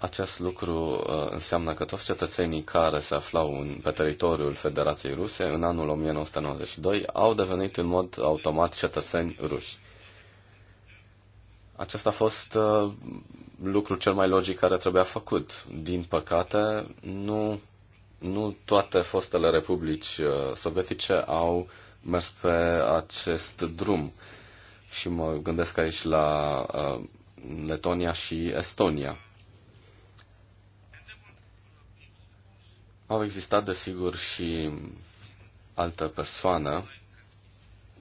Acest lucru uh, înseamnă că toți cetățenii care se aflau în, pe teritoriul Federației Ruse în anul 1992 au devenit în mod automat cetățeni ruși. Acesta a fost uh, lucrul cel mai logic care trebuia făcut. Din păcate, nu, nu toate fostele republici uh, sovietice au mers pe acest drum și mă gândesc aici la uh, Letonia și Estonia. Au existat, desigur, și altă persoană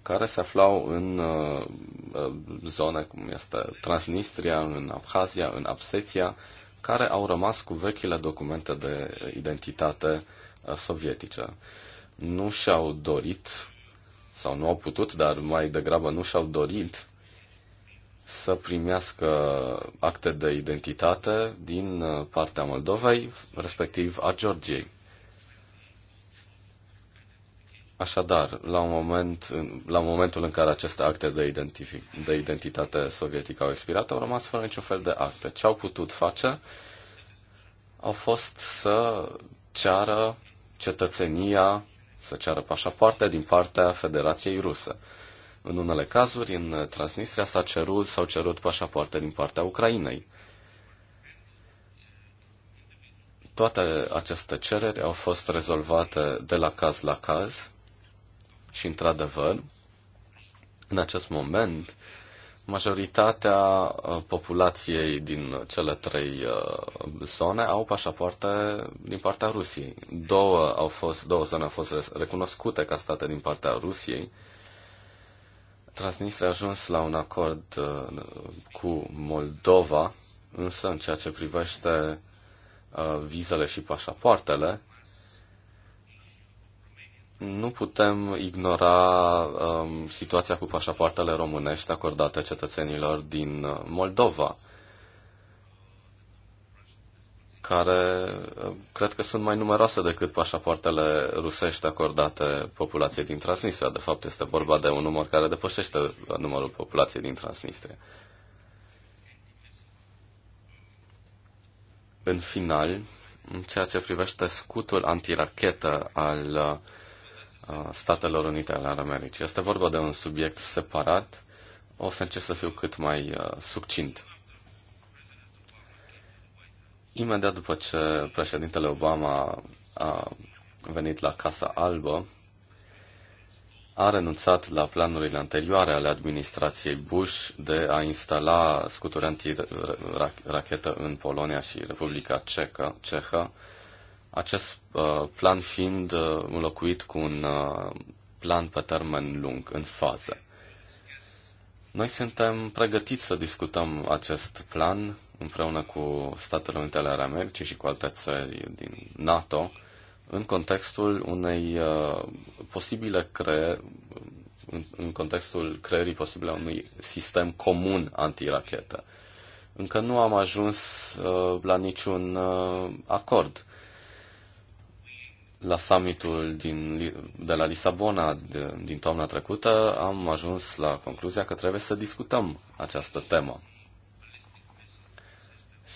care se aflau în uh, uh zone cum este Transnistria, în Abhazia, în Abseția, care au rămas cu vechile documente de identitate uh, sovietice. Nu și-au dorit sau nu au putut, dar mai degrabă nu și-au dorit să primească acte de identitate din uh, partea Moldovei, respectiv a Georgiei. Așadar, la, un moment, la momentul în care aceste acte de, identific- de identitate sovietică au expirat, au rămas fără niciun fel de acte. Ce au putut face au fost să ceară cetățenia să ceară pașapoarte din partea Federației Rusă. În unele cazuri, în Transnistria s-a cerut, sau cerut pașapoarte din partea Ucrainei. Toate aceste cereri au fost rezolvate de la caz la caz și, într-adevăr, în acest moment, Majoritatea uh, populației din cele trei uh, zone au pașapoarte din partea Rusiei. Două, au fost, două zone au fost recunoscute ca state din partea Rusiei. Transnistria a ajuns la un acord uh, cu Moldova, însă în ceea ce privește vizele și pașapoartele, nu putem ignora um, situația cu pașapoartele românești acordate cetățenilor din uh, Moldova, care uh, cred că sunt mai numeroase decât pașapoartele rusești acordate populației din Transnistria. De fapt, este vorba de un număr care depășește uh, numărul populației din Transnistria. În final, în ceea ce privește scutul antirachetă al uh, Statelor Unite ale Americii. Este vorba de un subiect separat. O să încerc să fiu cât mai uh, succint. Imediat după ce președintele Obama a venit la Casa Albă, a renunțat la planurile anterioare ale administrației Bush de a instala scuturi antirachetă în Polonia și Republica Cehă, acest uh, plan fiind uh, înlocuit cu un uh, plan pe termen lung, în fază. Noi suntem pregătiți să discutăm acest plan împreună cu Statele Unite ale Americii și cu alte țări din NATO, în contextul unei uh, posibile cre în, în contextul creării posibile a unui sistem comun antirachetă. Încă nu am ajuns uh, la niciun uh, acord. La summitul din, de la Lisabona de, din toamna trecută am ajuns la concluzia că trebuie să discutăm această temă.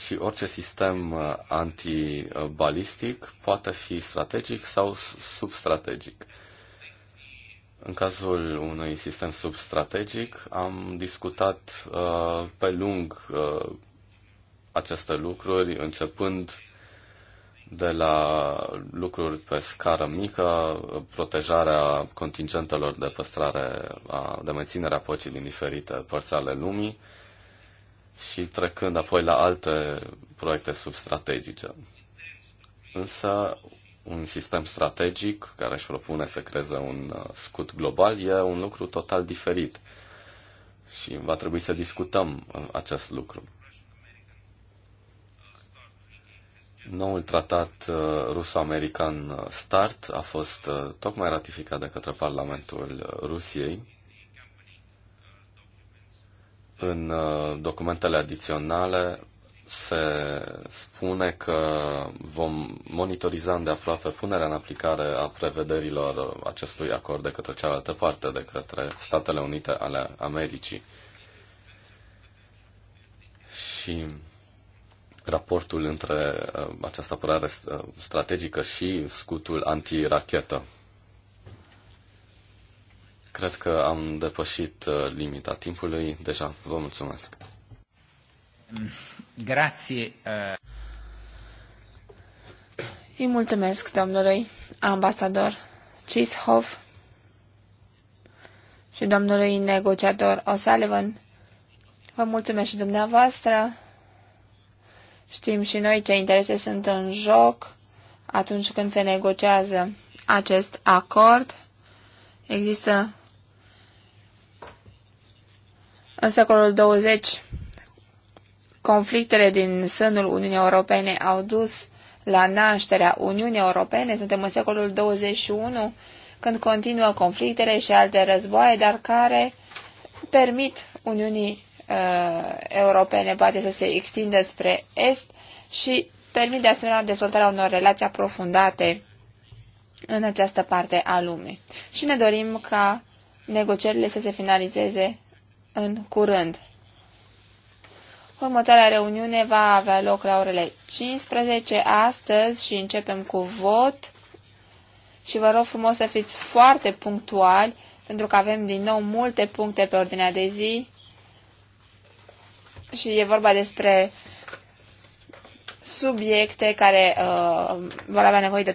Și orice sistem uh, antibalistic poate fi strategic sau substrategic. În cazul unui sistem substrategic am discutat uh, pe lung uh, aceste lucruri, începând de la lucruri pe scară mică, protejarea contingentelor de păstrare, a, de menținerea a păcii din diferite părți ale lumii și trecând apoi la alte proiecte substrategice. Însă, un sistem strategic care își propune să creeze un uh, scut global e un lucru total diferit și va trebui să discutăm uh, acest lucru. Noul tratat uh, ruso-american uh, START a fost uh, tocmai ratificat de către Parlamentul Rusiei. În documentele adiționale se spune că vom monitoriza îndeaproape punerea în aplicare a prevederilor acestui acord de către cealaltă parte, de către Statele Unite ale Americii. Și raportul între uh, această apărare uh, strategică și scutul antirachetă. Cred că am depășit uh, limita timpului deja. Vă mulțumesc. Grație. Îi mulțumesc domnului ambasador Chishov și domnului negociator O'Sullivan. Vă mulțumesc și dumneavoastră Știm și noi ce interese sunt în joc atunci când se negociază acest acord. Există în secolul 20 conflictele din sânul Uniunii Europene au dus la nașterea Uniunii Europene. Suntem în secolul 21 când continuă conflictele și alte războaie, dar care permit Uniunii uh, europene poate să se extindă spre est și permite de asemenea dezvoltarea unor relații aprofundate în această parte a lumii. Și ne dorim ca negocierile să se finalizeze în curând. Următoarea reuniune va avea loc la orele 15 astăzi și începem cu vot. Și vă rog frumos să fiți foarte punctuali, pentru că avem din nou multe puncte pe ordinea de zi și e vorba despre subiecte care uh, vor avea nevoie de